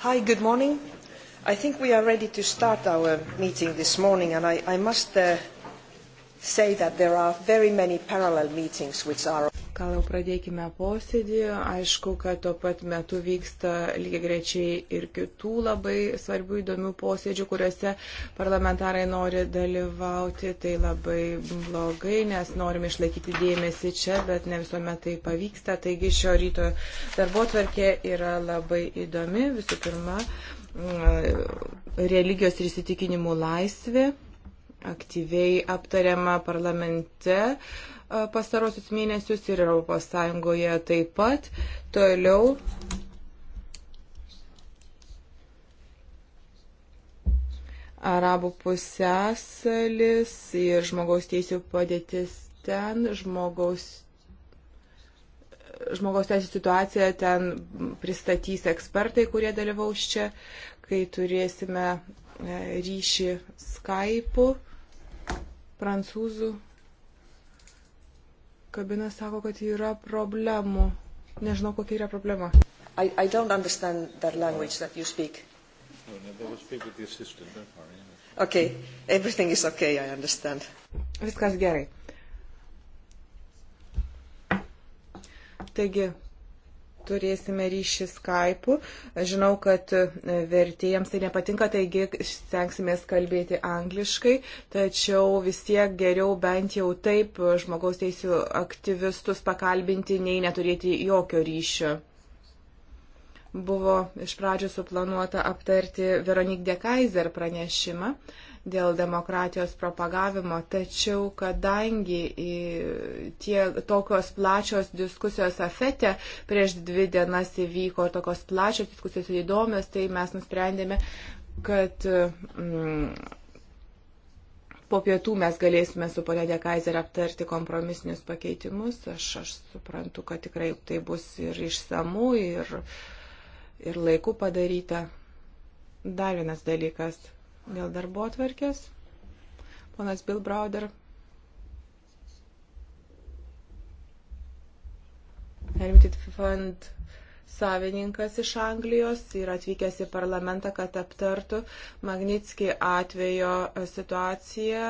Hi, good morning. I think we are ready to start our meeting this morning, and I, I must uh, say that there are very many parallel meetings which are gal jau pradėkime posėdį. Aišku, kad tuo pat metu vyksta lygiai grečiai ir kitų labai svarbių įdomių posėdžių, kuriuose parlamentarai nori dalyvauti. Tai labai blogai, nes norim išlaikyti dėmesį čia, bet ne visuomet tai pavyksta. Taigi šio ryto darbo tvarkė yra labai įdomi. Visų pirma, mm, religijos ir įsitikinimų laisvė aktyviai aptariama parlamente. Uh, pastarosius mėnesius ir ES taip pat. Toliau Arabų pusėsalis ir žmogaus teisų padėtis ten, žmogaus, žmogaus teisų situacija ten pristatys ekspertai, kurie dalyvaus čia, kai turėsime e, ryšį Skype'u prancūzų Kabina sako, kad yra problemų. Nežinau, kokia yra problema. I, I don't understand that language that you speak. No, no, they will speak with the assistant, don't worry. Okay, everything is okay, I understand. Viskas gerai. Taigi, turėsime ryšį Skype'u. Žinau, kad e, vertėjams tai nepatinka, taigi stengsimės kalbėti angliškai, tačiau vis tiek geriau bent jau taip e, žmogaus teisų aktyvistus pakalbinti, nei neturėti jokio ryšio. Buvo iš pradžių suplanuota aptarti Veronik Dekaiser pranešimą. Uh, dėl demokratijos propagavimo, tačiau kadangi tie, tokios plačios diskusijos afete prieš dvi dienas įvyko ir tokios plačios diskusijos įdomios, tai mes nusprendėme, kad mm, po pietų mes galėsime su ponia Dekaiser aptarti kompromisinius pakeitimus. Aš, aš suprantu, kad tikrai tai bus ir išsamu, ir, ir laiku padaryta. Dar vienas dalykas dėl darbo atverkės. Ponas Bilbrauder. Hermitit Fund savininkas iš Anglijos yra atvykęs į parlamentą, kad aptartų Magnitski atvejo situaciją,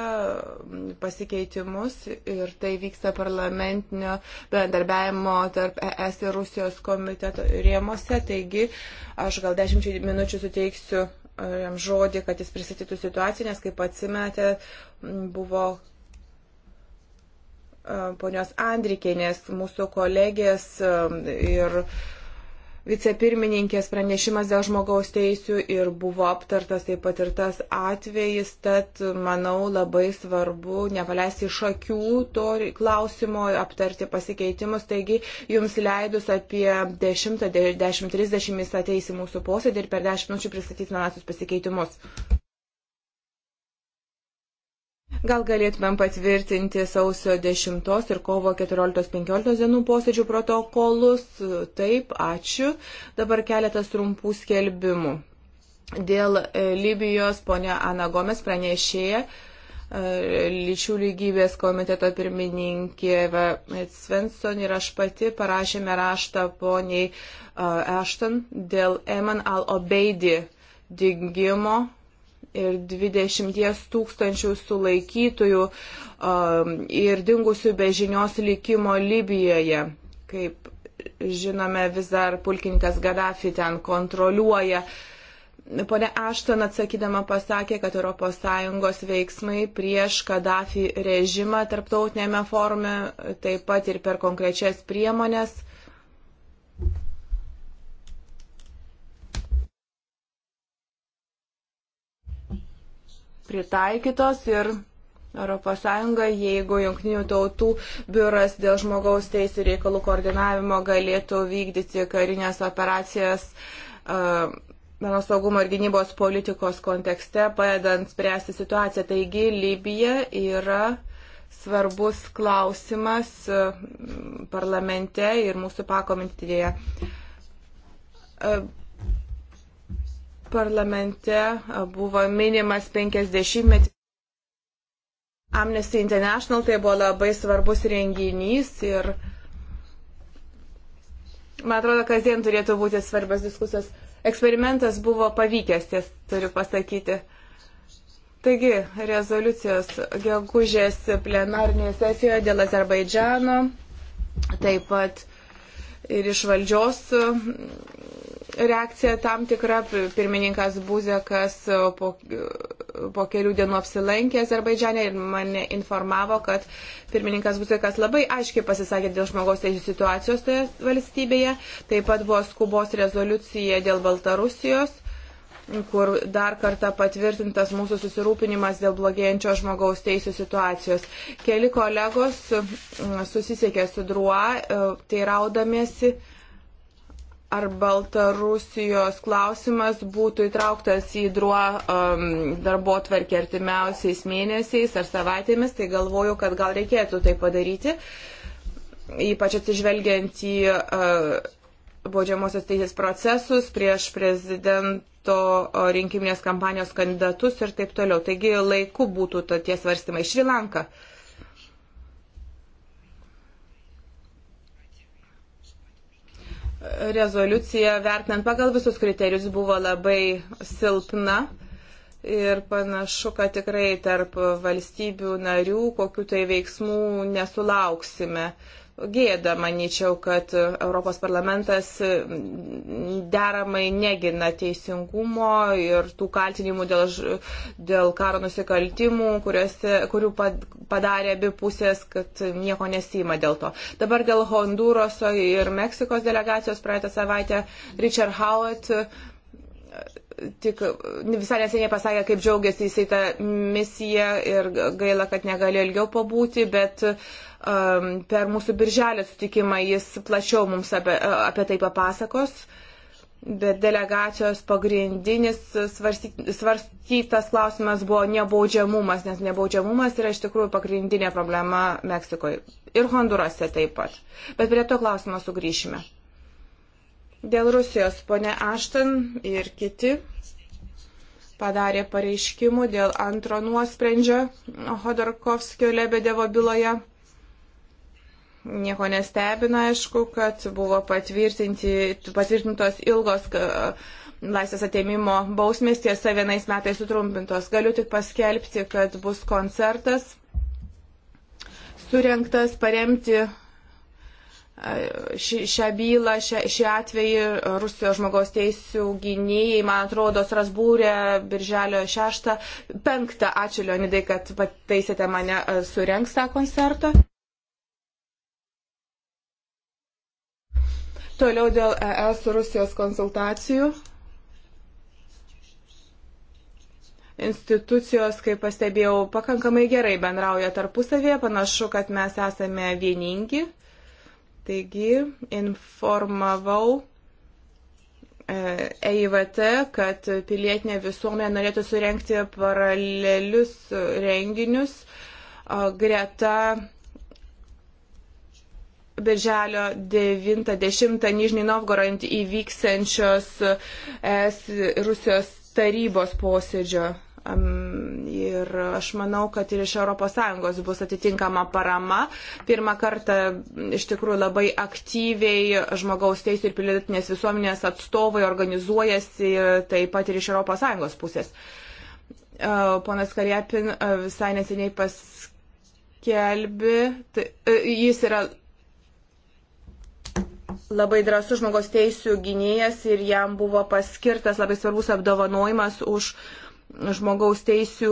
pasikeitimus ir tai vyksta parlamentinio bendarbiavimo tarp ES ir Rusijos komiteto rėmose. Taigi aš gal dešimčiai minučių suteiksiu jam žodį, kad jis pristatytų situaciją, nes kaip atsimetė, buvo ponios Andrikėnės, mūsų kolegės ir uh, vicepirmininkės pranešimas dėl žmogaus teisių ir buvo aptartas taip pat ir tas atvejis, tad manau labai svarbu nepaleisti iš akių to klausimo, aptarti pasikeitimus. Taigi jums leidus apie 10.30 10, jis ateis į mūsų posėdį ir per 10 minučių pristatys naujasius pasikeitimus. Gal galėtumėm patvirtinti sausio 10 ir kovo 14-15 dienų posėdžių protokolus? Taip, ačiū. Dabar keletas trumpų skelbimų. Dėl e, Libijos ponia Ana Gomes pranešėja e, lyčių lygybės komiteto pirmininkė Svensson ir aš pati parašėme raštą poniai e, Ashton dėl Eman al-Obeidi dingimo ir 20 tūkstančių sulaikytųjų um, ir dingusių be žinios likimo Libijoje. Kaip žinome, vis dar pulkininkas Gaddafi ten kontroliuoja. Pone Ašton atsakydama pasakė, kad ES veiksmai prieš Gaddafi režimą tarptautinėme forume, taip pat ir per konkrečias priemonės pritaikytos ir ES, jeigu Junktinių tautų biuras dėl žmogaus teisų reikalų koordinavimo galėtų vykdyti karinės operacijas uh, mano saugumo ir gynybos politikos kontekste, padedant spręsti situaciją. Taigi Libija yra svarbus klausimas e, parlamente ir mūsų pakomitėje. Uh, parlamente buvo minimas 50-metis. Amnesty International tai buvo labai svarbus renginys ir man atrodo, kasdien turėtų būti svarbios diskusijos. Eksperimentas buvo pavykęs, ties turiu pasakyti. Taigi, rezoliucijos gegužės plenarnėje sesijoje dėl Azerbaidžiano, taip pat ir iš valdžios reakcija tam tikra. Pirmininkas Buzekas po, po kelių dienų apsilankė Azerbaidžiane ir mane informavo, kad pirmininkas Buzekas labai aiškiai pasisakė dėl žmogaus teisų situacijos toje valstybėje. Taip pat buvo skubos rezoliucija dėl Baltarusijos kur dar kartą patvirtintas mūsų susirūpinimas dėl blogėjančio žmogaus teisų situacijos. Keli kolegos mm, susisiekė su Drua, e, teiraudamiesi, ar Baltarusijos klausimas būtų įtrauktas į druo um, darbo tvarkį artimiausiais mėnesiais ar savaitėmis, tai galvoju, kad gal reikėtų tai padaryti, ypač atsižvelgiant į uh, baudžiamosios teisės procesus prieš prezidento uh, rinkiminės kampanijos kandidatus ir taip toliau. Taigi laiku būtų tie svarstymai Šrilanka. Uh, rezoliucija, vertinant pagal visus kriterijus, buvo labai silpna. Ir panašu, kad tikrai tarp valstybių narių kokiu tai veiksmų nesulauksime. Uh, gėda, manyčiau, kad Europos parlamentas mm, deramai negina teisingumo ir tų kaltinimų dėl, dėl karo nusikaltimų, kuriuose, kurių padarė abi pusės, kad nieko nesima dėl to. Dabar dėl Honduroso ir Meksikos delegacijos praeitą savaitę Richard Howard tik visai neseniai pasakė, kaip džiaugiasi jisai tą misiją ir gaila, kad negalėjo ilgiau pabūti, bet um, per mūsų birželio sutikimą jis plačiau mums apie, apie tai papasakos. Bet delegacijos pagrindinis svarstytas klausimas buvo nebaudžiamumas, nes nebaudžiamumas yra iš tikrųjų pagrindinė problema Meksikoje ir Hondurase taip pat. Bet prie to klausimo sugrįšime. Dėl Rusijos ponė Ašten ir kiti padarė pareiškimų dėl antro nuosprendžio Hodorkovskio Lebedevo byloje. Nieko nestebina, aišku, kad buvo patvirtintos ilgos laisvės atėmimo bausmės, tiesa, vienais metais sutrumpintos. Galiu tik paskelbti, kad bus koncertas surinktas paremti šią bylą, šią, šį atvejį Rusijos žmogaus teisų gynėjai, man atrodo, Strasbūrė, Birželio 6, 5, ačiū Leonidai, kad pataisėte mane e, surenks tą koncertą. Toliau dėl ES Rusijos konsultacijų. institucijos, kaip pastebėjau, pakankamai gerai bendrauja tarpusavėje, panašu, kad mes esame vieningi. Taigi informavau EIVT, e kad pilietinė visuomenė norėtų surenkti paralelius renginius e, greta Birželio 90 Nižnį Novgorod įvyksiančios es Rusijos tarybos posėdžio. Ir aš manau, kad ir iš ES bus atitinkama parama. Pirmą kartą iš tikrųjų labai aktyviai žmogaus teisų ir pilietinės visuomenės atstovai organizuojasi taip pat ir iš ES pusės. E, ponas Kariapin e, visai neseniai paskelbi, tai, e, jis yra labai drąsus žmogaus teisų gynėjas ir jam buvo paskirtas labai svarbus apdovanojimas už uh, žmogaus teisių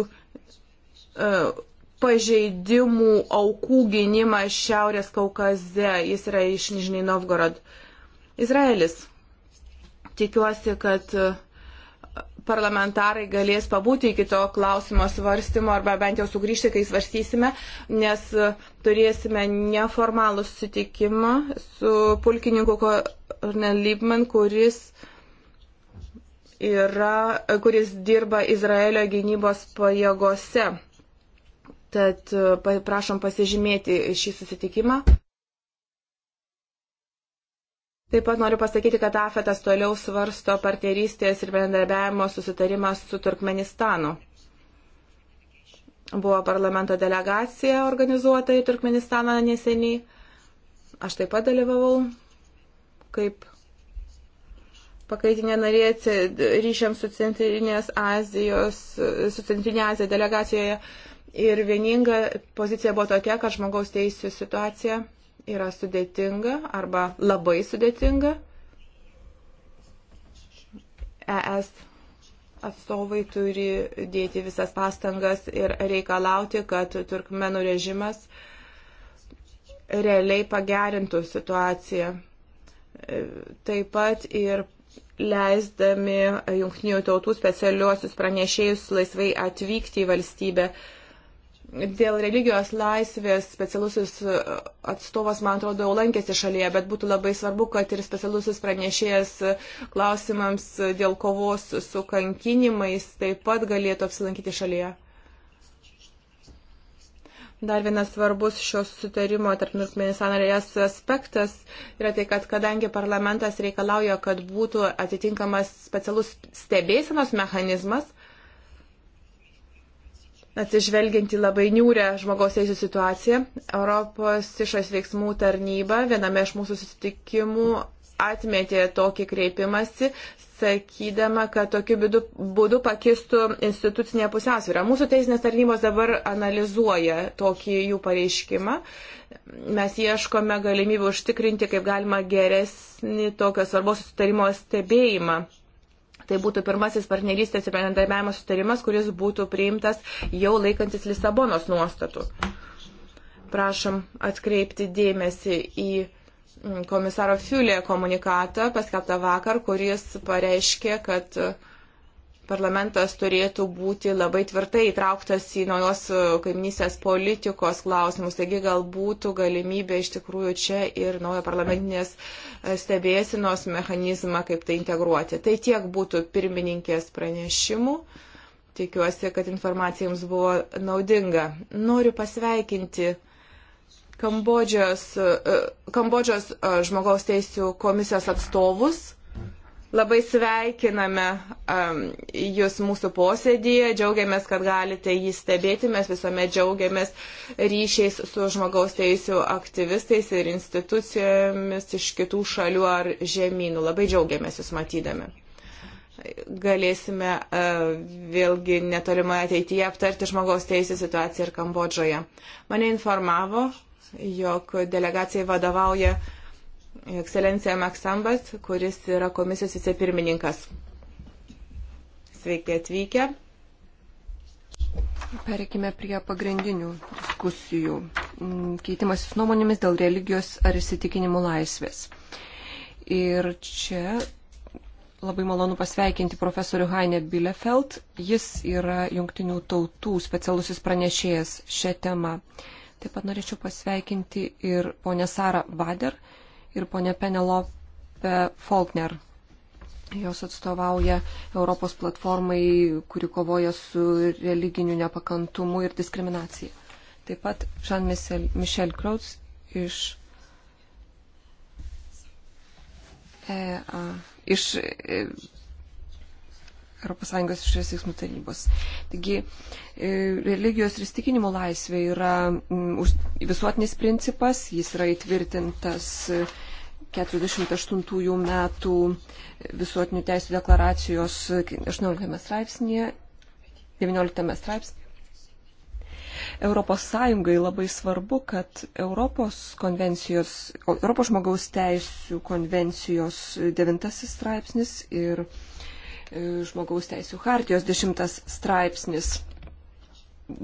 e, pažeidimų aukų gynimą Šiaurės Kaukaze. Jis yra iš Nižnai Novgorod. Izraelis. Tikiuosi, kad e, parlamentarai galės pabūti iki to klausimo svarstymo arba bent jau sugrįžti, kai svarstysime, nes e, turėsime neformalų susitikimą su pulkininku Kornel Liebman, kuris uh, yra, kuris dirba Izraelio gynybos pajėgose. Tad e, prašom pasižymėti šį susitikimą. Taip pat noriu pasakyti, kad AFETAS toliau svarsto partnerystės ir bendradarbiavimo susitarimą su Turkmenistanu. Buvo parlamento delegacija organizuota į Turkmenistaną neseniai. Aš taip pat dalyvavau kaip pakaitinė narė ryšiams su Centrinės Azijos, su Centrinė Azija delegacijoje. Ir vieninga pozicija buvo tokia, kad žmogaus teisų situacija yra sudėtinga arba labai sudėtinga. ES atstovai turi dėti visas pastangas ir reikalauti, kad turkmenų režimas realiai pagerintų situaciją. Taip pat ir leisdami jungtinių tautų specialiuosius pranešėjus laisvai atvykti į valstybę. Dėl religijos laisvės specialusis atstovas, man atrodo, jau lankėsi šalyje, bet būtų labai svarbu, kad ir specialusis pranešėjas klausimams dėl kovos su kankinimais taip pat galėtų apsilankyti šalyje. Dar vienas svarbus šios sutarimo tarp Turkmenistano ir ES aspektas yra tai, kad kadangi parlamentas reikalauja, kad būtų atitinkamas specialus stebėsenos mechanizmas, atsižvelgiant į labai niūrę žmogaus teisų situaciją, Europos išas veiksmų tarnyba viename iš mūsų susitikimų atmetė tokį kreipimąsi, sakydama, kad tokiu būdu, būdu pakistų institucinė pusiausvyrą. Mūsų teisinės tarnybos dabar analizuoja tokį jų pareiškimą. Mes ieškome galimybių užtikrinti, kaip galima geresnį tokio svarbos susitarimo stebėjimą. Tai būtų pirmasis partnerystės ir bendradarbiavimo sutarimas, kuris būtų priimtas jau laikantis Lisabonos nuostatų. Prašom atkreipti dėmesį į komisaro Fiulė komunikatą paskelbtą vakar, kuris pareiškė, kad parlamentas turėtų būti labai tvirtai įtrauktas į naujos kaiminysės politikos klausimus. Taigi gal būtų galimybė iš tikrųjų čia ir naujo parlamentinės stebėsinos mechanizmą kaip tai integruoti. Tai tiek būtų pirmininkės pranešimų. Tikiuosi, kad informacija jums buvo naudinga. Noriu pasveikinti Kambodžios, e, Kambodžios e, žmogaus teisų komisijos atstovus. Labai sveikiname um, Jūs mūsų posėdėje, džiaugiamės, kad galite jį stebėti, mes visuomet džiaugiamės ryšiais su žmogaus teisų aktyvistais ir institucijomis iš kitų šalių ar žemynų. Labai džiaugiamės Jūs matydami. Galėsime uh, vėlgi netolimoje ateityje aptarti žmogaus teisų situaciją ir Kambodžoje. Mane informavo, jog delegacijai vadovauja ekscelencija Maksambas, kuris yra komisijos vicepirmininkas. Sveiki atvykę. Pereikime prie pagrindinių diskusijų. Mm, keitimasis nuomonėmis dėl religijos ar įsitikinimų laisvės. Ir čia labai malonu pasveikinti profesorių Hainę Bielefeld. Jis yra jungtinių tautų specialusis pranešėjas šią temą. Taip pat norėčiau pasveikinti ir ponę Sarą Vader ir ponę Penelope Faulkner. Jos atstovauja Europos platformai, kuri kovoja su religiniu nepakantumu ir diskriminacija. Taip pat Jean-Michel Krauts iš, e, a, iš e, ES išorės veiksmų tarybos. Taigi e, religijos ir įstikinimų laisvė yra mm, visuotinis principas, jis yra įtvirtintas 48 e, metų visuotinių teisų deklaracijos 18 e, straipsnėje, 19 straipsnėje. Europos Sąjungai labai svarbu, kad Europos konvencijos, Europos žmogaus teisų konvencijos devintasis straipsnis ir E, žmogaus teisų hartijos dešimtas straipsnis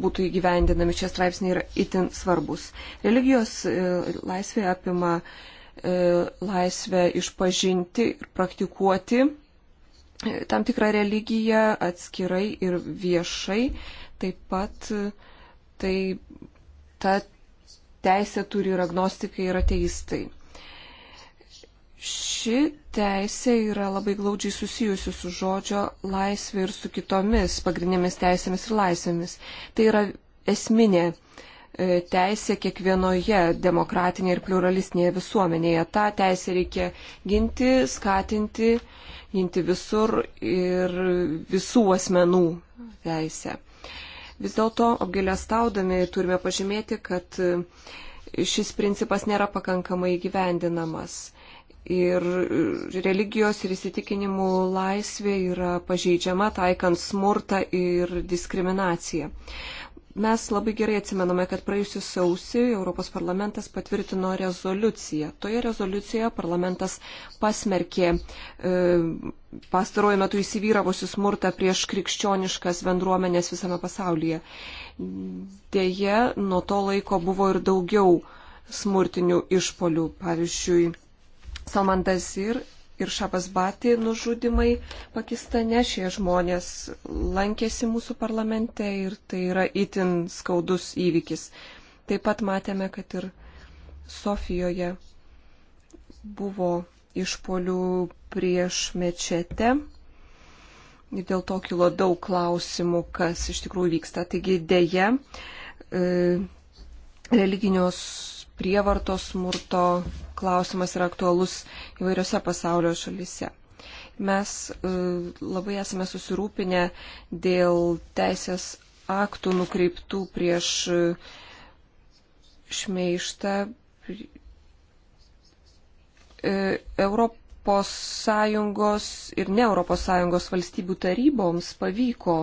būtų įgyvendinami. Šie straipsniai yra itin svarbus. Religijos e, laisvė apima e, laisvę išpažinti ir praktikuoti tam tikrą religiją atskirai ir viešai. Taip pat tai ta teisė turi ir agnostikai, ir ateistai. Ši teisė yra labai glaudžiai susijusi su žodžio laisvė ir su kitomis pagrindinėmis teisėmis ir laisvėmis. Tai yra esminė e, teisė kiekvienoje demokratinėje ir pluralistinėje visuomenėje. Ta teisė reikia ginti, skatinti, ginti visur ir visų asmenų teisę. Vis dėlto apgailestaudami turime pažymėti, kad e, šis principas nėra pakankamai gyvendinamas ir religijos ir įsitikinimų laisvė yra pažeidžiama taikant smurtą ir diskriminaciją. Mes labai gerai atsimename, kad praėjusiu sausį Europos parlamentas patvirtino rezoliuciją. Toje rezoliucijoje parlamentas pasmerkė e, pastaruoju metu įsivyravusių smurtą prieš krikščioniškas bendruomenės visame pasaulyje. Deja, nuo to laiko buvo ir daugiau smurtinių išpolių. Pavyzdžiui, Osman Dazir ir Šabas Bati nužudimai Pakistane. Šie žmonės lankėsi mūsų parlamente ir tai yra itin skaudus įvykis. Taip pat matėme, kad ir Sofijoje buvo išpolių prieš mečetę. Ir dėl to kilo daug klausimų, kas iš tikrųjų vyksta. Taigi dėje e, religinios prievartos smurto klausimas yra aktualus įvairiose pasaulio šalyse. Mes e, labai esame susirūpinę dėl teisės aktų nukreiptų prieš e, šmeištą. E, Europos Sąjungos ir ne Europos Sąjungos valstybių taryboms pavyko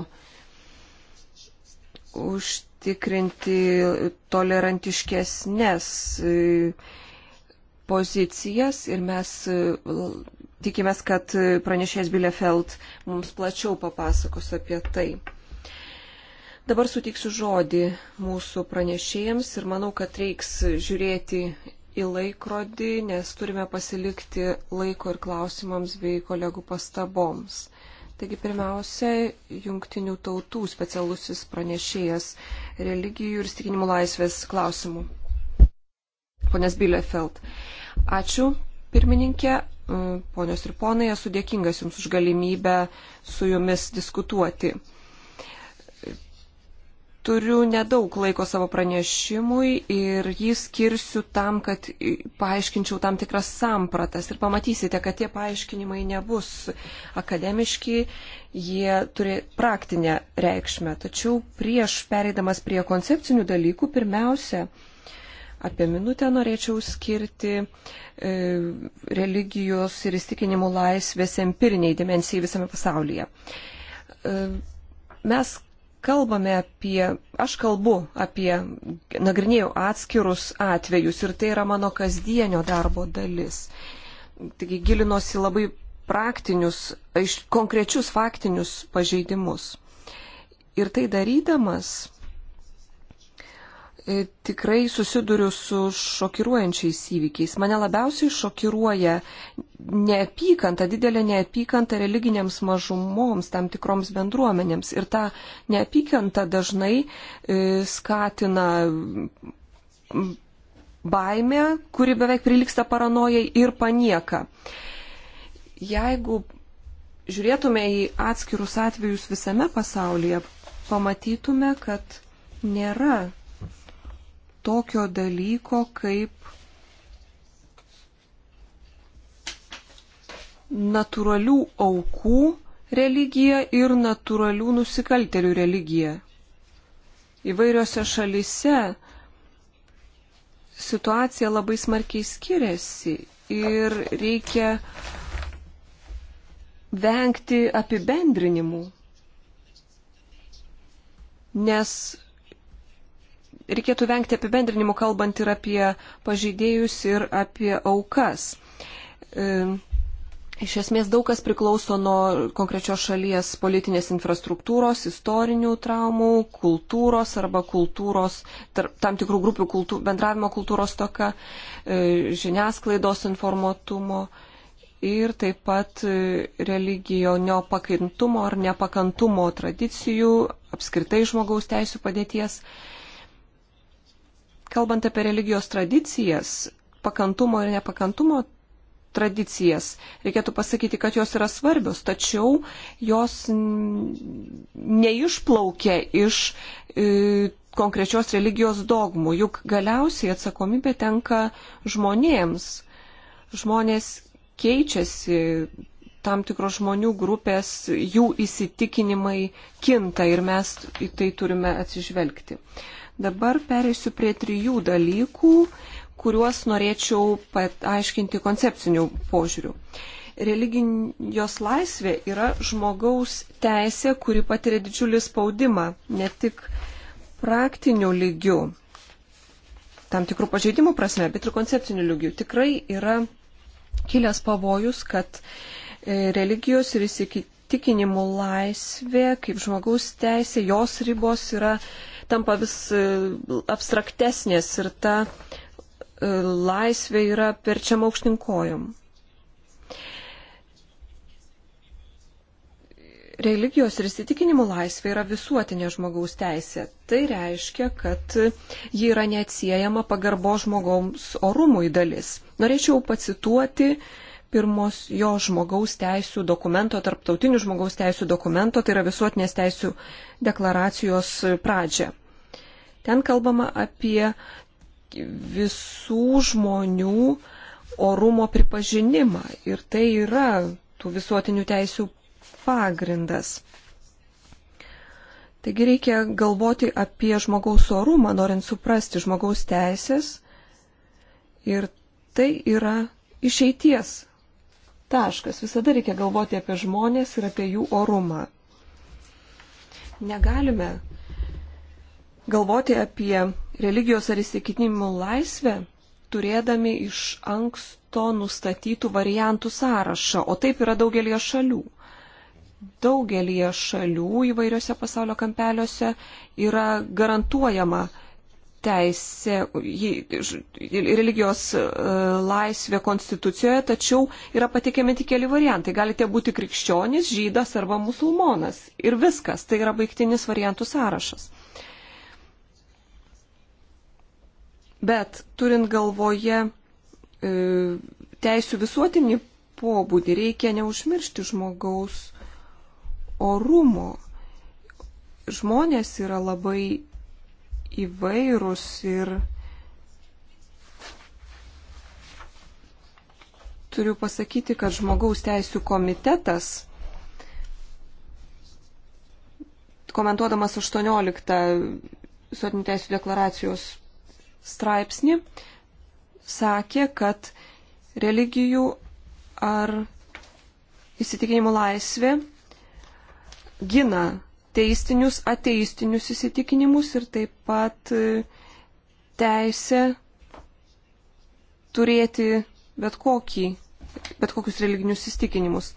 užtikrinti tolerantiškesnės pozicijas ir mes e, tikimės, kad e, pranešėjas Bielefeld mums plačiau papasakos apie tai. Dabar sutiksiu žodį mūsų pranešėjams ir manau, kad reiks žiūrėti į laikrodį, nes turime pasilikti laiko ir klausimams bei kolegų pastaboms. Taigi pirmiausia, jungtinių tautų specialusis pranešėjas religijų ir stikinimų laisvės klausimų. Ponės Bielefeld. Ačiū, pirmininkė. Mm, ponios ir ponai, esu dėkingas Jums už galimybę su Jumis diskutuoti. Turiu nedaug laiko savo pranešimui ir jį skirsiu tam, kad paaiškinčiau tam tikras sampratas ir pamatysite, kad tie paaiškinimai nebus akademiški, jie turi praktinę reikšmę. Tačiau prieš pereidamas prie koncepcinių dalykų, pirmiausia, Apie minutę norėčiau skirti e, religijos ir įstikinimų laisvės empiriniai dimensijai visame pasaulyje. E, mes kalbame apie, aš kalbu apie, nagrinėjau atskirus atvejus ir tai yra mano kasdienio darbo dalis. Taigi gilinosi labai praktinius, konkrečius faktinius pažeidimus. Ir tai darydamas E, tikrai susiduriu su šokiruojančiais įvykiais. Mane labiausiai šokiruoja neapykanta, didelė neapykanta religinėms mažumoms, tam tikroms bendruomenėms. Ir ta neapykanta dažnai e, skatina baimė, kuri beveik priliksta paranojai ir panieka. Jeigu žiūrėtume į atskirus atvejus visame pasaulyje, pamatytume, kad nėra tokio dalyko kaip natūralių aukų religija ir natūralių nusikaltelių religija. Įvairiose šalise situacija labai smarkiai skiriasi ir reikia vengti apibendrinimų, nes reikėtų vengti apibendrinimų, kalbant ir apie pažeidėjus, ir apie aukas. E, iš esmės daug kas priklauso nuo konkrečios šalies politinės infrastruktūros, istorinių traumų, kultūros arba kultūros, tam tikrų grupių kultū, bendravimo kultūros toka, e, žiniasklaidos informuotumo ir taip pat e, religijonio pakintumo ar nepakantumo tradicijų, apskritai žmogaus teisų padėties. Kalbant apie religijos tradicijas, pakantumo ir nepakantumo tradicijas, reikėtų pasakyti, kad jos yra svarbios, tačiau jos neišplaukia iš e, konkrečios religijos dogmų, juk galiausiai atsakomybė tenka žmonėms. Žmonės keičiasi, tam tikros žmonių grupės, jų įsitikinimai kinta ir mes į tai turime atsižvelgti. Dabar pereisiu prie trijų dalykų, kuriuos norėčiau paaiškinti koncepcinių požiūrių. Religijos laisvė yra žmogaus teisė, kuri patiria didžiulį spaudimą, ne tik praktinių lygių, tam tikrų pažeidimų prasme, bet ir koncepcinių lygių. Tikrai yra kilęs pavojus, kad e, religijos ir įsitikinimų laisvė, kaip žmogaus teisė, jos ribos yra tampa vis e, abstraktesnės ir ta e, laisvė yra perčiama aukštinkojom. Religijos ir įsitikinimų laisvė yra visuotinė žmogaus teisė. Tai reiškia, kad ji yra neatsiejama pagarbo žmogaus orumui dalis. Norėčiau pacituoti pirmos jo žmogaus teisų dokumento, tarptautinių žmogaus teisų dokumento, tai yra visuotinės teisų deklaracijos pradžią. Ten kalbama apie visų žmonių orumo pripažinimą ir tai yra tų visuotinių teisių pagrindas. Taigi reikia galvoti apie žmogaus orumą, norint suprasti žmogaus teisės ir tai yra išeities taškas. Visada reikia galvoti apie žmonės ir apie jų orumą. Negalime galvoti apie religijos ar įsitikinimų laisvę, turėdami iš anksto nustatytų variantų sąrašą, o taip yra daugelie šalių. Daugelie šalių įvairiose pasaulio kampeliuose yra garantuojama teisė, religijos e, laisvė konstitucijoje, tačiau yra patikiami tik keli variantai. Galite būti krikščionis, žydas arba musulmonas. Ir viskas, tai yra baigtinis variantų sąrašas. Bet turint galvoje e, teisų visuotinį pobūdį, reikia neužmiršti žmogaus orumo. Žmonės yra labai įvairūs ir turiu pasakyti, kad žmogaus teisų komitetas komentuodamas 18 suotinių teisų deklaracijos straipsnį, sakė, kad religijų ar įsitikinimų laisvė gina teistinius, ateistinius įsitikinimus ir taip pat e, teisę turėti bet, kokį, bet kokius religinius įsitikinimus.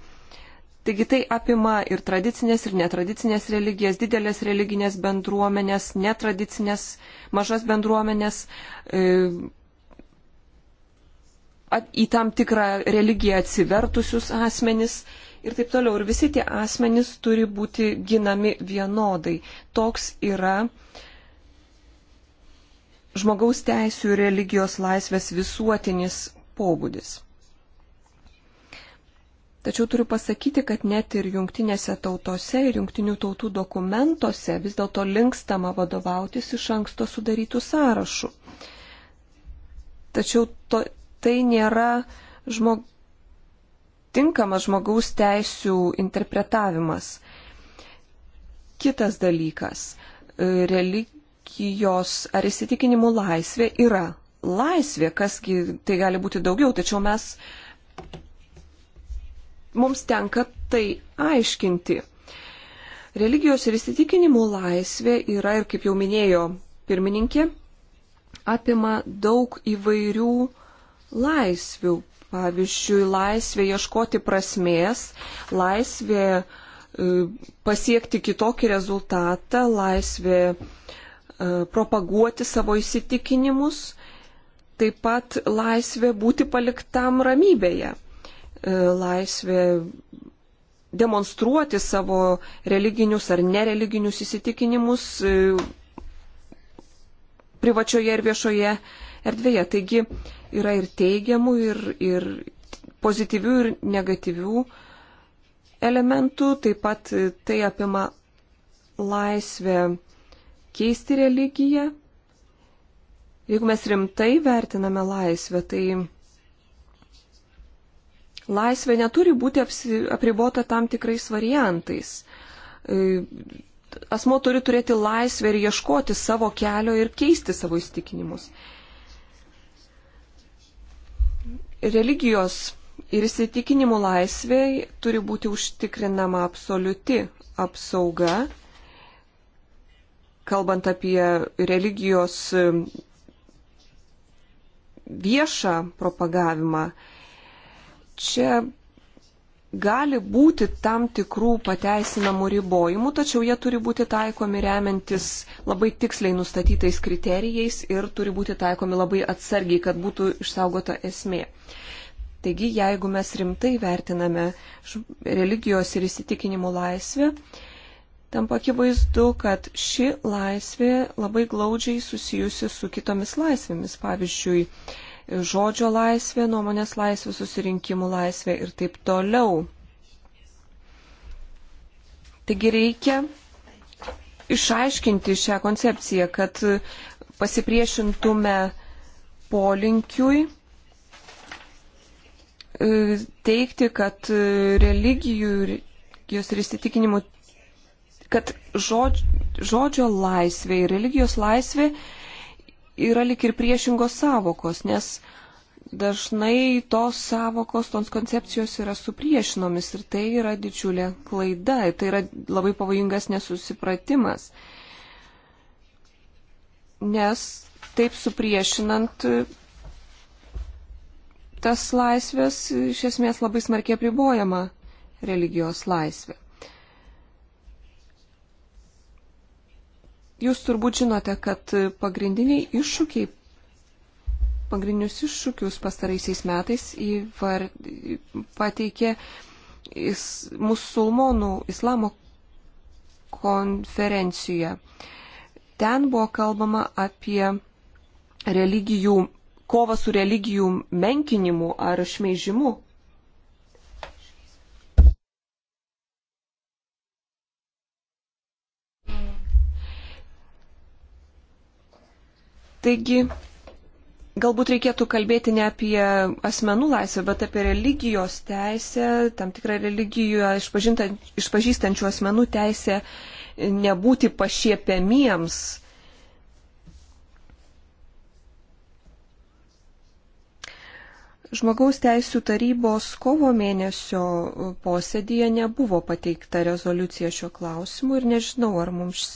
Taigi tai apima ir tradicinės, ir netradicinės religijas, didelės religinės bendruomenės, netradicinės, mažas bendruomenės, e, į tam tikrą religiją atsivertusius asmenis ir taip toliau. Ir visi tie asmenys turi būti ginami vienodai. Toks yra žmogaus teisų ir religijos laisvės visuotinis pobūdis. Tačiau turiu pasakyti, kad net ir jungtinėse tautose ir jungtinių tautų dokumentuose vis dėlto linkstama vadovautis iš anksto sudarytų sąrašų. Tačiau to, tai nėra žmog... tinkamas žmogaus teisų interpretavimas. Kitas dalykas e, - religijos ar įsitikinimų laisvė yra laisvė, kasgi tai gali būti daugiau, tačiau mes mums tenka tai aiškinti. Religijos ir įsitikinimų laisvė yra, ir kaip jau minėjo pirmininkė, apima daug įvairių laisvių. Pavyzdžiui, laisvė ieškoti prasmės, laisvė e, pasiekti kitokį rezultatą, laisvė e, propaguoti savo įsitikinimus, taip pat laisvė būti paliktam ramybėje. E, laisvė demonstruoti savo religinius ar nereliginius įsitikinimus e, privačioje ir viešoje erdvėje. Taigi yra ir teigiamų, ir, ir pozityvių, ir negatyvių elementų. Taip pat tai apima laisvę keisti religiją. Jeigu mes rimtai vertiname laisvę, tai laisvė neturi būti apribota tam tikrais variantais. E, asmo turi turėti laisvę ir ieškoti savo kelio ir keisti savo įstikinimus. Religijos ir įsitikinimų laisvė turi būti užtikrinama absoliuti apsauga, kalbant apie religijos viešą propagavimą čia gali būti tam tikrų pateisinamų ribojimų, tačiau jie turi būti taikomi remiantis labai tiksliai nustatytais kriterijais ir turi būti taikomi labai atsargiai, kad būtų išsaugota esmė. Taigi, jeigu mes rimtai vertiname religijos ir įsitikinimų laisvę, tam pakivaizdu, kad ši laisvė labai glaudžiai susijusi su kitomis laisvėmis. Pavyzdžiui, žodžio laisvė, nuomonės laisvė, susirinkimų laisvė ir taip toliau. Taigi reikia išaiškinti šią koncepciją, kad pasipriešintume polinkiui e, teikti, kad religijų ir įsitikinimų, kad žodžio, žodžio laisvė ir religijos laisvė yra lik ir priešingos savokos, nes dažnai tos savokos, tos koncepcijos yra supriešinomis ir tai yra didžiulė klaida, tai yra labai pavojingas nesusipratimas. Nes taip supriešinant tas laisvės iš esmės labai smarkiai apribojama religijos laisvė. Jūs turbūt žinote, kad pagrindiniai iššūkiai, pagrindinius iššūkius pastaraisiais metais įvar, pateikė is, musulmonų islamo konferencijoje. Ten buvo kalbama apie religijų, kovą su religijų menkinimu ar šmeižimu Taigi, galbūt reikėtų kalbėti ne apie asmenų laisvę, bet apie religijos teisę, tam tikrą religiją išpažįstančių asmenų teisę nebūti pašiepiamiems. Žmogaus teisų tarybos kovo mėnesio posėdėje nebuvo pateikta rezoliucija šio klausimu ir nežinau, ar mums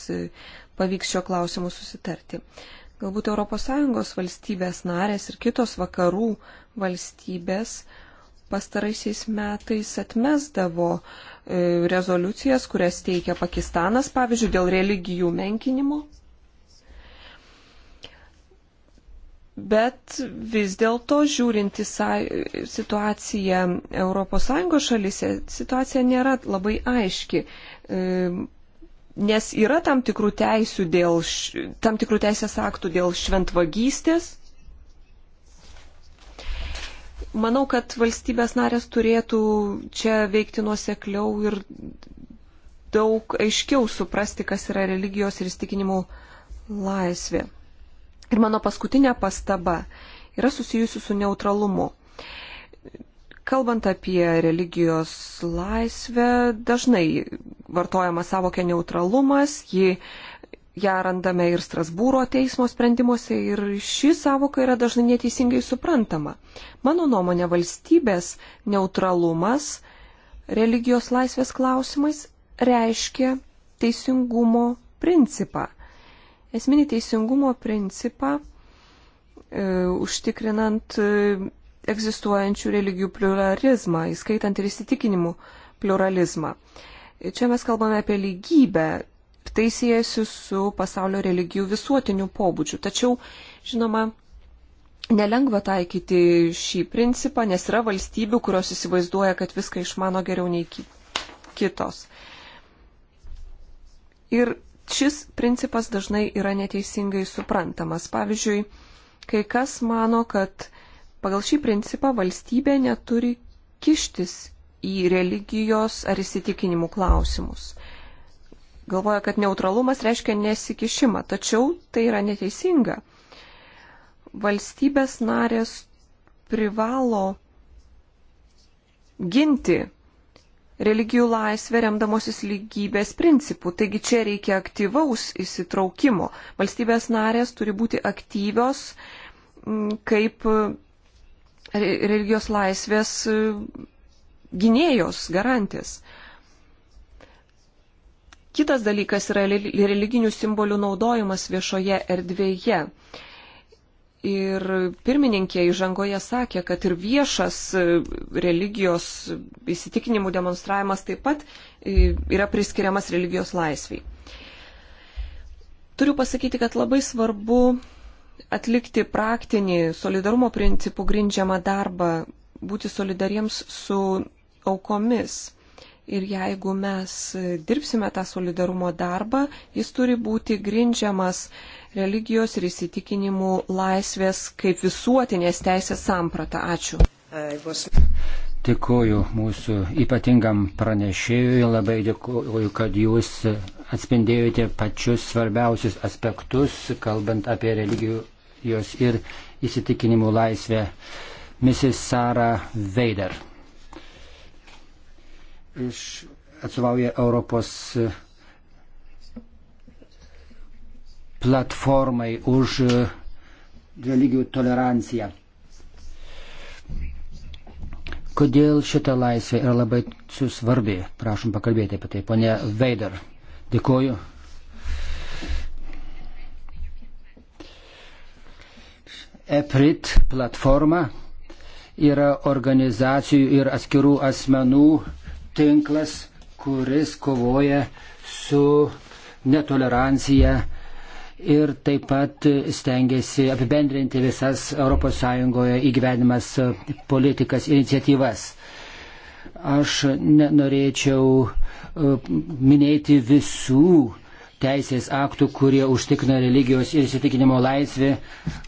pavyks šio klausimu susitarti. Uh, Galbūt ES valstybės narės ir kitos vakarų valstybės pastaraisiais metais atmesdavo e, rezoliucijas, kurias teikia Pakistanas, pavyzdžiui, dėl religijų menkinimo. Bet vis dėlto, žiūrint į situaciją ES šalise, situacija nėra labai aiški. E, nes yra tam tikrų teisių dėl, tam tikrų teisės aktų dėl šventvagystės. Manau, kad valstybės narės turėtų čia veikti nuosekliau ir daug aiškiau suprasti, kas yra religijos ir įstikinimų laisvė. Ir mano paskutinė pastaba yra susijusi su neutralumu. Kalbant apie religijos laisvę, dažnai vartojama savokia neutralumas, ji, ją randame ir Strasbūro teismo sprendimuose ir ši savoka yra dažnai neteisingai suprantama. Mano nuomonė, valstybės neutralumas religijos laisvės klausimais reiškia teisingumo principą. Esminį teisingumo principą e, užtikrinant e, egzistuojančių religijų pluralizmą, įskaitant ir įsitikinimų pluralizmą. Čia mes kalbame apie lygybę, tai siejasi su pasaulio religijų visuotiniu pobūdžiu. Tačiau, žinoma, nelengva taikyti šį principą, nes yra valstybių, kurios įsivaizduoja, kad viską išmano geriau nei kitos. Ir šis principas dažnai yra neteisingai suprantamas. Pavyzdžiui, kai kas mano, kad Pagal šį principą valstybė neturi kištis į religijos ar įsitikinimų klausimus. Galvoja, kad neutralumas reiškia nesikišimą, tačiau tai yra neteisinga. Valstybės narės privalo ginti religijų laisvę remdamosis lygybės principų. Taigi čia reikia aktyvaus įsitraukimo. Valstybės narės turi būti aktyvios kaip religijos laisvės e, gynėjos, garantės. Kitas dalykas yra religinių simbolių naudojimas viešoje erdvėje. Ir pirmininkė įžangoje sakė, kad ir viešas e, religijos įsitikinimų demonstravimas taip pat e, yra priskiriamas religijos laisviai. Turiu pasakyti, kad labai svarbu atlikti praktinį solidarumo principų grindžiamą darbą, būti solidariems su aukomis. Ir jeigu mes dirbsime tą solidarumo darbą, jis turi būti grindžiamas religijos ir įsitikinimų laisvės kaip visuotinės teisės samprata. Ačiū. Dėkuoju mūsų ypatingam pranešėjui, labai dėkuoju, kad jūs atspindėjote pačius svarbiausius aspektus, kalbant apie religijos ir įsitikinimų laisvę. Mrs. Sara Veider iš atstovauja Europos platformai už religijų toleranciją. Kodėl šita laisvė yra labai svarbi? Prašom pakalbėti apie tai. Pone Veider, dėkoju. EPRIT platforma yra organizacijų ir atskirų asmenų tinklas, kuris kovoja su netolerancija ir taip pat stengiasi apibendrinti visas ES įgyvenimas politikas iniciatyvas. Aš norėčiau e, minėti visų teisės aktų, kurie užtikrina religijos ir įsitikinimo laisvę.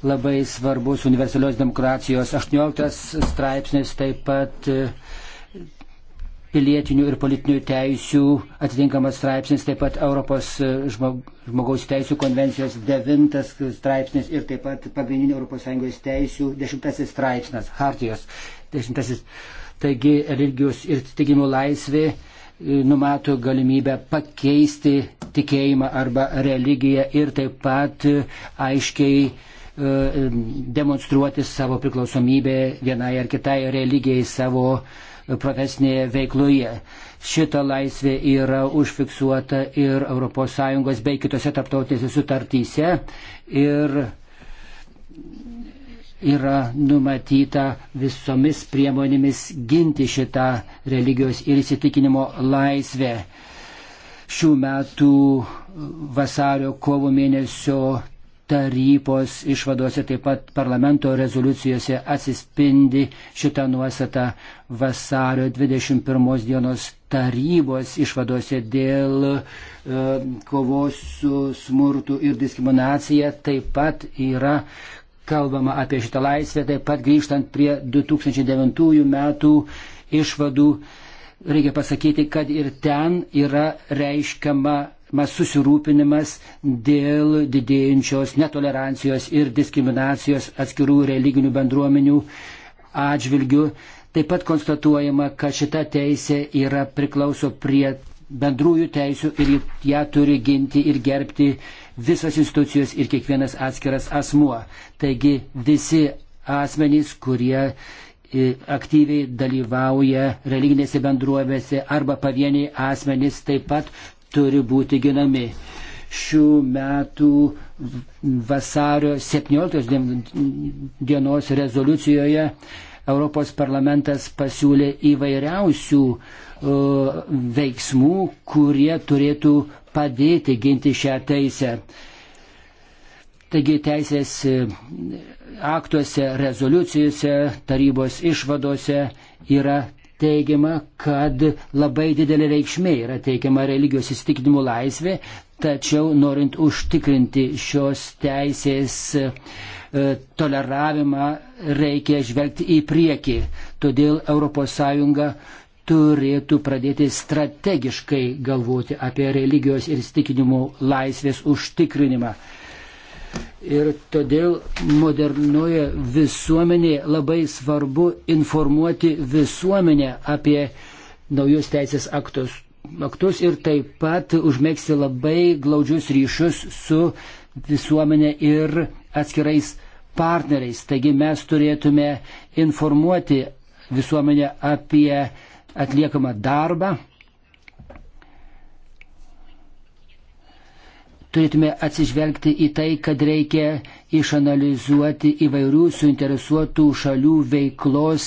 Labai svarbus universalios demokracijos 18 straipsnis taip pat e, pilietinių ir politinių teisių atitinkamas straipsnis, taip pat Europos e, žmogaus teisų konvencijos devintas straipsnis ir taip pat pagrindinių ES teisių dešimtasis straipsnis, Hartijos dešimtasis. Taigi religijos ir tikimų laisvė e, numato galimybę pakeisti tikėjimą arba religiją ir taip pat e, aiškiai demonstruoti savo priklausomybę vienai ar kitai religijai savo uh, profesinėje veikloje. Šita laisvė yra užfiksuota ir ES bei kitose tarptautinėse sutartyse ir yra numatyta visomis priemonėmis ginti šitą religijos ir įsitikinimo laisvę. Šių metų vasario kovo mėnesio tarybos išvadose, taip pat parlamento rezoliucijose atsispindi šitą nuostatą vasario 21 dienos tarybos išvadose dėl e, kovos su smurtu ir diskriminacija. Taip pat yra kalbama apie šitą laisvę, taip pat grįžtant prie 2009 metų išvadų. Reikia pasakyti, kad ir ten yra reiškiama susirūpinimas dėl didėjančios netolerancijos ir diskriminacijos atskirų religinių bendruomenių atžvilgių. Taip pat konstatuojama, kad šita teisė yra priklauso prie bendrųjų teisių ir ją turi ginti ir gerbti visos institucijos ir kiekvienas atskiras asmuo. Taigi visi asmenys, kurie e, aktyviai dalyvauja religinėse bendruovėse arba pavieniai asmenys taip pat turi būti ginami. Šių metų vasario 17 dienos rezoliucijoje Europos parlamentas pasiūlė įvairiausių uh, veiksmų, kurie turėtų padėti ginti šią teisę. Taigi teisės e, aktuose, rezoliucijose, tarybos išvadose yra teigiama, kad labai didelė reikšmė yra teikiama religijos įsitikinimų laisvė, tačiau norint užtikrinti šios teisės e, toleravimą reikia žvelgti į priekį. Todėl ES turėtų pradėti strategiškai galvoti apie religijos ir įsitikinimų laisvės užtikrinimą. Ir todėl modernoje visuomenėje labai svarbu informuoti visuomenę apie naujus teisės aktus, aktus ir taip pat užmėgsti labai glaudžius ryšius su visuomenė ir atskirais partneriais. Taigi mes turėtume informuoti visuomenę apie atliekamą darbą, turėtume atsižvelgti į tai, kad reikia išanalizuoti įvairių suinteresuotų šalių veiklos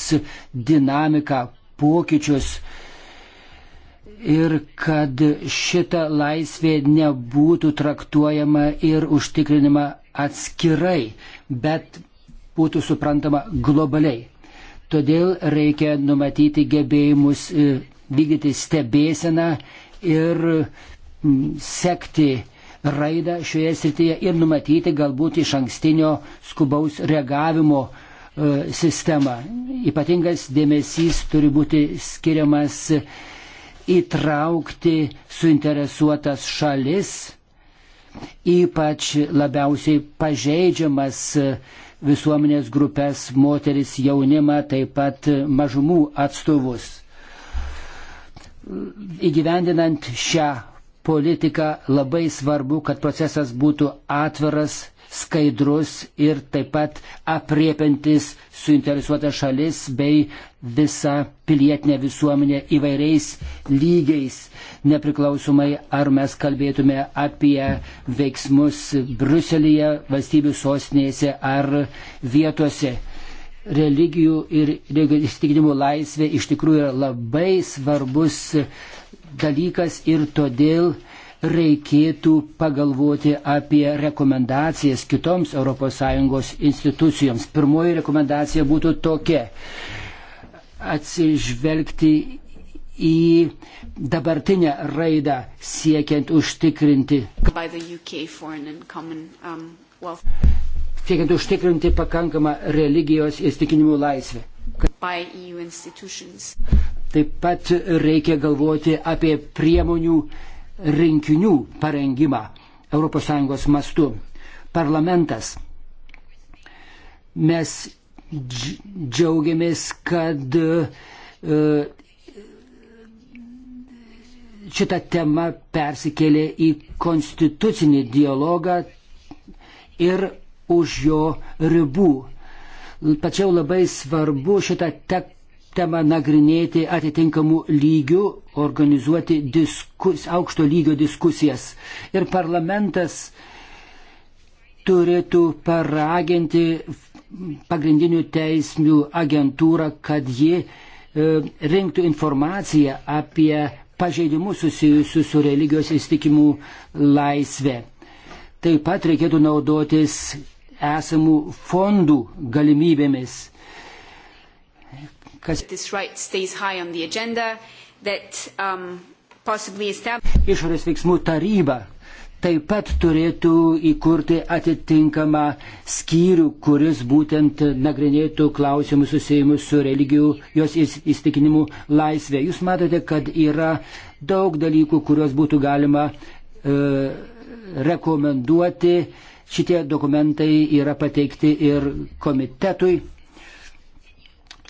dinamiką, pokyčius ir kad šita laisvė nebūtų traktuojama ir užtikrinama atskirai, bet būtų suprantama globaliai. Todėl reikia numatyti gebėjimus e, vykdyti stebėseną ir sekti raidą šioje srityje ir numatyti galbūt iš ankstinio skubaus reagavimo e, sistemą. Ypatingas dėmesys turi būti skiriamas įtraukti suinteresuotas šalis, ypač labiausiai pažeidžiamas visuomenės grupės, moteris, jaunimą, taip pat mažumų atstovus. Įgyvendinant šią politiką, labai svarbu, kad procesas būtų atviras, skaidrus ir taip pat apriepintis suinteresuotas šalis bei visą pilietinę visuomenę įvairiais lygiais, nepriklausomai ar mes kalbėtume apie veiksmus Bruselėje, valstybių sostinėse ar vietose religijų ir įsitikinimų laisvė iš tikrųjų yra labai svarbus dalykas ir todėl reikėtų pagalvoti apie rekomendacijas kitoms ES institucijoms. Pirmoji rekomendacija būtų tokia - atsižvelgti į dabartinę raidą siekiant užtikrinti. Common, um, wealth... Siekiant užtikrinti pakankamą religijos įstikinimų laisvę. Taip pat reikia galvoti apie priemonių rinkinių parengimą ES mastu. Parlamentas. Mes džiaugiamės, kad e, šita tema persikėlė į konstitucinį dialogą ir už jo ribų. Tačiau labai svarbu šitą tek temą nagrinėti atitinkamų lygių, organizuoti diskus, aukšto lygio diskusijas. Ir parlamentas turėtų paraginti pagrindinių teismių agentūrą, kad ji e, rinktų informaciją apie pažeidimus susijusius su religijos įstikimų laisvė. Taip pat reikėtų naudotis esamų fondų galimybėmis kas. Um, išorės veiksmų taryba taip pat turėtų įkurti atitinkamą skyrių, kuris būtent nagrinėtų klausimus susijimus su religijų, jos įstikinimu laisvė. Jūs matote, kad yra daug dalykų, kuriuos būtų galima e, rekomenduoti. Šitie dokumentai yra pateikti ir komitetui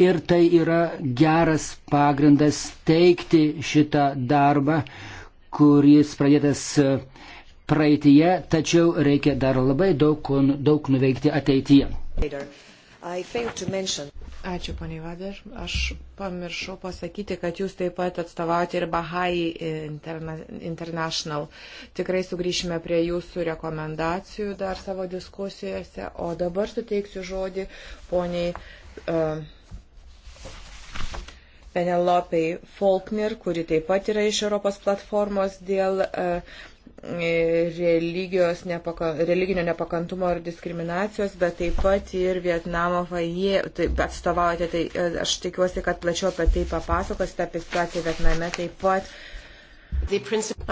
ir tai yra geras pagrindas teikti šitą darbą, kuris pradėtas praeitie, tačiau reikia dar labai daug, daug nuveikti ateityje. Ačiū, poniai Vader. Aš pamiršau pasakyti, kad jūs taip pat atstovauti ir Bahai Interna International. Tikrai sugrįšime prie jūsų rekomendacijų dar savo diskusijose. O dabar suteiksiu žodį poniai. Uh, Penelopei Faulkner, kuri taip pat yra iš Europos platformos dėl e, e, nepaka, religinio nepakantumo ir diskriminacijos, bet taip pat ir Vietnamo vaje tai atstovaujate, tai e, aš tikiuosi, kad plačiau apie tai papasakosite, apie situaciją Vietname taip pat.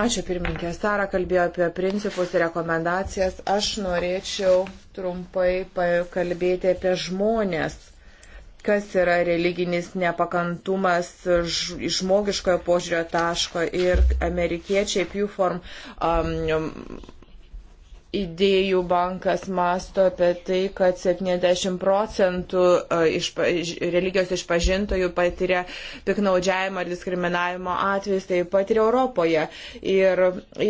Ačiū pirmininkė. Sara kalbėjo apie principus ir rekomendacijas. Aš norėčiau trumpai pakalbėti apie žmonės kas yra religinis nepakantumas žmogiškojo požiūrio taško ir amerikiečiai Pew Form um, idėjų bankas masto apie tai, kad 70 procentų e, išpa, religijos išpažintojų patiria piknaudžiavimo ar diskriminavimo atvejus, taip pat ir Europoje. Ir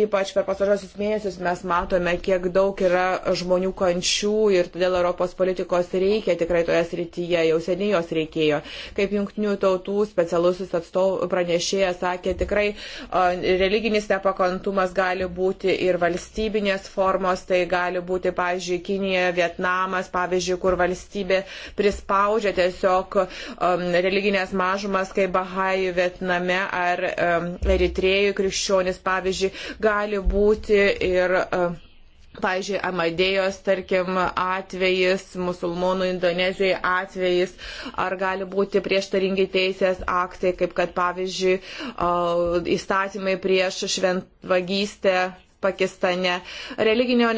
ypač per pasarosius mėnesius mes matome, kiek daug yra žmonių kančių ir todėl Europos politikos reikia tikrai toje srityje, jau seniai jos reikėjo. Kaip jungtinių tautų specialusis atstovų pranešėjas sakė, tikrai e, religinis nepakantumas gali būti ir valstybinės formos regionas, tai gali būti, pavyzdžiui, Kinija, Vietnamas, pavyzdžiui, kur valstybė prispaudžia tiesiog um, religinės mažumas, kaip Bahajų Vietname ar um, Eritrėjų krikščionis, pavyzdžiui, gali būti ir. Um, Pavyzdžiui, Amadėjos, tarkim, atvejis, musulmonų Indonezijoje atvejis, ar gali būti prieštaringi teisės aktai, kaip kad, pavyzdžiui, uh, įstatymai prieš šventvagystę Pakistane. Religinio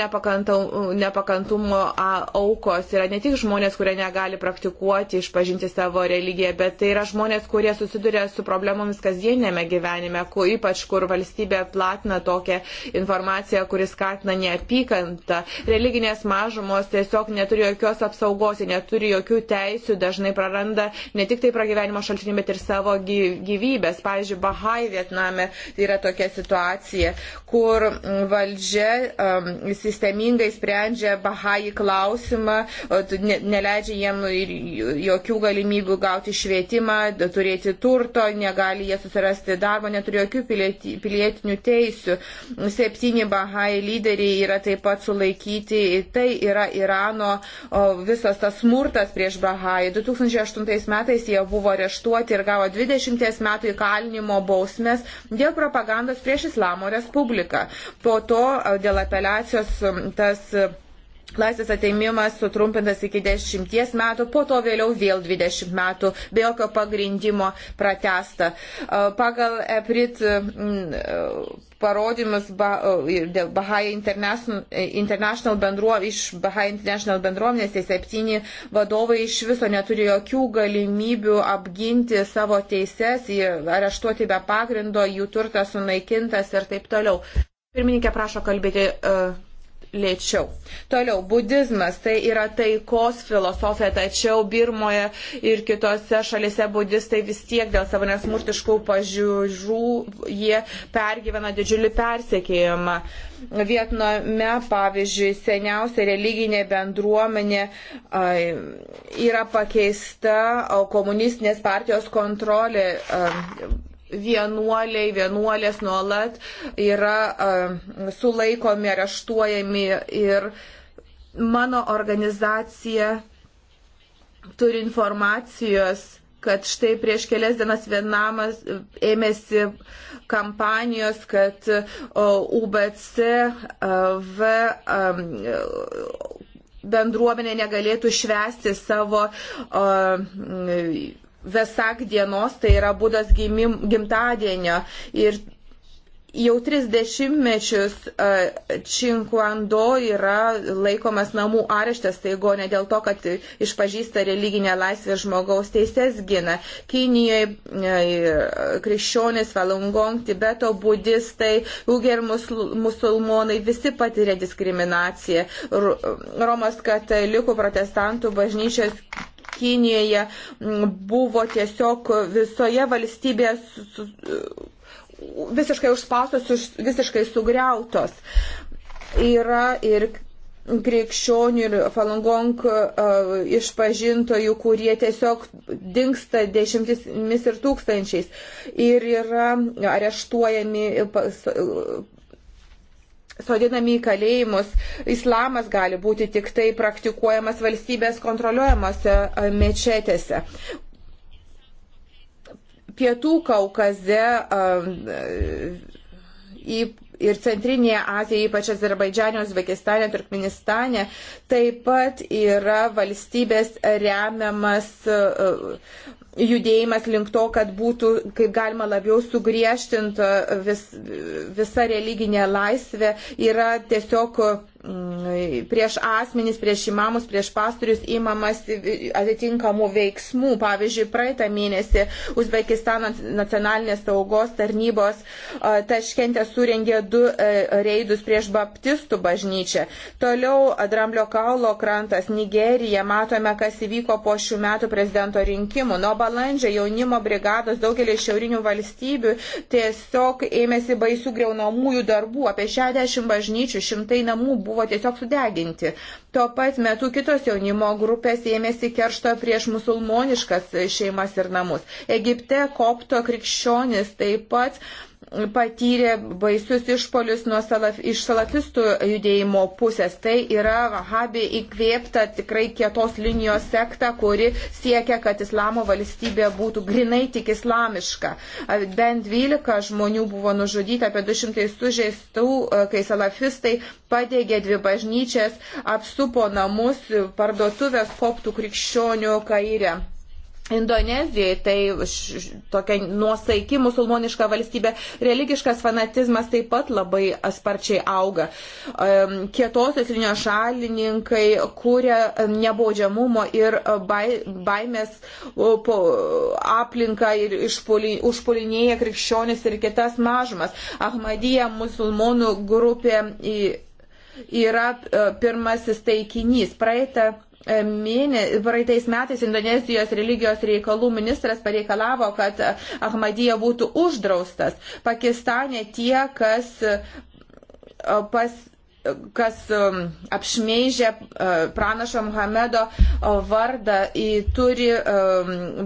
nepakantumo aukos yra ne tik žmonės, kurie negali praktikuoti, išpažinti savo religiją, bet tai yra žmonės, kurie susiduria su problemomis kasdienėme gyvenime, ku, ypač kur valstybė platina tokią informaciją, kuris skatina neapykantą. Religinės mažumos tiesiog neturi jokios apsaugos, neturi jokių teisių, dažnai praranda ne tik tai pragyvenimo šaltinį, bet ir savo gyvybės. Pavyzdžiui, Bahai Vietname yra tokia situacija, kur valdžia sistemingai sprendžia Bahai klausimą, neleidžia jiem jokių galimybių gauti švietimą, turėti turto, negali jie susirasti darbo, neturi jokių pilietinių teisių. Septyni Bahai lyderiai yra taip pat sulaikyti. Tai yra Irano visas tas smurtas prieš Bahai. 2008 metais jie buvo areštuoti ir gavo 20 metų įkalinimo bausmės dėl propagandos prieš Islamo Respubliką. Po to dėl apeliacijos tas Laisvės ateimimas sutrumpintas iki 10 metų, po to vėliau vėl 20 metų, be jokio pagrindimo pratesta. Pagal EPRIT parodymus Bahai International bendruomenės, iš Bahai International bendruomenės, tai septyni vadovai iš viso neturi jokių galimybių apginti savo teises, areštuoti be pagrindo, jų turtas sunaikintas ir taip toliau. Pirmininkė prašo kalbėti uh, lėčiau. Toliau, budizmas tai yra taikos filosofija, tačiau Birmoje ir kitose šalise budistai vis tiek dėl savo nesmurtiškų pažiūrų jie pergyvena didžiulį persekėjimą. Vietname, pavyzdžiui, seniausia religinė bendruomenė ai, yra pakeista komunistinės partijos kontrolė. Ai, vienuoliai, vienuolės nuolat yra sulaikomi, areštuojami ir mano organizacija turi informacijos kad štai prieš kelias dienas vienamas ėmėsi kampanijos, kad UBCV bendruomenė negalėtų švęsti savo Vesak dienos, tai yra būdas gimim, gimtadienio. Ir jau 30 mečius e, Činkuando yra laikomas namų areštas Taigone dėl to, kad išpažįsta religinę laisvę žmogaus teises gina. Kinijoje e, krikščionis, Falungong, Tibeto budistai, Uger musulmonai visi patiria diskriminaciją. Romos katalikų protestantų bažnyčios Kinijoje buvo tiesiog visoje valstybėje visiškai užspaustos, visiškai sugriautos. Yra ir krikščionių ir falangong uh, išpažintojų, kurie tiesiog dinksta dešimtimis ir tūkstančiais ir yra areštuojami sodinami į kalėjimus. Islamas gali būti tik tai praktikuojamas valstybės kontroliuojamose e, mečetėse. Pietų Kaukaze e, e, ir Centrinėje Azijoje, ypač Azerbaidžiane, Uzbekistane, Turkmenistane, taip pat yra valstybės remiamas judėjimas link to, kad būtų kaip galima labiau sugriežtinta vis, visa religinė laisvė yra tiesiog Mm, prieš asmenys, prieš imamus, prieš pastorius imamas atitinkamų veiksmų. Pavyzdžiui, praeitą mėnesį Uzbekistano nacionalinės saugos tarnybos taškentė surengė du e, reidus prieš baptistų bažnyčią. Toliau Dramblio kaulo krantas, Nigerija, matome, kas įvyko po šių metų prezidento rinkimų. Nuo balandžio jaunimo brigados daugelį šiaurinių valstybių tiesiog ėmėsi baisių greunamųjų darbų. Apie 60 bažnyčių, šimtai namų buvo buvo tiesiog sudeginti. Tuo pat metu kitos jaunimo grupės ėmėsi keršto prieš musulmoniškas šeimas ir namus. Egipte kopto krikščionis taip pat patyrė baisius išpolius salaf, iš salafistų judėjimo pusės. Tai yra Vahabi įkvėpta tikrai kietos linijos sekta, kuri siekia, kad islamo valstybė būtų grinai tik islamiška. Bent 12 žmonių buvo nužudyta, apie 200 sužeistų, kai salafistai padegė dvi bažnyčias, apsupo namus, parduotuvės koptų krikščionių kairę. Indonezijai, tai š, tokia nuosaiki musulmoniška valstybė, religiškas fanatizmas taip pat labai sparčiai auga. Kietosios linijos šalininkai kūrė nebaudžiamumo ir baimės aplinką ir užpulinėja krikščionis ir kitas mažumas. Ahmadija musulmonų grupė yra e, pirmasis taikinys. Praeitą mėne, praeitais metais Indonezijos religijos reikalų ministras pareikalavo, kad Ahmadija būtų uždraustas. Pakistane tie, kas, e, pas, kas e, apšmeižė e, pranašo Muhamedo vardą, turi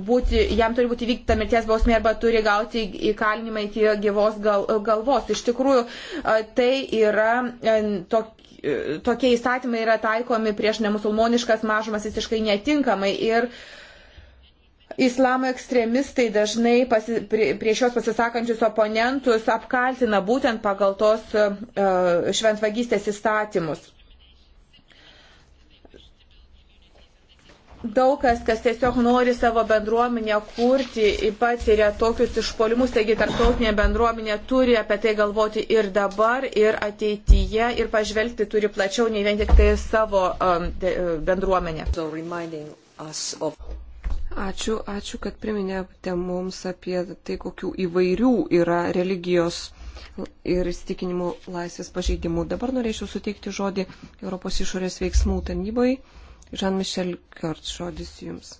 būti, jam turi būti vykdyta mirties bausmė arba turi gauti įkalinimą iki gyvos gal, galvos. Iš tikrųjų, tai yra tokia E, tokie įstatymai yra taikomi prieš nemusulmoniškas mažumas visiškai netinkamai. Ir islamo ekstremistai dažnai pasi, prie, prieš juos pasisakančius oponentus apkaltina būtent pagal tos uh, šventvagystės įstatymus. daug kas, kas tiesiog nori savo bendruomenę kurti, patiria tokius išpolimus, taigi tarptautinė bendruomenė turi apie tai galvoti ir dabar, ir ateityje, ir pažvelgti turi plačiau, nei vien tik tai savo um, de, bendruomenę. Ačiū, ačiū, kad priminėte mums apie tai, kokių įvairių yra religijos ir įstikinimų laisvės pažeidimų. Dabar norėčiau suteikti žodį Europos išorės veiksmų tarnybai. Žan-Mišel Kjort, žodis jums.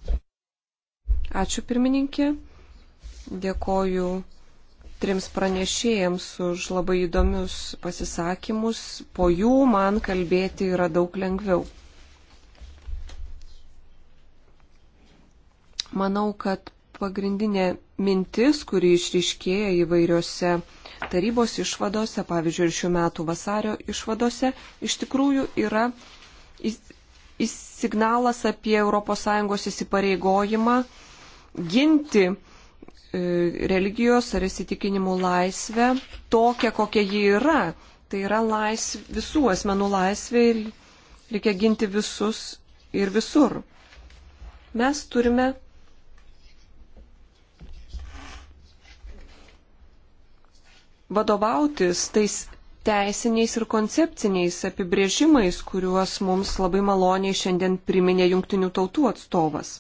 Ačiū pirmininkė. Dėkoju trims pranešėjams už labai įdomius pasisakymus. Po jų man kalbėti yra daug lengviau. Manau, kad pagrindinė mintis, kuri išriškėja įvairiose tarybos išvadose, pavyzdžiui, ir šių metų vasario išvadose, iš tikrųjų yra signalas apie ES įsipareigojimą ginti e, religijos ar įsitikinimų laisvę tokią, kokia ji yra. Tai yra laisv, visų asmenų laisvė ir reikia ginti visus ir visur. Mes turime vadovautis tais teisiniais ir koncepciniais apibrėžimais, kuriuos mums labai maloniai šiandien priminė jungtinių tautų atstovas.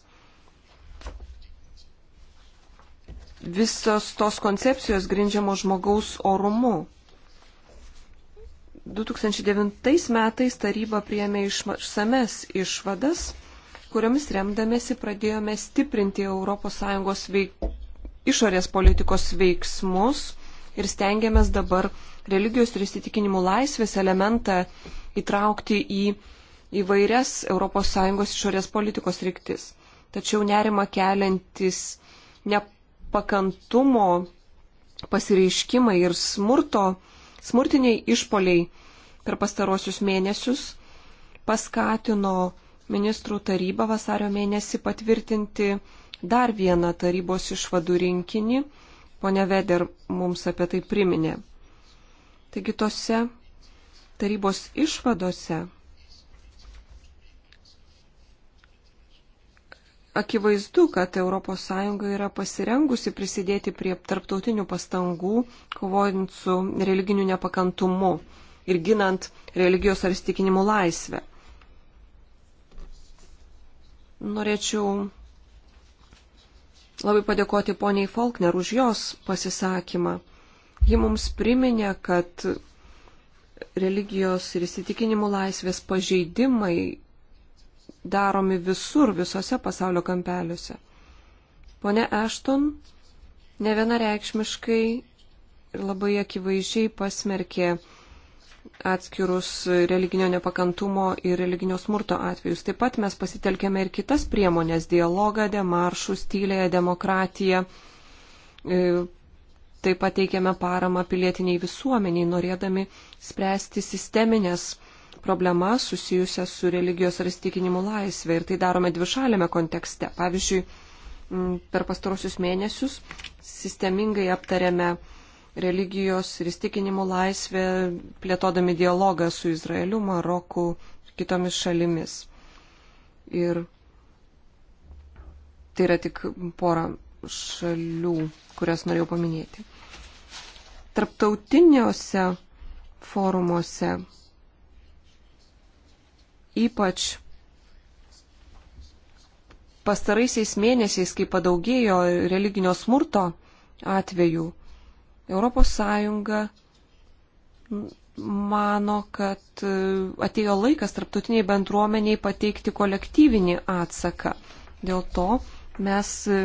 Visos tos koncepcijos grindžiamos žmogaus orumu. 2009 metais taryba priėmė išsames išvadas, kuriomis remdamėsi pradėjome stiprinti ES veik... išorės politikos veiksmus ir stengiamės dabar religijos ir įsitikinimų laisvės elementą įtraukti į įvairias ES išorės politikos ryktis. Tačiau nerima keliantis nepakantumo pasireiškimai ir smurto, smurtiniai išpoliai per pastarosius mėnesius paskatino ministrų tarybą vasario mėnesį patvirtinti dar vieną tarybos išvadų rinkinį Pone Veder mums apie tai priminė. Taigi tose tarybos išvadose akivaizdu, kad ES yra pasirengusi prisidėti prie tarptautinių pastangų, kovojant su religiniu nepakantumu ir ginant religijos ar įstikinimų laisvę. Norėčiau labai padėkoti poniai Faulkner už jos pasisakymą. Ji mums priminė, kad religijos ir įsitikinimų laisvės pažeidimai daromi visur, visose pasaulio kampeliuose. Pone Ešton nevienareikšmiškai ir labai akivaizdžiai pasmerkė atskirus religinio nepakantumo ir religinio smurto atvejus. Taip pat mes pasitelkėme ir kitas priemonės - dialogą, demaršus, tylėją demokratiją. E, Taip pat teikiame paramą pilietiniai visuomeniai, norėdami spręsti sisteminės problemas susijusias su religijos ar įsitikinimų laisvė. Ir tai darome dvišalėme kontekste. Pavyzdžiui, per pastarosius mėnesius sistemingai aptarėme religijos ir įstikinimų laisvę, plėtodami dialogą su Izraeliu, Maroku, kitomis šalimis. Ir tai yra tik pora šalių, kurias norėjau paminėti. Tarptautiniuose forumuose ypač pastaraisiais mėnesiais, kai padaugėjo religinio smurto atvejų, Europos Sąjunga mano, kad e, atėjo laikas tarptautiniai bendruomeniai pateikti kolektyvinį atsaką. Dėl to mes e,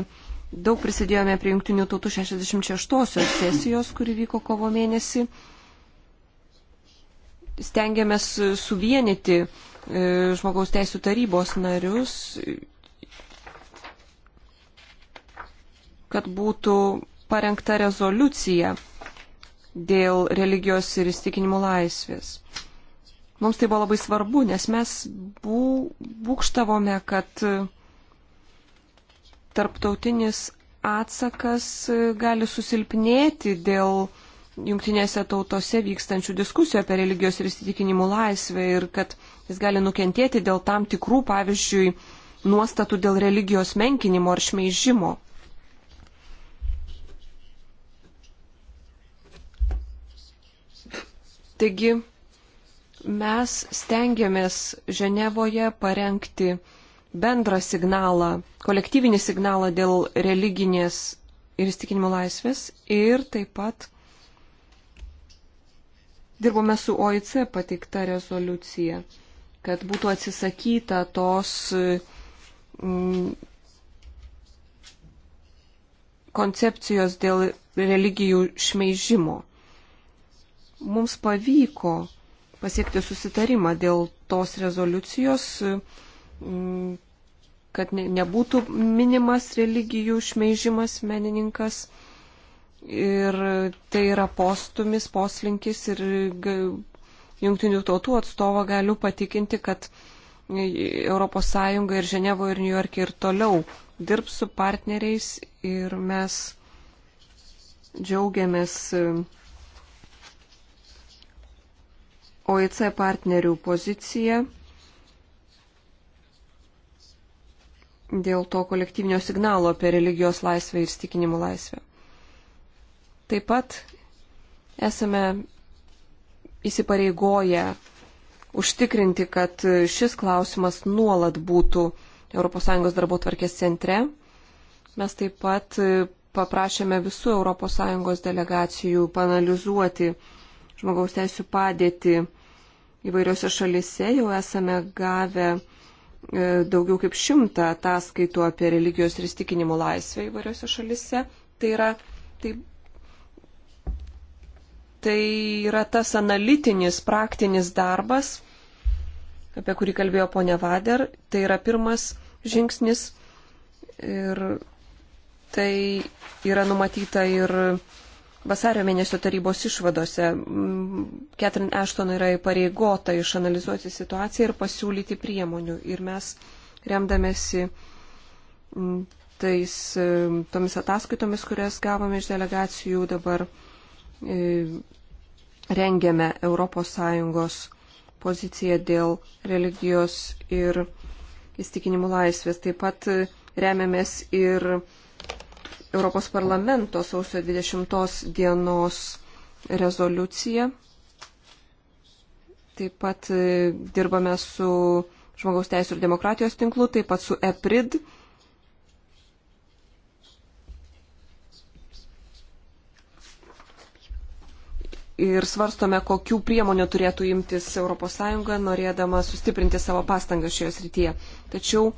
daug prisidėjome prie Junktinių tautų 66-osios sesijos, kuri vyko kovo mėnesį. Stengiamės e, suvienyti žmogaus teisų tarybos narius, kad būtų parengta rezoliucija dėl religijos ir įstikinimų laisvės. Mums tai buvo labai svarbu, nes mes būkštavome, kad tarptautinis atsakas gali susilpnėti dėl jungtinėse tautose vykstančių diskusijų apie religijos ir įsitikinimų laisvę ir kad jis gali nukentėti dėl tam tikrų, pavyzdžiui, nuostatų dėl religijos menkinimo ar šmeižimo. Taigi mes stengiamės Ženevoje parengti bendrą signalą, kolektyvinį signalą dėl religinės ir įstikinimo laisvės ir taip pat dirbome su OIC pateikta rezoliucija, kad būtų atsisakyta tos mm, koncepcijos dėl religijų šmeižimo mums pavyko pasiekti susitarimą dėl tos rezoliucijos, mm, kad nebūtų minimas religijų šmeižimas menininkas. Ir tai yra postumis, poslinkis ir jungtinių tautų atstovą galiu patikinti, kad ES ir Ženevo ir New York ir toliau dirbs su partneriais ir mes džiaugiamės OEC partnerių poziciją dėl to kolektyvinio signalo apie religijos laisvę ir stikinimų laisvę. Taip pat esame įsipareigoję užtikrinti, kad šis klausimas nuolat būtų ES darbo tvarkės centre. Mes taip pat paprašėme visų ES delegacijų panalizuoti žmogaus teisų padėtį įvairiose šalise. Jau esame gavę e, daugiau kaip šimtą ataskaitų apie religijos ir įstikinimų laisvę įvairiose šalise. Tai yra, tai, tai yra tas analitinis, praktinis darbas, apie kurį kalbėjo ponia Vader. Tai yra pirmas žingsnis ir tai yra numatyta ir Vasario mėnesio tarybos išvadose Ketrin mm, Ashton yra įpareigota išanalizuoti situaciją ir pasiūlyti priemonių. Ir mes remdamėsi mm, tais, e, tomis ataskaitomis, kurias gavome iš delegacijų, dabar e, rengiame ES poziciją dėl religijos ir įstikinimų laisvės. Taip pat e, remiamės ir Europos parlamento sausio 20 dienos rezoliuciją. Taip pat e, dirbame su Žmogaus teisų ir demokratijos tinklu, taip pat su EPRID. ir svarstome, kokių priemonių turėtų imtis ES, norėdama sustiprinti savo pastangas šioje srityje. Tačiau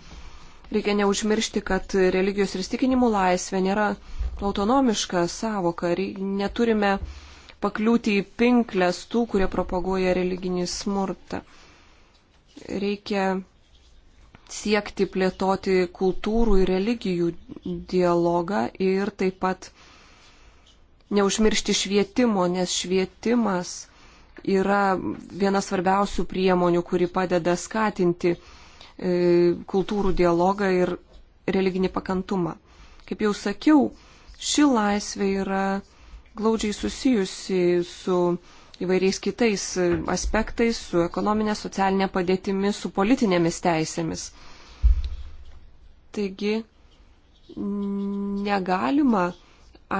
Reikia neužmiršti, kad religijos ir įstikinimų laisvė nėra autonomiška savoka. Neturime pakliūti į pinklės tų, kurie propaguoja religinį smurtą. Reikia siekti plėtoti kultūrų ir religijų dialogą ir taip pat neužmiršti švietimo, nes švietimas yra viena svarbiausių priemonių, kuri padeda skatinti E, kultūrų dialogą ir religinį pakantumą. Kaip jau sakiau, ši laisvė yra glaudžiai susijusi su įvairiais kitais aspektais, su ekonominė, socialinė padėtimi, su politinėmis teisėmis. Taigi negalima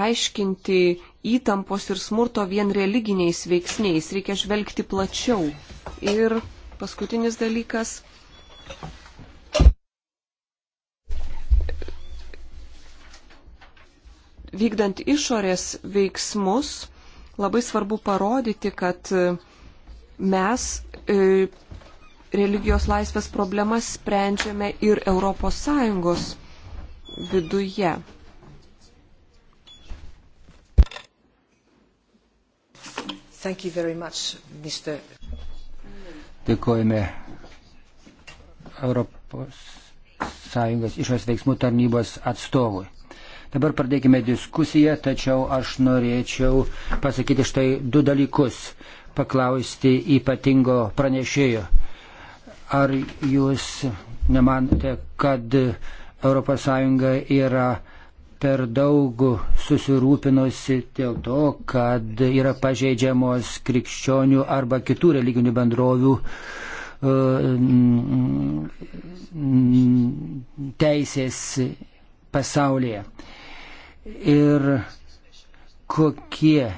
aiškinti įtampos ir smurto vien religiniais veiksniais, reikia žvelgti plačiau. Ir paskutinis dalykas Vykdant išorės veiksmus, labai svarbu parodyti, kad e, mes e, religijos laisvės problemas sprendžiame ir ES viduje. Much, Dėkojame Europos Sąjungos išvės veiksmų tarnybos atstovui. Dabar pradėkime diskusiją, tačiau aš norėčiau pasakyti štai du dalykus, paklausti ypatingo pranešėjo. Ar jūs nemanote, kad ES yra per daug susirūpinusi dėl to, kad yra pažeidžiamos krikščionių arba kitų religinių bendrovių uh, E, teisės pasaulyje. Ir kokie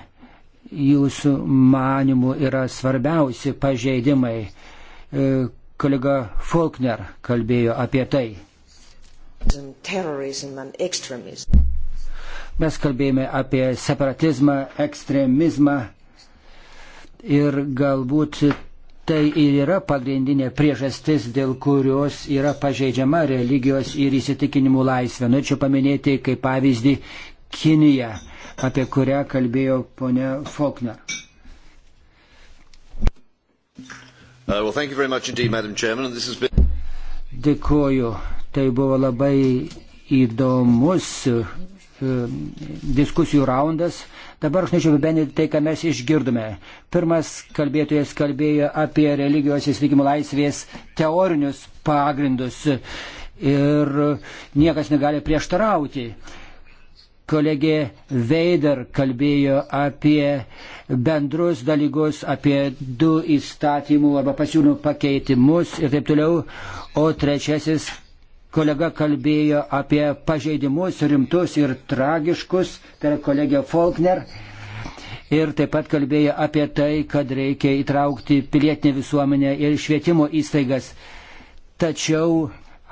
jūsų manimų yra svarbiausi pažeidimai? E, kolega Faulkner kalbėjo apie tai. Mes kalbėjome apie separatizmą, ekstremizmą ir galbūt Tai ir yra pagrindinė priežastis, dėl kurios yra pažeidžiama religijos ir įsitikinimų laisvė. Norėčiau nu, paminėti kaip pavyzdį Kiniją, apie kurią kalbėjo ponia Faulkner. Uh, well, indeed, been... Dėkuoju. Tai buvo labai įdomus E, diskusijų raundas. Dabar aš norėčiau apibendrinti tai, ką mes išgirdome. Pirmas kalbėtojas kalbėjo apie religijos įsveikimo laisvės teorinius pagrindus ir niekas negali prieštarauti. Kolegė Veider kalbėjo apie bendrus dalykus, apie du įstatymų arba pasiūlymų pakeitimus ir taip toliau. O trečiasis kolega kalbėjo apie pažeidimus rimtus ir tragiškus, tai yra kolegė Faulkner. Ir taip pat kalbėjo apie tai, kad reikia įtraukti pilietinę visuomenę ir švietimo įstaigas. Tačiau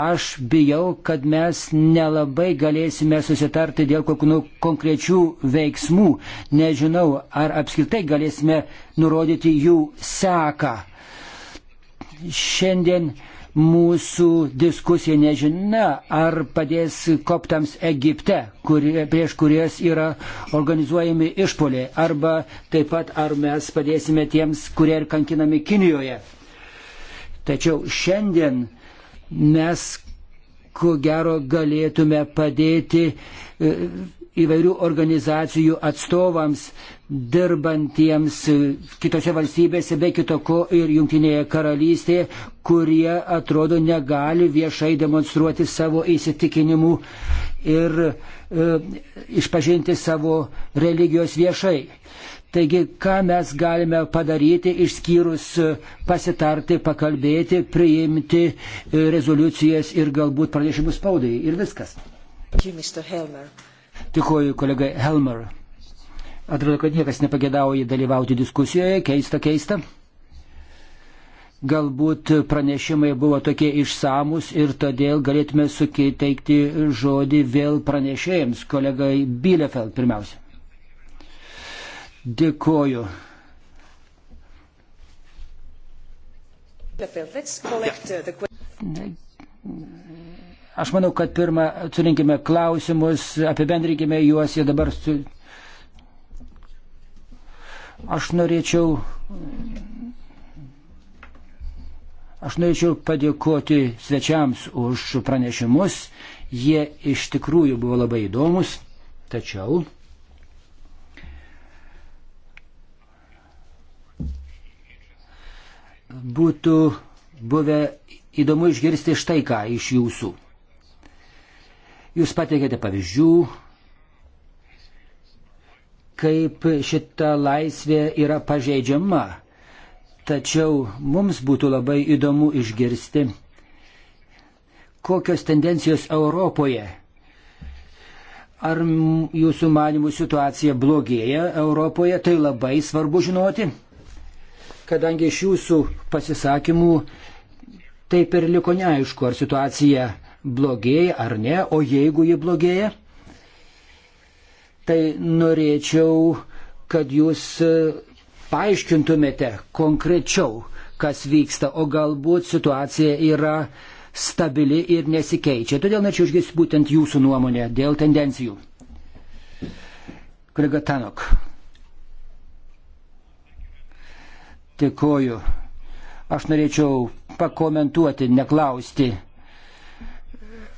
aš bijau, kad mes nelabai galėsime susitarti dėl kokių nu, konkrečių veiksmų. Nežinau, ar apskritai galėsime nurodyti jų seką. Šiandien uh, mūsų diskusija nežinia, ar padės koptams Egipte, kurie, prieš kurias yra organizuojami išpoliai, arba taip pat ar mes padėsime tiems, kurie ir kankinami Kinijoje. Tačiau šiandien mes ko gero galėtume padėti e, įvairių organizacijų atstovams dirbantiems e, kitose valstybėse, be kito ko ir Junktinėje karalystėje, kurie atrodo negali viešai demonstruoti savo įsitikinimų ir e, išpažinti savo religijos viešai. Taigi, ką mes galime padaryti, išskyrus e, pasitarti, pakalbėti, priimti e, rezoliucijas ir galbūt pranešimus spaudai ir viskas. Thank you, Mr. Helmer. Tikoju kolegai Helmer. Atrodo, kad niekas nepagėdauja dalyvauti diskusijoje. Keista, keista. Galbūt pranešimai buvo tokie išsamus ir todėl galėtume suteikti žodį vėl pranešėjams. Kolegai Bielefeld pirmiausia. Dėkoju. Bielefeld, let's collect uh, the questions. Aš manau, kad pirmą surinkime klausimus, apibendrinkime juos, jie dabar su... Aš norėčiau. Aš norėčiau padėkoti svečiams už pranešimus. Jie iš tikrųjų buvo labai įdomus, tačiau būtų buvę įdomu išgirsti štai ką iš jūsų. Jūs pateikėte pavyzdžių, kaip šita laisvė yra pažeidžiama. Tačiau mums būtų labai įdomu išgirsti, kokios tendencijos Europoje. Ar jūsų manimų situacija blogėja Europoje, tai labai svarbu žinoti, kadangi iš jūsų pasisakymų taip ir liko neaišku, ar situacija blogėja ar ne, o jeigu ji blogėja, tai norėčiau, kad jūs e, paaiškintumėte konkrečiau, kas vyksta, o galbūt situacija yra stabili ir nesikeičia. Todėl norėčiau išgirsti būtent jūsų nuomonę dėl tendencijų. Kolega Tanok. Dėkoju. Aš norėčiau pakomentuoti, neklausti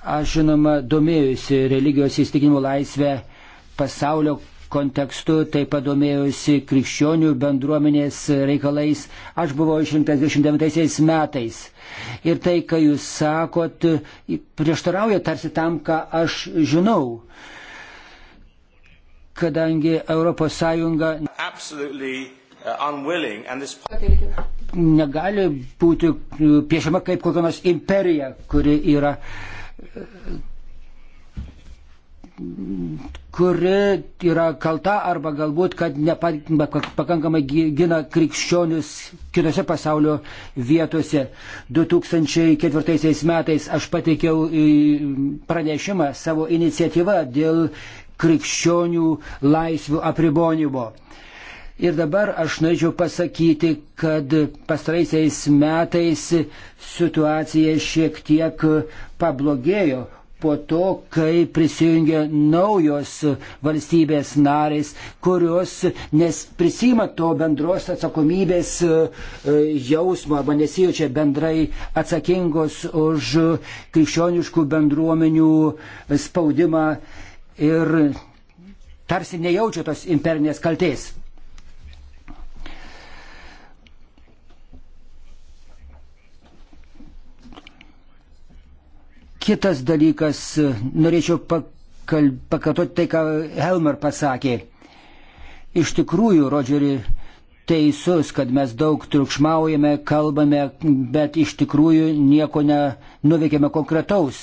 Aš žinoma domėjusi religijos įstikinimo laisvę pasaulio kontekstu, taip pat domėjusi krikščionių bendruomenės reikalais. Aš buvau išrinktas 29 metais. Ir tai, ką jūs sakot, prieštarauja tarsi tam, ką aš žinau. Kadangi ES uh, negali būti uh, piešiama kaip kokia nors imperija, kuri yra uh, kuri yra kalta arba galbūt, kad nepakankamai gina krikščionius kitose pasaulio vietose. 2004 metais aš pateikiau pranešimą savo iniciatyvą dėl krikščionių laisvių apribonimo. Ir dabar aš norėčiau pasakyti, kad pastaraisiais metais situacija šiek tiek pablogėjo po to, kai prisijungia naujos valstybės narės, kurios nes prisima to bendros atsakomybės e, jausmo arba nesijaučia bendrai atsakingos už krikščioniškų bendruomenių spaudimą ir tarsi nejaučia tos imperinės kaltės. Kitas dalykas, norėčiau pakal, pakartoti tai, ką Helmer pasakė. Iš tikrųjų, Rodžeri teisus, kad mes daug triukšmaujame, kalbame, bet iš tikrųjų nieko nenuveikėme konkretaus.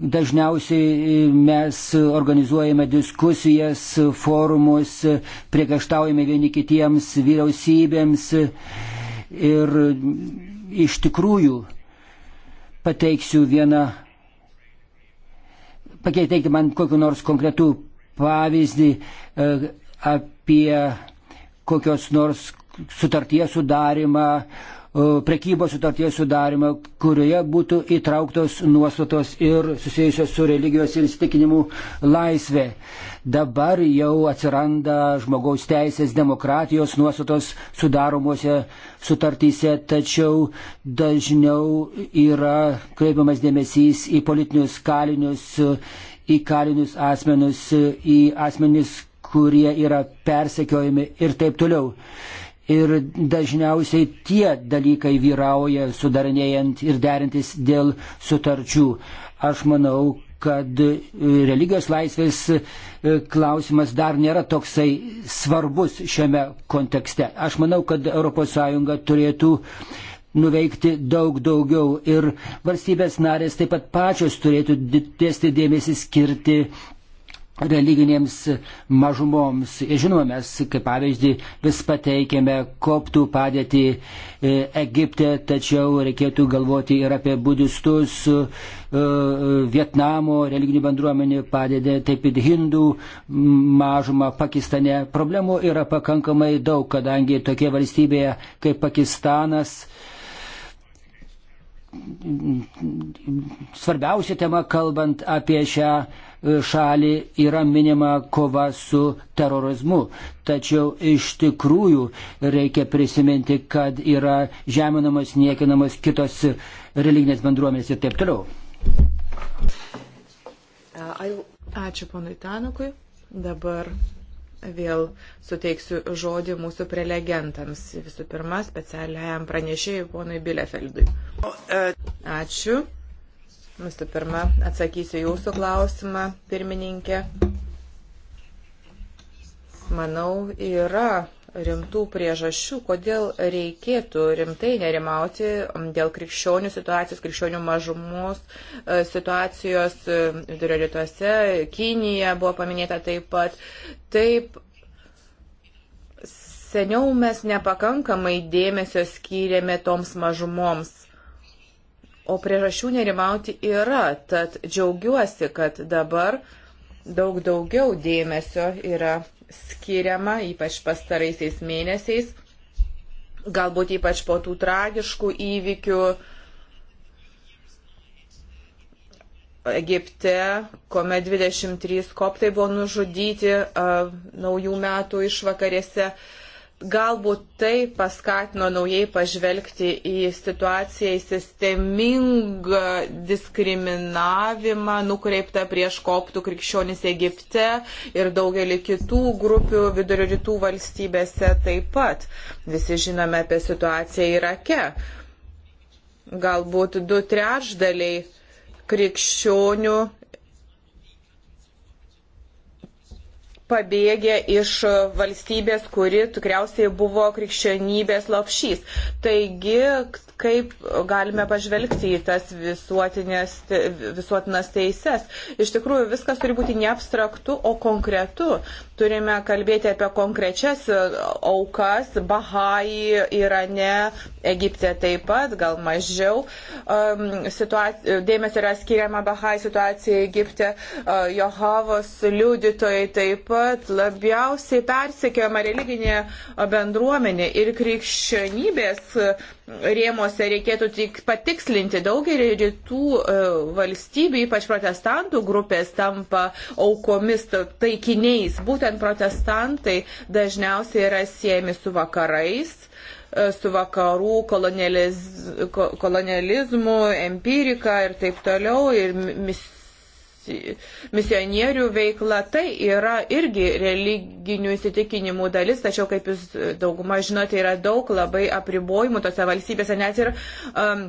Dažniausiai mes organizuojame diskusijas, forumus, priekaštaujame vieni kitiems, vyriausybėms ir iš tikrųjų pateiksiu vieną pakeitėkite man kokiu nors konkretų pavyzdį e, apie kokios nors sutarties sudarimą, e, prekybos sutarties sudarimą, kurioje būtų įtrauktos nuostatos ir susijusios su religijos ir įsitikinimų laisvė. Dabar jau atsiranda žmogaus teisės, demokratijos nuostatos sudaromuose sutartyse, tačiau dažniau yra kreipiamas dėmesys į politinius kalinius, į kalinius asmenus, į asmenis, kurie yra persekiojami ir taip toliau. Ir dažniausiai tie dalykai vyrauja sudarinėjant ir derintis dėl sutarčių. Aš manau, kad e, religijos laisvės e, klausimas dar nėra toksai svarbus šiame kontekste. Aš manau, kad ES turėtų nuveikti daug daugiau ir valstybės narės taip pat pačios turėtų dėsti dėmesį skirti religinėms mažumoms. Ir žinoma, mes kaip pavyzdį vis pateikėme koptų padėtį e, Egipte, tačiau reikėtų galvoti ir apie budistus, e, e, Vietnamo religinių bendruomenių padėtį, taip ir hindų mažumą Pakistane. Problemų yra pakankamai daug, kadangi tokie valstybėje kaip Pakistanas svarbiausia tema kalbant apie šią šalį yra minima kova su terorizmu. Tačiau iš tikrųjų reikia prisiminti, kad yra žeminamas, niekinamas kitos religinės bendruomenės ir taip toliau. Ačiū ponui Tanukui. Dabar vėl suteiksiu žodį mūsų prelegentams. Visų pirma, specialiajam pranešėjui ponui Bielefeldui. E, ačiū. Visų pirma, atsakysiu jūsų klausimą, pirmininkė. Manau, yra rimtų priežasčių, kodėl reikėtų rimtai nerimauti dėl krikščionių situacijos, krikščionių mažumos e, situacijos e, vidurio rytuose. Kinija buvo paminėta taip pat. Taip, seniau mes nepakankamai dėmesio skyrėme toms mažumoms. O priežasčių nerimauti yra, tad džiaugiuosi, kad dabar daug daugiau dėmesio yra skiriama, ypač pastaraisiais mėnesiais, galbūt ypač po tų tragiškų įvykių Egipte, kuomet 23 koptai buvo nužudyti a, naujų metų išvakarėse. vakarėse Galbūt tai paskatino naujai pažvelgti į situaciją, į sistemingą diskriminavimą nukreiptą prieš koptų krikščionis Egipte ir daugelį kitų grupių vidurio rytų valstybėse taip pat. Visi žinome apie situaciją Irake. Galbūt du trečdaliai krikščionių pabėgę iš valstybės, kuri tikriausiai buvo krikščionybės lopšys. Taigi, kaip galime pažvelgti į tas visuotinas teises? Iš tikrųjų, viskas turi būti ne abstraktu, o konkretu. Turime kalbėti apie konkrečias aukas Bahai, Irane, Egipte taip pat, gal mažiau. Um, dėmesio yra skiriama Bahai situacijai Egipte. Uh, Johavos liudytojai taip pat labiausiai persekiojama religinė bendruomenė ir krikščionybės rėmose reikėtų tik patikslinti daugelį rytų e, valstybių, ypač protestantų grupės tampa aukomis taikiniais. Būtent protestantai dažniausiai yra siejami su vakarais e, su vakarų kolonializ, kolonializmu, empirika ir taip toliau, ir mis, misionierių veikla, tai yra irgi religinių įsitikinimų dalis, tačiau, kaip jūs dauguma žinote, yra daug labai apribojimų tose valstybėse, net ir um,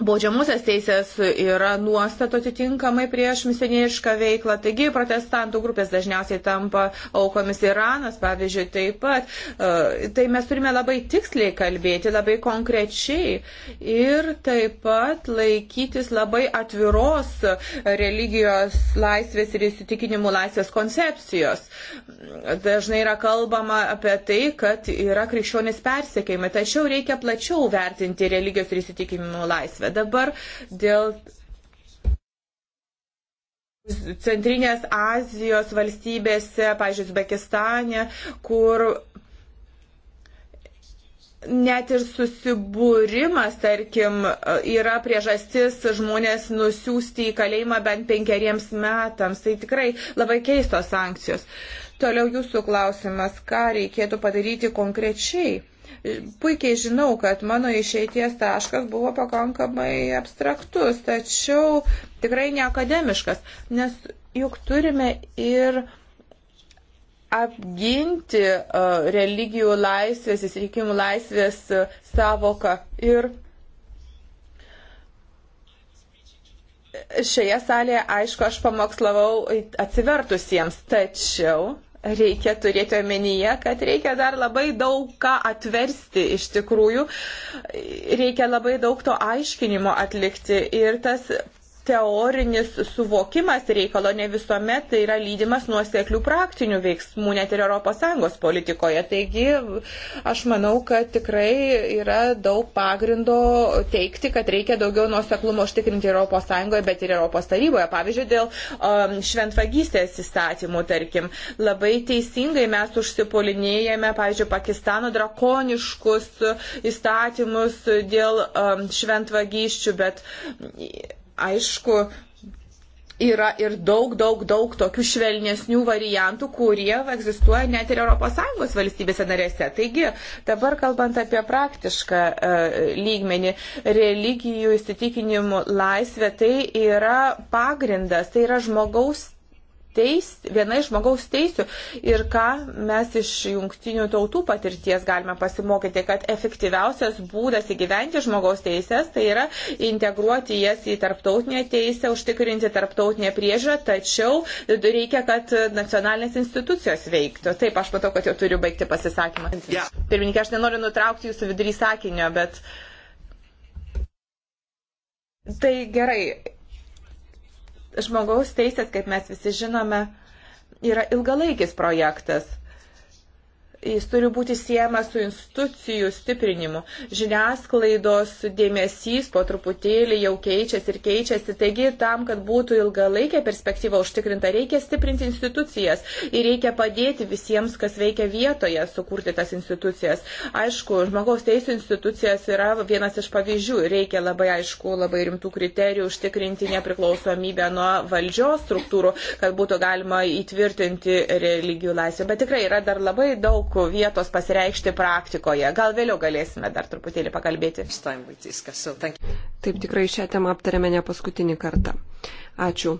Baudžiamusias teisės yra nuostato atitinkamai prieš misionierišką veiklą, taigi protestantų grupės dažniausiai tampa aukomis Iranas, pavyzdžiui, taip pat. E, tai mes turime labai tiksliai kalbėti, labai konkrečiai ir taip pat laikytis labai atviros religijos laisvės ir įsitikinimų laisvės koncepcijos. Dažnai yra kalbama apie tai, kad yra krikščionis persiekėjimai, tačiau reikia plačiau vertinti religijos ir įsitikinimų laisvę laisvę. Dabar dėl Centrinės Azijos valstybėse, pažiūrėjus, Uzbekistane, kur net ir susibūrimas, tarkim, yra priežastis žmonės nusiųsti į kalėjimą bent penkeriems metams. Tai tikrai labai keistos sankcijos. Toliau jūsų klausimas, ką reikėtų padaryti konkrečiai? Puikiai žinau, kad mano išeities taškas buvo pakankamai abstraktus, tačiau tikrai neakademiškas, nes juk turime ir apginti religijų laisvės, įsirinkimų laisvės savoką ir šioje salėje, aišku, aš pamokslavau atsivertusiems, tačiau reikia turėti omenyje, kad reikia dar labai daug ką atversti iš tikrųjų, reikia labai daug to aiškinimo atlikti ir tas teorinis suvokimas reikalo ne visuomet tai yra lydimas nuoseklių praktinių veiksmų, net ir ES politikoje. Taigi aš manau, kad tikrai yra daug pagrindo teikti, kad reikia daugiau nuoseklumo užtikrinti ES, bet ir ES taryboje. Pavyzdžiui, dėl um, šventvagystės įstatymų, tarkim, labai teisingai mes užsipolinėjame, pavyzdžiui, Pakistano drakoniškus įstatymus dėl um, šventvagyščių, bet aišku, yra ir daug, daug, daug tokių švelnesnių variantų, kurie egzistuoja net ir ES valstybėse narėse. Taigi, dabar kalbant apie praktišką e, lygmenį, religijų įsitikinimų laisvė tai yra pagrindas, tai yra žmogaus teis, viena iš žmogaus teisų ir ką mes iš jungtinių tautų patirties galime pasimokyti, kad efektyviausias būdas įgyventi žmogaus teisės tai yra integruoti jas į tarptautinę teisę, užtikrinti tarptautinę priežiūrą, tačiau reikia, kad nacionalinės institucijos veiktų. Taip, aš matau, kad jau turiu baigti pasisakymą. Yeah. Pirmininkė, aš nenoriu nutraukti jūsų vidurį sakinio, bet. Tai gerai, žmogaus teisės, kaip mes visi žinome, yra ilgalaikis projektas jis turi būti siejamas su institucijų stiprinimu. Žiniasklaidos dėmesys po truputėlį jau keičiasi ir keičiasi. Taigi, tam, kad būtų ilgalaikė perspektyva užtikrinta, reikia stiprinti institucijas ir reikia padėti visiems, kas veikia vietoje, sukurti tas institucijas. Aišku, žmogaus teisų institucijas yra vienas iš pavyzdžių. Reikia labai aišku, labai rimtų kriterijų užtikrinti nepriklausomybę nuo valdžios struktūrų, kad būtų galima įtvirtinti religijų laisvę. Bet tikrai yra dar labai daug daug vietos pasireikšti praktikoje. Gal vėliau galėsime dar truputėlį pakalbėti. Taip tikrai šią temą aptarėme ne paskutinį kartą. Ačiū.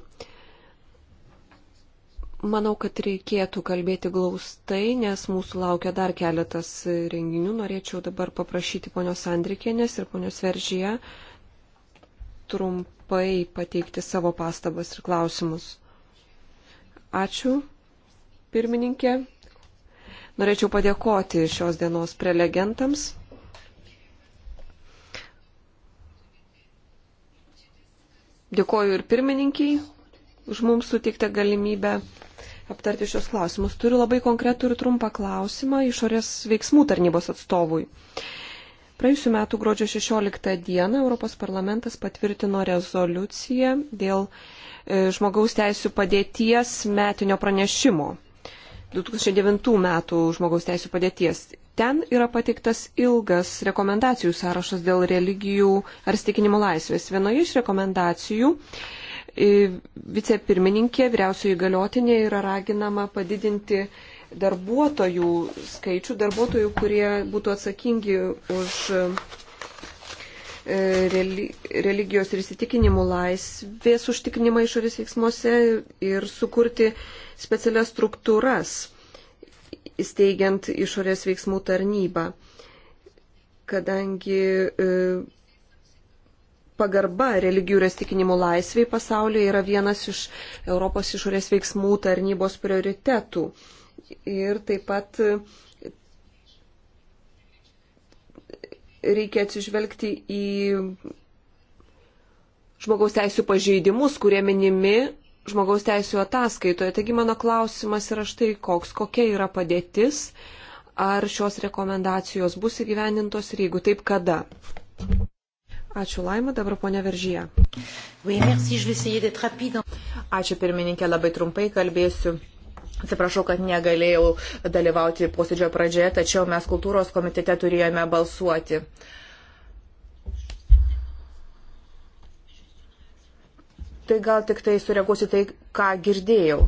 Manau, kad reikėtų kalbėti glaustai, nes mūsų laukia dar keletas renginių. Norėčiau dabar paprašyti ponios Andrikienės ir ponios Veržyje trumpai pateikti savo pastabas ir klausimus. Ačiū pirmininkė. Norėčiau padėkoti šios dienos prelegentams. Dėkoju ir pirmininkiai už mums sutiktą galimybę aptarti šios klausimus. Turiu labai konkretų ir trumpą klausimą išorės veiksmų tarnybos atstovui. Praėjusiu metu gruodžio 16 dieną Europos parlamentas patvirtino rezoliuciją dėl e, žmogaus teisų padėties metinio pranešimo 2009 metų žmogaus teisų padėties. Ten yra pateiktas ilgas rekomendacijų sąrašas dėl religijų ar stikinimo laisvės. Vienoje iš rekomendacijų vicepirmininkė, vyriausioji galiotinė yra raginama padidinti darbuotojų skaičių, darbuotojų, kurie būtų atsakingi už E, religijos ir įsitikinimų laisvės užtikrinimą išorės veiksmuose ir sukurti specialias struktūras, įsteigiant išorės veiksmų tarnybą. Kadangi e, pagarba religijų ir įsitikinimų laisviai pasaulyje yra vienas iš Europos išorės veiksmų tarnybos prioritetų. Ir taip pat reikia atsižvelgti į žmogaus teisų pažeidimus, kurie minimi žmogaus teisų ataskaitoje. Taigi mano klausimas yra štai koks, kokia yra padėtis, ar šios rekomendacijos bus įgyvenintos ir jeigu taip, kada. Ačiū Laima, dabar ponia Veržyje. Ačiū pirmininkė, labai trumpai kalbėsiu. Atsiprašau, kad negalėjau dalyvauti posėdžio pradžioje, tačiau mes kultūros komitete turėjome balsuoti. Tai gal tik tai sureaguosiu tai, ką girdėjau.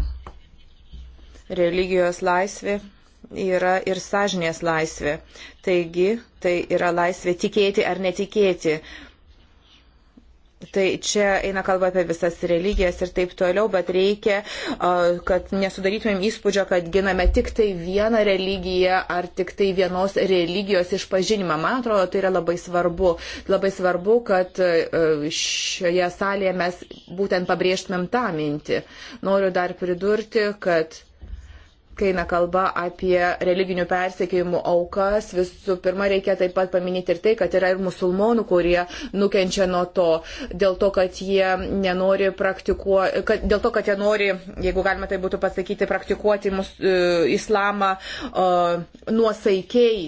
Religijos laisvė yra ir sąžinės laisvė. Taigi, tai yra laisvė tikėti ar netikėti. Uh, Tai čia eina kalba apie visas religijas ir taip toliau, bet reikia, kad nesudarytumėm įspūdžio, kad giname tik tai vieną religiją ar tik tai vienos religijos išpažinimą. Man atrodo, tai yra labai svarbu. Labai svarbu, kad šioje salėje mes būtent pabrėžtumėm tą mintį. Noriu dar pridurti, kad kai eina kalba apie religinių persekiojimų aukas, visų pirma reikia taip pat paminėti ir tai, kad yra ir musulmonų, kurie nukenčia nuo to, dėl to, kad jie nenori praktikuoti, kad, dėl to, kad jie nori, jeigu galima tai būtų pasakyti, praktikuoti mus, uh, islamą uh, nuosaikiai.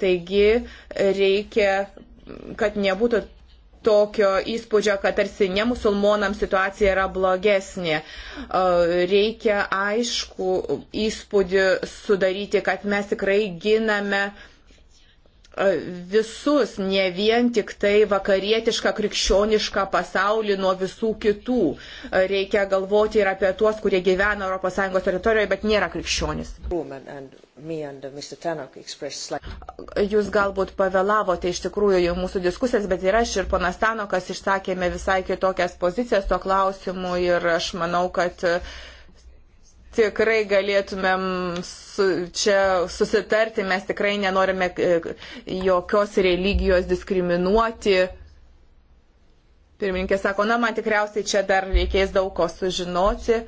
Taigi reikia kad nebūtų tokio įspūdžio, kad tarsi ne musulmonams situacija yra blogesnė. E, reikia aišku įspūdį sudaryti, kad mes tikrai giname e, visus, ne vien tik tai vakarietišką, krikščionišką pasaulį nuo visų kitų. E, reikia galvoti ir apie tuos, kurie gyvena ES teritorijoje, bet nėra krikščionis. Woman and Jūs galbūt pavėlavote iš tikrųjų jau mūsų diskusijas, bet ir aš ir ponas Tanokas išsakėme visai kitokias pozicijas to klausimu ir aš manau, kad e, tikrai galėtumėm su, čia susitarti, mes tikrai nenorime e, jokios religijos diskriminuoti. Pirmininkė sako, na, man tikriausiai čia dar reikės daug ko sužinoti.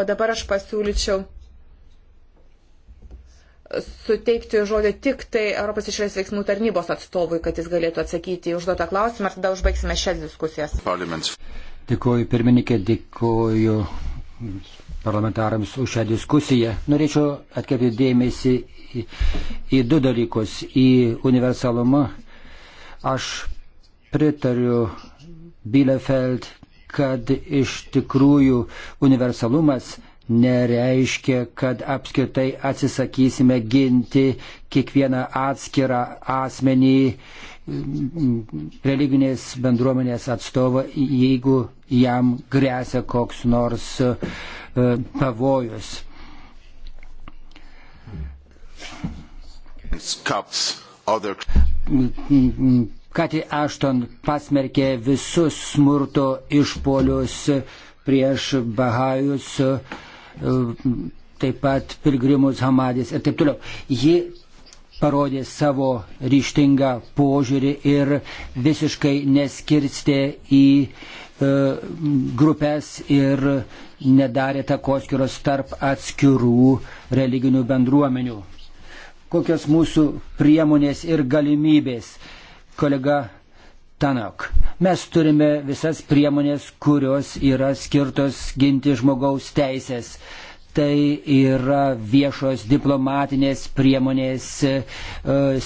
O dabar aš pasiūlyčiau suteikti žodį tik tai Europos išorės veiksmų tarnybos atstovui, kad jis galėtų atsakyti į užduotą klausimą ir tada užbaigsime šias diskusijas. Parliaments. Dėkuoju pirmininkė, dėkuoju parlamentarams už šią diskusiją. Norėčiau atkreipti dėmesį į, į du dalykus - į universalumą. Aš pritariu Bielefeld, kad iš tikrųjų universalumas nereiškia, kad apskritai atsisakysime ginti kiekvieną atskirą asmenį, religinės bendruomenės atstovą, jeigu jam grėsia koks nors e, pavojus. Kati Ašton pasmerkė visus smurto išpolius prieš Bahajus E, taip pat pilgrimus Hamadis ir taip toliau. Ji parodė savo ryštingą požiūrį ir visiškai neskirstė į e, grupės ir nedarė takoskiros tarp atskirų religinių bendruomenių. Kokios mūsų priemonės ir galimybės? Kolega Tanok. Mes turime visas priemonės, kurios yra skirtos ginti žmogaus teisės. Tai yra viešos diplomatinės priemonės, e,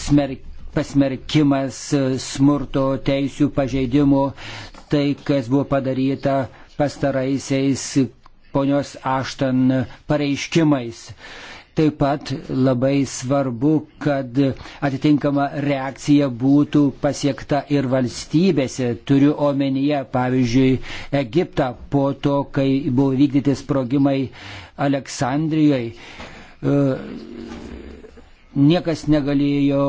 smerk, pasmerkimas e, smurto teisių pažeidimų, tai kas buvo padaryta pastaraisiais ponios Aštan pareiškimais. Taip pat labai svarbu, kad atitinkama reakcija būtų pasiekta ir valstybėse. Turiu omenyje, pavyzdžiui, Egiptą po to, kai buvo vykdyti sprogimai Aleksandrijoje. E, niekas negalėjo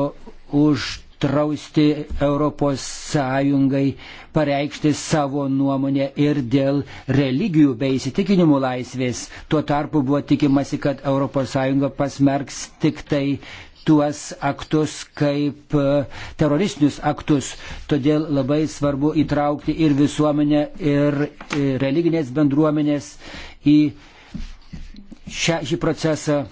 už drausti Europos Sąjungai pareikšti savo nuomonę ir dėl religijų bei įsitikinimų laisvės. Tuo tarpu buvo tikimasi, kad Europos Sąjunga pasmerks tik tai tuos aktus kaip e, teroristinius aktus. Todėl labai svarbu įtraukti ir visuomenę, ir e, religinės bendruomenės į šią, šį procesą.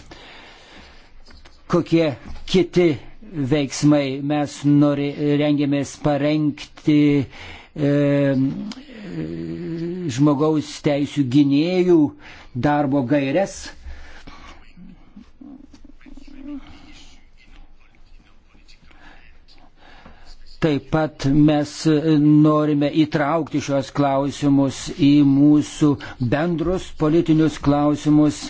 Kokie kiti veiksmai. Mes nori, rengiamės parengti e, žmogaus teisų gynėjų darbo gairias. Taip pat mes norime įtraukti šios klausimus į mūsų bendrus politinius klausimus.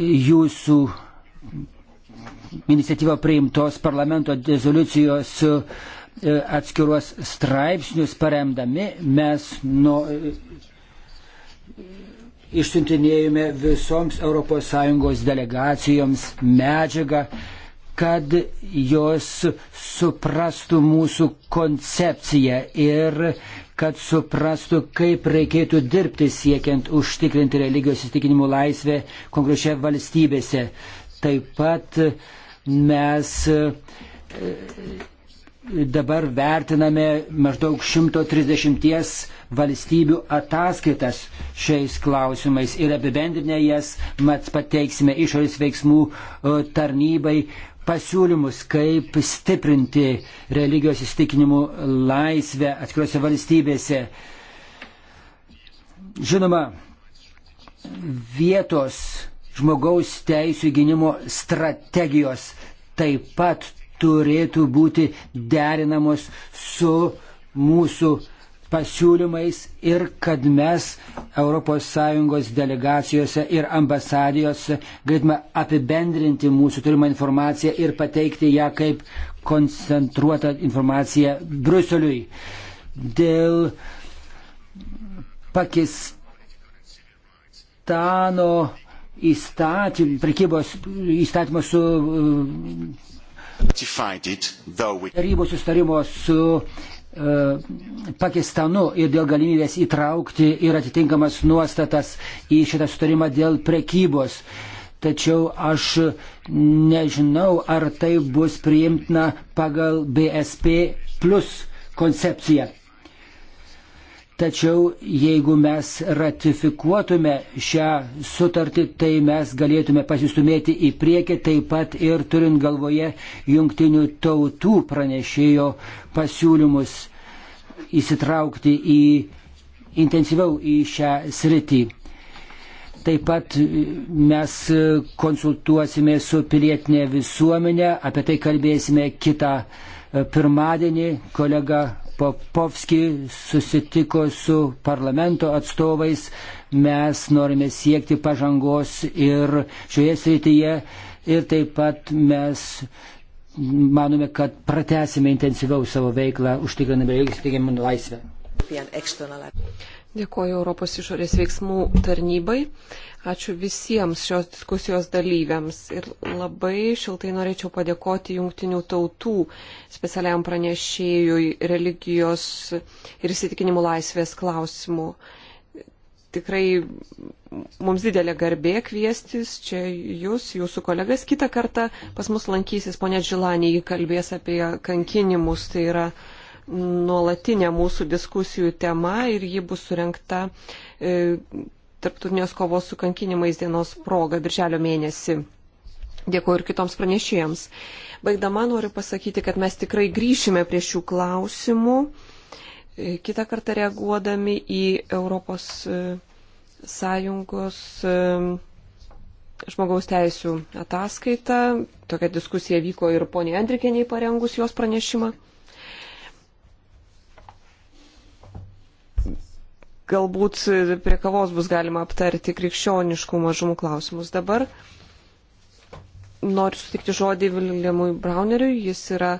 Jūsų iniciatyva priimtos parlamento rezoliucijos e, atskiruos straipsnius paremdami mes nu, e, išsiuntinėjome visoms ES delegacijoms medžiagą, kad jos suprastų mūsų koncepciją ir kad suprastų, kaip reikėtų dirbti siekiant užtikrinti religijos įstikinimų laisvę konkrečioje valstybėse. Taip pat uh, mes e, e, dabar vertiname maždaug 130 valstybių ataskaitas šiais klausimais ir apibendrinę jas mat pateiksime išorės veiksmų e, tarnybai pasiūlymus, kaip stiprinti religijos įstikinimų laisvę atskiruose valstybėse. Žinoma, vietos žmogaus teisų gynimo strategijos taip pat turėtų būti derinamos su mūsų pasiūlymais ir kad mes ES delegacijose ir ambasadijose galėtume apibendrinti mūsų turimą informaciją ir pateikti ją kaip koncentruotą informaciją Bruseliui. Dėl Pakistano įstatymą, prekybos įstatymą su tarybos sustarimo su uh, Pakistanu ir dėl galimybės įtraukti ir atitinkamas nuostatas į šitą sustarimą dėl prekybos. Tačiau aš nežinau, ar tai bus priimtina pagal BSP plus koncepciją. Tačiau jeigu mes ratifikuotume šią sutartį, tai mes galėtume pasistumėti į priekį, taip pat ir turint galvoje jungtinių tautų pranešėjo pasiūlymus įsitraukti į intensyviau į šią sritį. Taip pat mes konsultuosime su pilietinė visuomenė, apie tai kalbėsime kitą e, pirmadienį. Kolega Popovski susitiko su parlamento atstovais. Mes norime siekti pažangos ir šioje srityje. Ir taip pat mes manome, kad pratesime intensyviau savo veiklą, užtikriname ir įsitikinimų laisvę. Dėkuoju Europos išorės veiksmų tarnybai. Ačiū visiems šios diskusijos dalyviams. Ir labai šiltai norėčiau padėkoti Junktinių tautų specialiam pranešėjui religijos ir įsitikinimų laisvės klausimų. Tikrai mums didelė garbė kviestis čia jūs, jūsų kolegas. Kitą kartą pas mus lankysis ponė Džilanė, ji kalbės apie kankinimus. Tai yra uh, nuolatinė mūsų diskusijų tema ir ji bus surinkta e, Tarptautinės kovos su kankinimais dienos proga birželio mėnesį. Dėkuoju ir kitoms pranešėjams. Baigdama noriu pasakyti, kad mes tikrai grįšime prie šių klausimų, e, kitą kartą reaguodami į Europos e, Sąjungos e, žmogaus teisų ataskaitą. Tokia diskusija vyko ir poniai Andrikeniai parengus jos pranešimą. galbūt prie kavos bus galima aptarti krikščioniškų mažumų klausimus. Dabar noriu sutikti žodį Viljamui Brauneriui, jis yra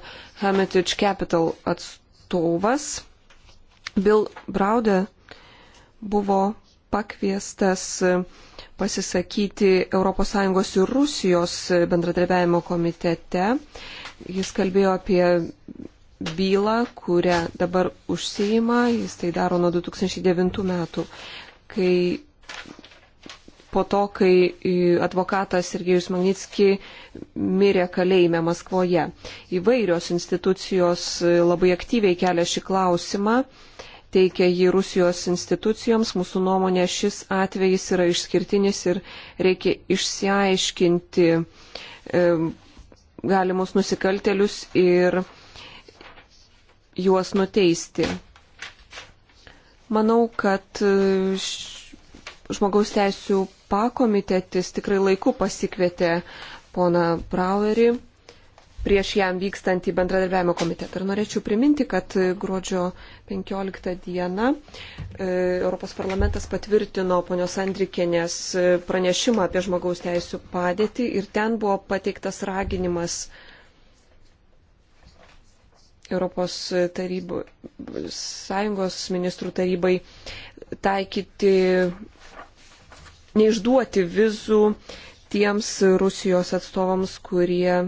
Hermitage Capital atstovas. Bill Brauder buvo pakviestas pasisakyti ES ir Rusijos bendradarbiavimo komitete. Jis kalbėjo apie bylą, kurią dabar užsijima, jis tai daro nuo 2009 metų, kai po to, kai advokatas Sergejus Magnitski mirė kalėjime Maskvoje. Įvairios institucijos e, labai aktyviai kelia šį klausimą, teikia jį Rusijos institucijoms. Mūsų nuomonė šis atvejis yra išskirtinis ir reikia išsiaiškinti e, galimus nusikaltelius ir juos nuteisti. Manau, kad e, žmogaus teisų pakomitetis tikrai laiku pasikvietė pona Brauerį prieš jam vykstant į bendradarbiavimo komitetą. Ir norėčiau priminti, kad gruodžio 15 dieną e, Europos parlamentas patvirtino ponios Andrikienės e, pranešimą apie žmogaus teisų padėtį ir ten buvo pateiktas raginimas uh, Europos tarybų, Sąjungos ministrų tarybai taikyti, neišduoti vizų tiems Rusijos atstovams, kurie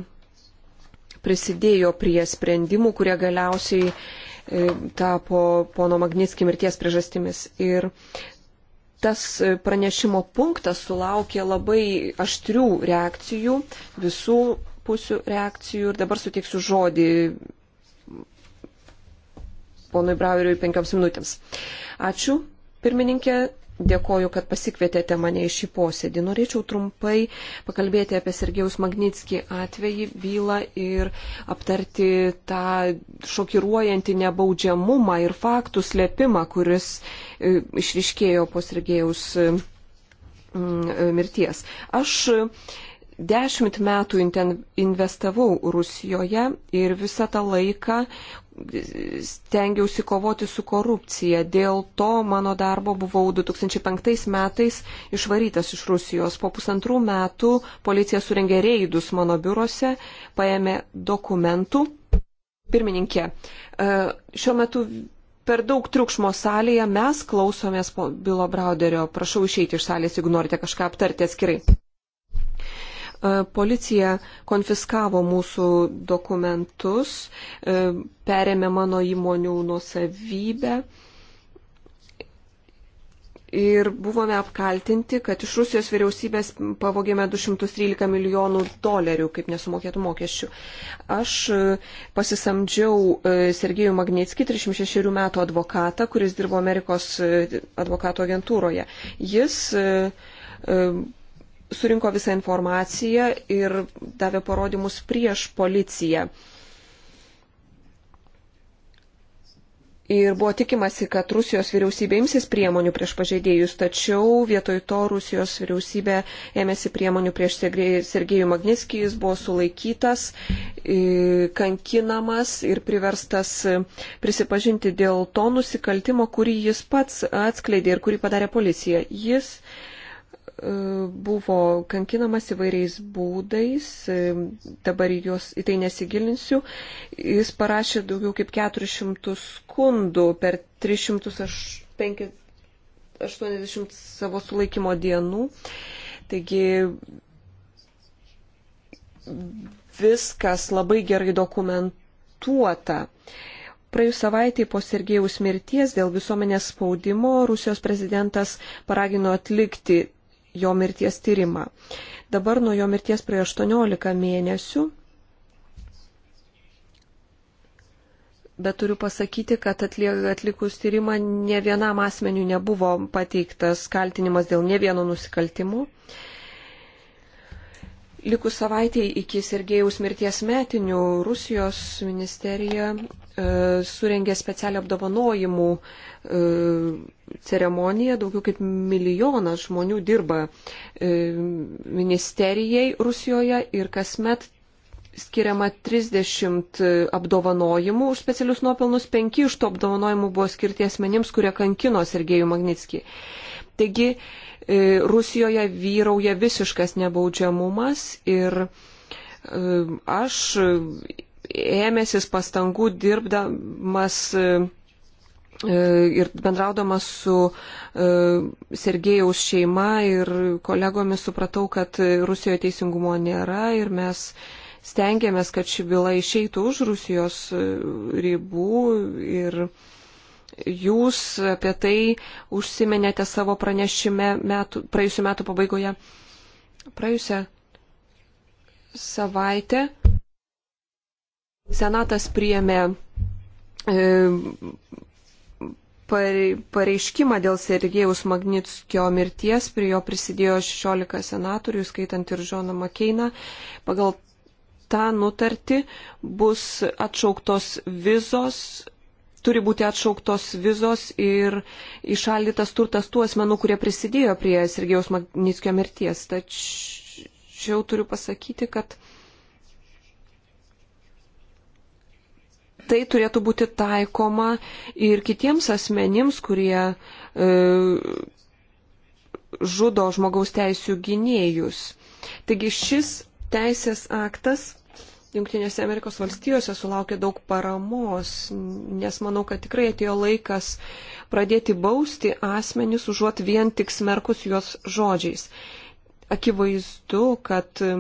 prisidėjo prie sprendimų, kurie galiausiai e, tapo pono Magnitski mirties priežastimis. Ir tas pranešimo punktas sulaukė labai aštrių reakcijų, visų pusių reakcijų. Ir dabar suteiksiu žodį ponui Braueriui penkioms minutėms. Ačiū, pirmininkė. Dėkoju, kad pasikvietėte mane į šį posėdį. Norėčiau trumpai pakalbėti apie Sergejus Magnitskį atvejį, bylą ir aptarti tą šokiruojantį nebaudžiamumą ir faktų slėpimą, kuris e, išriškėjo po Sergejus e, e, mirties. Aš dešimt metų investavau Rusijoje ir visą tą laiką stengiausi kovoti su korupcija. Dėl to mano darbo buvau 2005 metais išvarytas iš Rusijos. Po pusantrų metų policija surengė reidus mano biurose, paėmė dokumentų. Pirmininkė, e, šiuo metu per daug triukšmo salėje mes klausomės Bilo Brauderio. Prašau išeiti iš salės, jeigu norite kažką aptarti atskirai. E, policija konfiskavo mūsų dokumentus, e, perėmė mano įmonių nusavybę ir buvome apkaltinti, kad iš Rusijos vyriausybės pavogėme 213 milijonų dolerių kaip nesumokėtų mokesčių. Aš e, pasisamdžiau Sergejų Magnitskį, 36 metų advokatą, kuris dirbo Amerikos advokato agentūroje. Jis surinko visą informaciją ir davė parodymus prieš policiją. Ir buvo tikimasi, kad Rusijos vyriausybė imsis priemonių prieš pažeidėjus, tačiau vietoj to Rusijos vyriausybė ėmėsi priemonių prieš Sergejų Magnitskį, jis buvo sulaikytas, kankinamas ir priverstas prisipažinti dėl to nusikaltimo, kurį jis pats atskleidė ir kurį padarė policija. Jis buvo kankinamas įvairiais būdais, dabar jos, į tai nesigilinsiu. Jis parašė daugiau kaip 400 skundų per 380 savo sulaikymo dienų. Taigi viskas labai gerai dokumentuota. Praėjus savaitėje po Sergejaus mirties dėl visuomenės spaudimo Rusijos prezidentas paragino atlikti jo mirties tyrimą. Dabar nuo jo mirties prie 18 mėnesių bet turiu pasakyti, kad atlikus tyrimą ne vienam asmeniu nebuvo pateiktas kaltinimas dėl ne vieno nusikaltimo. Likus savaitėjai iki Sergejaus mirties metinių Rusijos ministerija e, surengė specialią apdovanojimų e, ceremoniją. Daugiau kaip milijonas žmonių dirba e, ministerijai Rusijoje ir kasmet skiriama 30 e, apdovanojimų už specialius nuopelnus, 5 iš to apdovanojimų buvo skirti asmenims, kurie kankino Sergejų Magnitskį. Taigi E, Rusijoje vyrauja visiškas nebaudžiamumas ir e, aš ėmėsis pastangų dirbdamas e, ir bendraudamas su Sergejaus šeima ir kolegomis supratau, kad Rusijoje teisingumo nėra ir mes stengiamės, kad ši byla išeitų už Rusijos ribų ir Jūs apie tai užsiminėte savo pranešime metų, praėjusiu metu pabaigoje. Praėjusią savaitę Senatas priėmė e, pareiškimą dėl Sergejaus Magnitskio mirties, prie jo prisidėjo 16 senatorių, skaitant ir Žoną Makeiną. Pagal tą nutartį bus atšauktos vizos turi būti atšauktos vizos ir išaldytas turtas tų asmenų, kurie prisidėjo prie Sergejaus Magnitskio mirties. Tačiau turiu pasakyti, kad tai turėtų būti taikoma ir kitiems asmenims, kurie e, žudo žmogaus teisų gynėjus. Taigi šis teisės aktas Junktinėse Amerikos valstijose sulaukė daug paramos, nes manau, kad tikrai atėjo laikas pradėti bausti asmenis užuot vien tik smerkus juos žodžiais. Akivaizdu, kad e,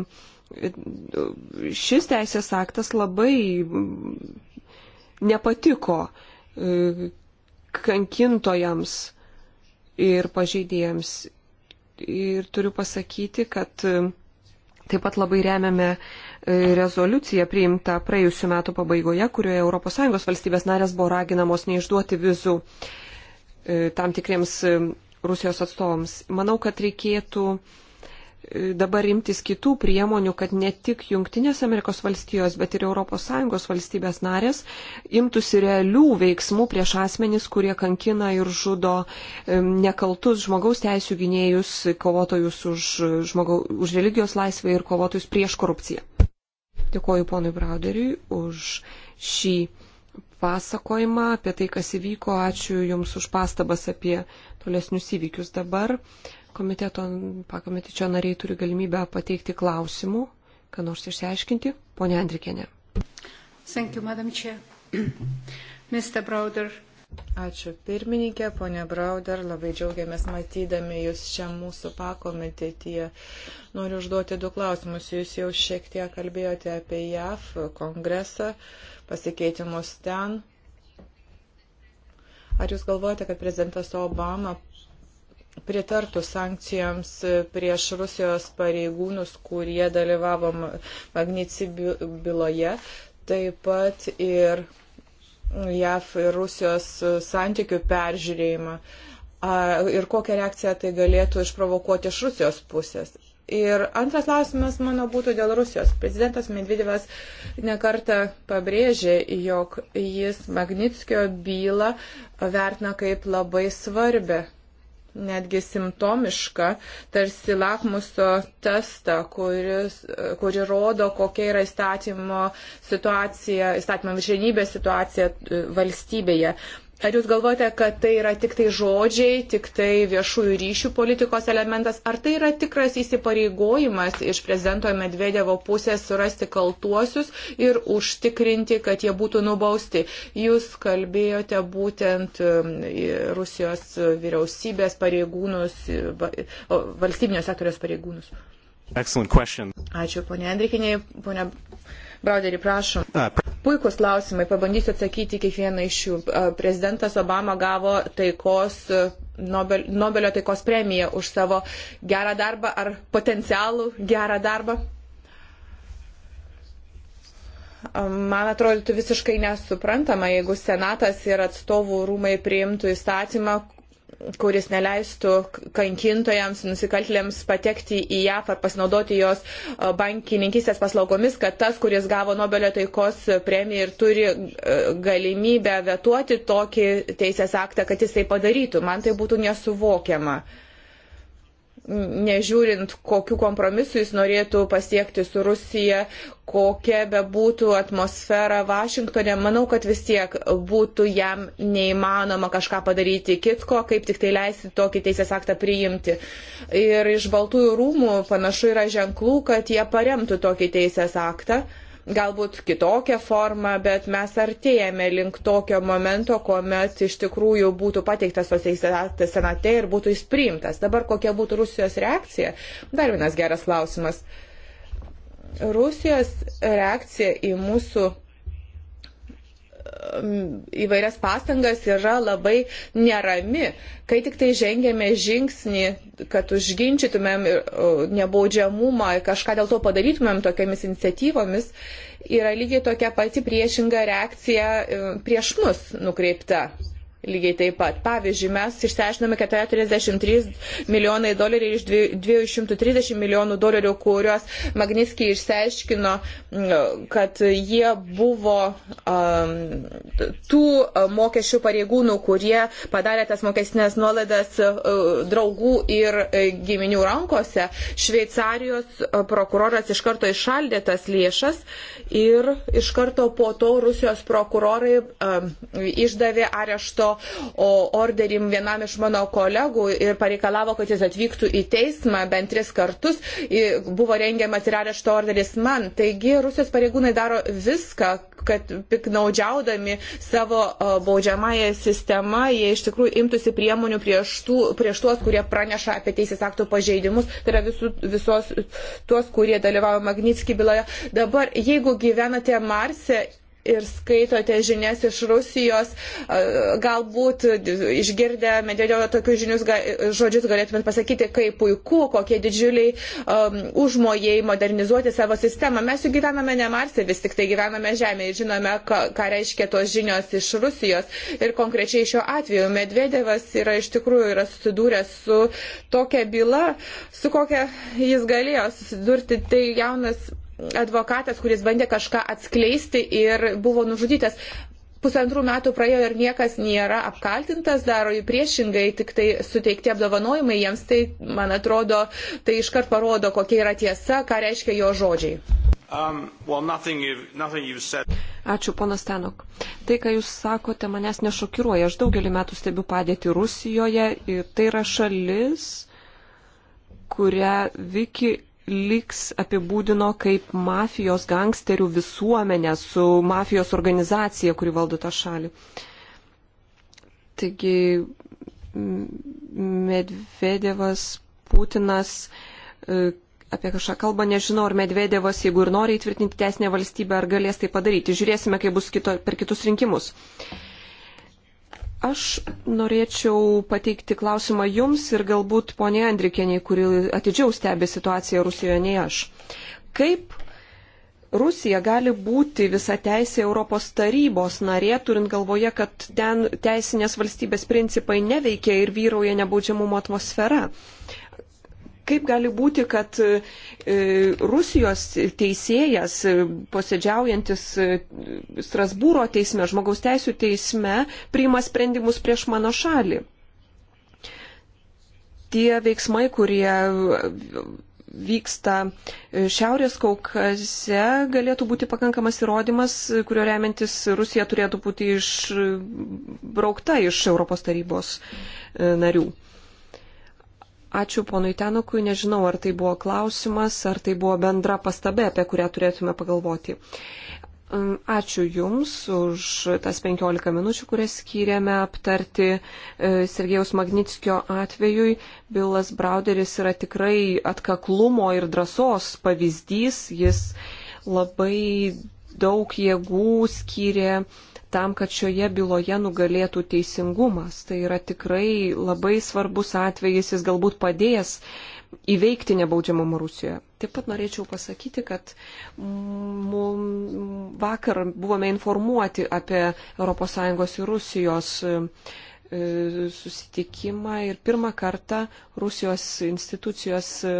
šis teisės aktas labai nepatiko e, kankintojams ir pažeidėjams. Ir turiu pasakyti, kad e, taip pat labai remiame uh, rezoliucija priimta praėjusiu metu pabaigoje, kurioje ES valstybės narės buvo raginamos neišduoti vizų e, tam tikriems e, Rusijos atstovams. Manau, kad reikėtų e, dabar imtis kitų priemonių, kad ne tik Junktinės Amerikos valstijos, bet ir ES valstybės narės imtųsi realių veiksmų prieš asmenys, kurie kankina ir žudo nekaltus žmogaus teisų gynėjus, kovotojus už, žmogau, už religijos laisvę ir kovotojus prieš korupciją. Dėkuoju ponui Brauderiui už šį pasakojimą apie tai, kas įvyko. Ačiū Jums už pastabas apie tolesnius įvykius. Dabar komiteto, pakomitečio nariai turi galimybę pateikti klausimų, ką nors išsiaiškinti. Pone Andrikienė. Thank you, Madam Chair. Mr. Browder, Ačiū pirmininkė, ponė Brauder, labai džiaugiamės matydami jūs čia mūsų pakomitetyje. Noriu užduoti du klausimus. Jūs jau šiek tiek kalbėjote apie JAF kongresą, pasikeitimus ten. Ar jūs galvojate, kad prezidentas Obama pritartų sankcijoms prieš Rusijos pareigūnus, kurie dalyvavo Magnici byloje, taip pat ir JAF ir Rusijos e, santykių peržiūrėjimą ir kokią reakciją tai galėtų išprovokuoti iš Rusijos pusės. Ir antras klausimas mano būtų dėl Rusijos. Prezidentas Medvedevas nekarta pabrėžė, jog jis Magnitskio bylą vertina kaip labai svarbę netgi simptomišką, tarsi lakmuso testą, kuris, kuri rodo, kokia yra įstatymo situacija, įstatymo viršenybės situacija e, valstybėje. Ar jūs galvojate, kad tai yra tik tai žodžiai, tik tai viešųjų ryšių politikos elementas, ar tai yra tikras įsipareigojimas iš prezidento Medvedevo pusės surasti kaltuosius ir užtikrinti, kad jie būtų nubausti? Jūs kalbėjote būtent um, Rusijos vyriausybės pareigūnus, valstybinio sektoriaus pareigūnus. Ačiū, ponė Andrikinė, ponė Brauderį, prašom. Puikus klausimai, pabandysiu atsakyti kiekvieną iš jų. Prezidentas Obama gavo taikos Nobel, Nobelio taikos premiją už savo gerą darbą ar potencialų gerą darbą. Man atrodytų visiškai nesuprantama, jeigu Senatas ir atstovų rūmai priimtų įstatymą, kuris neleistų kankintojams, nusikaltėliams patekti į JAF ar pasinaudoti jos e, bankininkistės paslaugomis, kad tas, kuris gavo Nobelio taikos premiją ir turi e, galimybę vetuoti tokį teisės aktą, kad jis tai padarytų. Man tai būtų nesuvokiama nežiūrint, kokiu kompromisu jis norėtų pasiekti su Rusija, kokia bebūtų atmosfera Vašingtonė, manau, kad vis tiek būtų jam neįmanoma kažką padaryti kitko, kaip tik tai leisti tokį teisės aktą priimti. Ir iš Baltųjų rūmų panašu yra ženklų, kad jie paremtų tokį teisės aktą. Uh, galbūt kitokią formą, bet mes artėjame link tokio momento, kuomet iš tikrųjų būtų pateiktas tos teisės senate ir būtų jis priimtas. Dabar kokia būtų Rusijos reakcija? Dar vienas geras klausimas. Rusijos reakcija į mūsų įvairias pastangas yra labai nerami. Kai tik tai žengėme žingsnį, kad užginčytumėm nebaudžiamumą, kažką dėl to padarytumėm tokiamis iniciatyvomis, yra lygiai tokia pati priešinga reakcija e, prieš mus nukreipta lygiai taip pat. Pavyzdžiui, mes išsiaiškinome, kad 43 milijonai dolerių iš 230 milijonų dolerių, kuriuos Magnitskiai išsiaiškino, kad jie buvo um, tų mokesčių pareigūnų, kurie padarė tas mokestinės nuolaidas uh, draugų ir uh, giminių rankose. Šveicarijos prokuroras iš karto išaldė tas lėšas ir iš karto po to Rusijos prokurorai uh, išdavė arešto orderim vienam iš mano kolegų ir pareikalavo, kad jis atvyktų į teismą bent tris kartus. Buvo rengiamas ir arešto orderis man. Taigi Rusijos pareigūnai daro viską, kad piknaudžiaudami savo baudžiamąją sistemą, jie iš tikrųjų imtųsi priemonių prieš, tų, prieš tuos, kurie praneša apie teisės aktų pažeidimus, tai yra visų, visos tuos, kurie dalyvavo Magnitski byloje. Dabar, jeigu gyvenate Marse ir skaitote žinias iš Rusijos, galbūt išgirdę Medvedevo tokius žinius, žodžius galėtumėt pasakyti, kaip puiku, kokie didžiuliai um, užmojai modernizuoti savo sistemą. Mes juk gyvename ne Marse, vis tik tai gyvename Žemėje ir žinome, ką, ką reiškia tos žinios iš Rusijos. Ir konkrečiai šiuo atveju Medvedevas yra iš tikrųjų yra susidūręs su tokia byla, su kokia jis galėjo susidurti. Tai jaunas advokatas, kuris bandė kažką atskleisti ir buvo nužudytas. Pusantrų metų praėjo ir niekas nėra apkaltintas, daro į priešingai, tik tai suteikti apdovanojimai jiems, tai, man atrodo, tai iškart parodo, kokia yra tiesa, ką reiškia jo žodžiai. Um, well, nothing you've, nothing you've said... Ačiū, ponas Tenok. Tai, ką jūs sakote, manęs nešokiruoja. Aš daugelį metų stebiu padėti Rusijoje ir tai yra šalis, kurią Viki Liks apibūdino kaip mafijos gangsterių visuomenę su mafijos organizacija, kuri valdo tą šalį. Taigi Medvedevas, Putinas e, apie kažką kalba, nežinau, ar Medvedevas, jeigu ir nori įtvirtinti teisinę valstybę, ar galės tai padaryti. Žiūrėsime, kaip bus kito, per kitus rinkimus. Uh, Aš norėčiau pateikti klausimą jums ir galbūt ponė Andrikieniai, kuri atidžiau stebi situaciją Rusijoje nei aš. Kaip Rusija gali būti visą teisę Europos tarybos narė, turint galvoje, kad ten teisinės valstybės principai neveikia ir vyrauja nebaudžiamumo atmosfera? Kaip gali būti, kad e, Rusijos teisėjas, e, posėdžiaujantis e, Strasbūro teisme, žmogaus teisų teisme, priima sprendimus prieš mano šalį? Tie veiksmai, kurie vyksta Šiaurės Kaukaze, galėtų būti pakankamas įrodymas, kurio remiantis Rusija turėtų būti išbraukta iš Europos tarybos narių. Mm. Ačiū ponui Tenokui, nežinau, ar tai buvo klausimas, ar tai buvo bendra pastabė, apie kurią turėtume pagalvoti. Mm, ačiū Jums už tas 15 minučių, kurias skyrėme aptarti e, Sergejaus Magnitskio atvejui. Bilas Brauderis yra tikrai atkaklumo ir drąsos pavyzdys. Jis labai daug jėgų skyrė tam, kad šioje byloje nugalėtų teisingumas. Tai yra tikrai labai svarbus atvejis, jis galbūt padės įveikti nebaudžiamumą Rusijoje. Taip pat norėčiau pasakyti, kad vakar buvome informuoti apie ES ir Rusijos e, susitikimą ir pirmą kartą Rusijos institucijos e,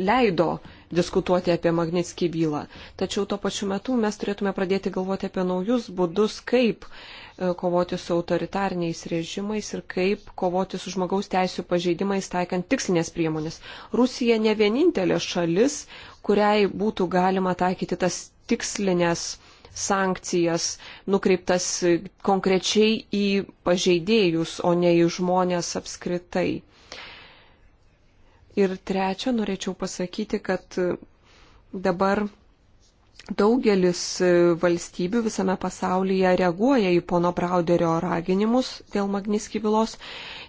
leido diskutuoti apie Magnitskį bylą. Tačiau tuo pačiu metu mes turėtume pradėti galvoti apie naujus būdus, kaip e, kovoti su autoritarniais režimais ir kaip kovoti su žmogaus teisų pažeidimais taikant tikslinės priemonės. Rusija ne vienintelė šalis, kuriai būtų galima taikyti tas tikslinės sankcijas nukreiptas konkrečiai į pažeidėjus, o ne į žmonės apskritai. Ir trečia, norėčiau pasakyti, kad e, dabar daugelis e, valstybių visame pasaulyje reaguoja į pono Brauderio raginimus dėl Magniski bylos.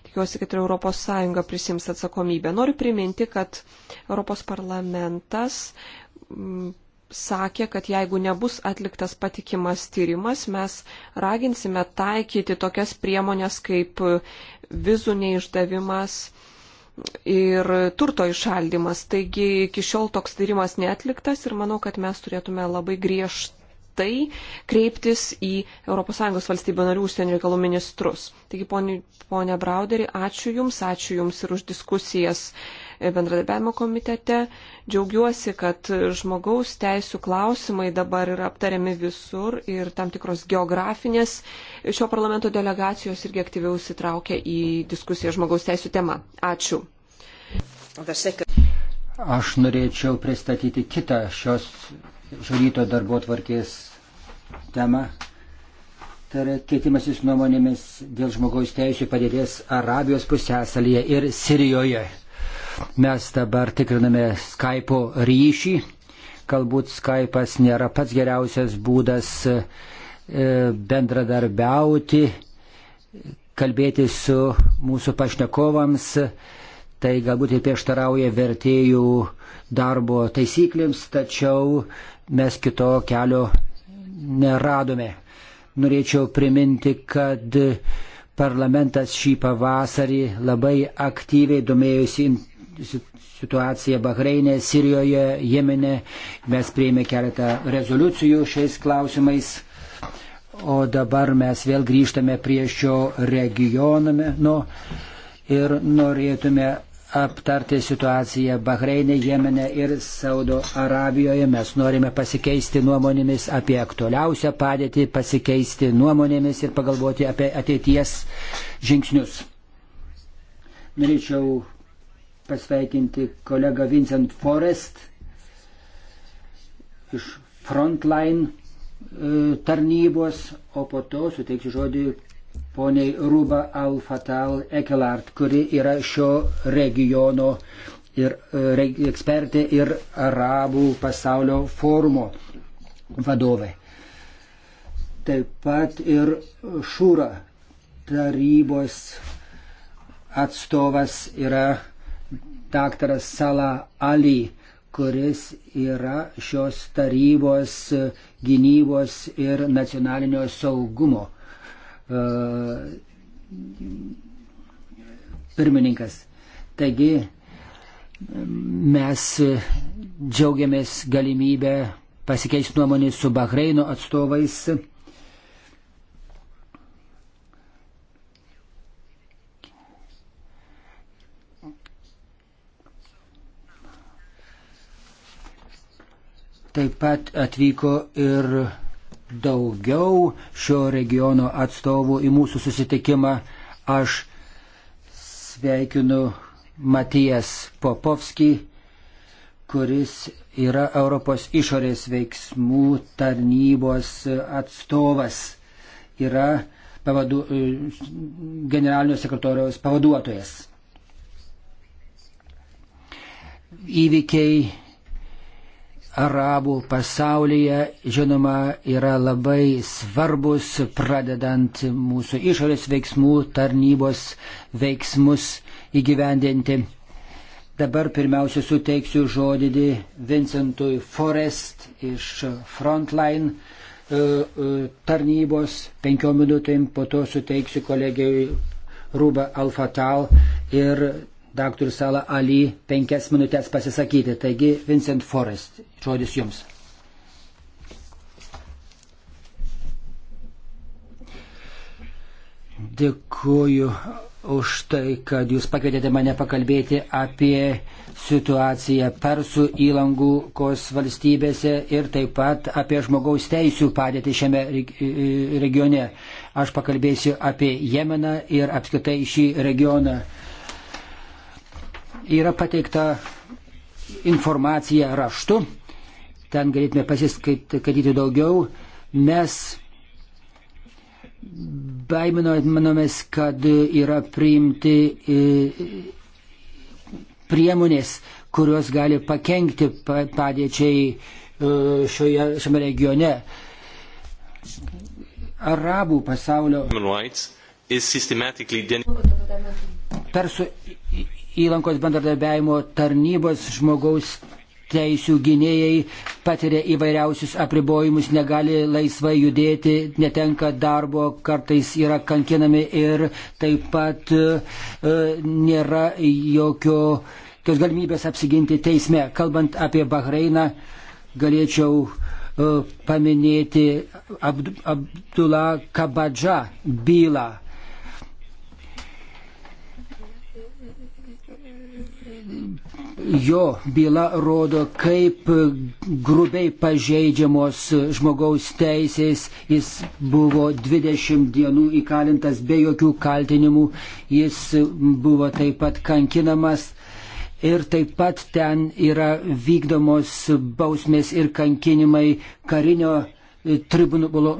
Tikiuosi, kad ir ES prisims atsakomybę. Noriu priminti, kad Europos parlamentas sakė, kad jeigu nebus atliktas patikimas tyrimas, mes raginsime taikyti tokias priemonės kaip e, vizų neišdavimas, ir turto išaldimas. Taigi iki šiol toks tyrimas netliktas ir manau, kad mes turėtume labai griežtai kreiptis į ES valstybių narių užsienio reikalų ministrus. Taigi, ponė Brauderi, ačiū Jums, ačiū Jums ir už diskusijas bendradarbiavimo komitete. Džiaugiuosi, kad žmogaus teisų klausimai dabar yra aptariami visur ir tam tikros geografinės šio parlamento delegacijos irgi aktyviau sitraukia į diskusiją žmogaus teisų tema. Ačiū. Aš norėčiau pristatyti kitą šios žuryto darbo tvarkės temą. Tai yra keitimasis nuomonėmis dėl žmogaus teisų padėties Arabijos pusėsalyje ir Sirijoje. Mes dabar tikriname Skype'o ryšį. Galbūt Skype'as nėra pats geriausias būdas e, bendradarbiauti, kalbėti su mūsų pašnekovams. Tai galbūt ir prieštarauja vertėjų darbo taisyklėms, tačiau mes kito kelio neradome. Norėčiau priminti, kad parlamentas šį pavasarį labai aktyviai domėjusi situacija Bahreinė, Sirijoje, Jemene. Mes prieimė keletą rezoliucijų šiais klausimais. O dabar mes vėl grįžtame prie šio regioname nu, ir norėtume aptarti situaciją Bahreinė, Jemene ir Saudo Arabijoje. Mes norime pasikeisti nuomonėmis apie aktualiausią padėtį, pasikeisti nuomonėmis ir pagalvoti apie ateities žingsnius. Norėčiau pasveikinti kolegą Vincent Forest iš Frontline e, tarnybos, o po to suteiksiu žodį poniai Rūba Al-Fatal Ekelart, kuri yra šio regiono ir e, ekspertė ir arabų pasaulio forumo vadovė. Taip pat ir Šūra tarybos atstovas yra dr. Sala Ali, kuris yra šios tarybos gynybos ir nacionalinio saugumo e, pirmininkas. Taigi mes džiaugiamės galimybę pasikeisti nuomonį su Bahreino atstovais. Taip pat atvyko ir daugiau šio regiono atstovų į mūsų susitikimą. Aš sveikinu Matijas Popovskį, kuris yra Europos išorės veiksmų tarnybos atstovas, yra pavadu, generalinio sekretoriaus pavaduotojas. Įvykiai arabų pasaulyje, žinoma, yra labai svarbus, pradedant mūsų išorės veiksmų tarnybos veiksmus įgyvendinti. Dabar pirmiausia suteiksiu žodį Vincentui Forest iš Frontline e, e, tarnybos penkiom minutėm, po to suteiksiu kolegijai Rūba Alfatal ir dr. Sala Ali penkias minutės pasisakyti. Taigi Vincent Forest Žodis jums. Dėkuoju už tai, kad jūs pakvietėte mane pakalbėti apie situaciją Persų įlangų kos valstybėse ir taip pat apie žmogaus teisų padėtį šiame regione. Aš pakalbėsiu apie Jemeną ir apskritai šį regioną. Yra pateikta informacija raštu ten galėtume pasiskaityti daugiau. Mes baiminomės, kad yra priimti e, priemonės, kurios gali pakengti padėčiai e, šioje, šiame regione. Arabų pasaulio persų įlankos bendradarbiajimo tarnybos žmogaus teisių gynėjai patiria įvairiausius apribojimus, negali laisvai judėti, netenka darbo, kartais yra kankinami ir taip pat e, nėra jokio tos galimybės apsiginti teisme. Kalbant apie Bahreiną, galėčiau e, paminėti Abd Abdullah Kabadžą bylą jo byla rodo, kaip grubiai pažeidžiamos žmogaus teisės. Jis buvo 20 dienų įkalintas be jokių kaltinimų, jis buvo taip pat kankinamas. Ir taip pat ten yra vykdomos bausmės ir kankinimai karinio tribunolo,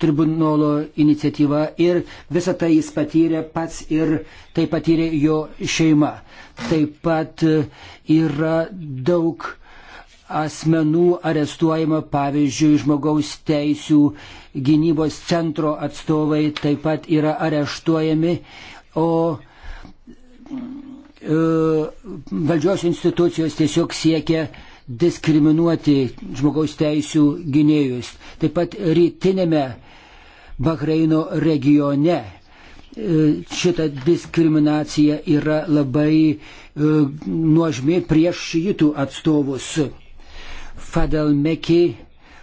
tribunolo iniciatyva ir visą tai jis patyrė pats ir tai patyrė jo šeima. Taip pat e, yra daug asmenų arestuojama, pavyzdžiui, žmogaus teisų gynybos centro atstovai taip pat yra areštuojami, o e, valdžios institucijos tiesiog siekia diskriminuoti žmogaus teisų gynėjus. Taip pat rytinėme Bahreino regione e, šita diskriminacija yra labai e, nuožmi prieš šitų atstovus. Fadel Meki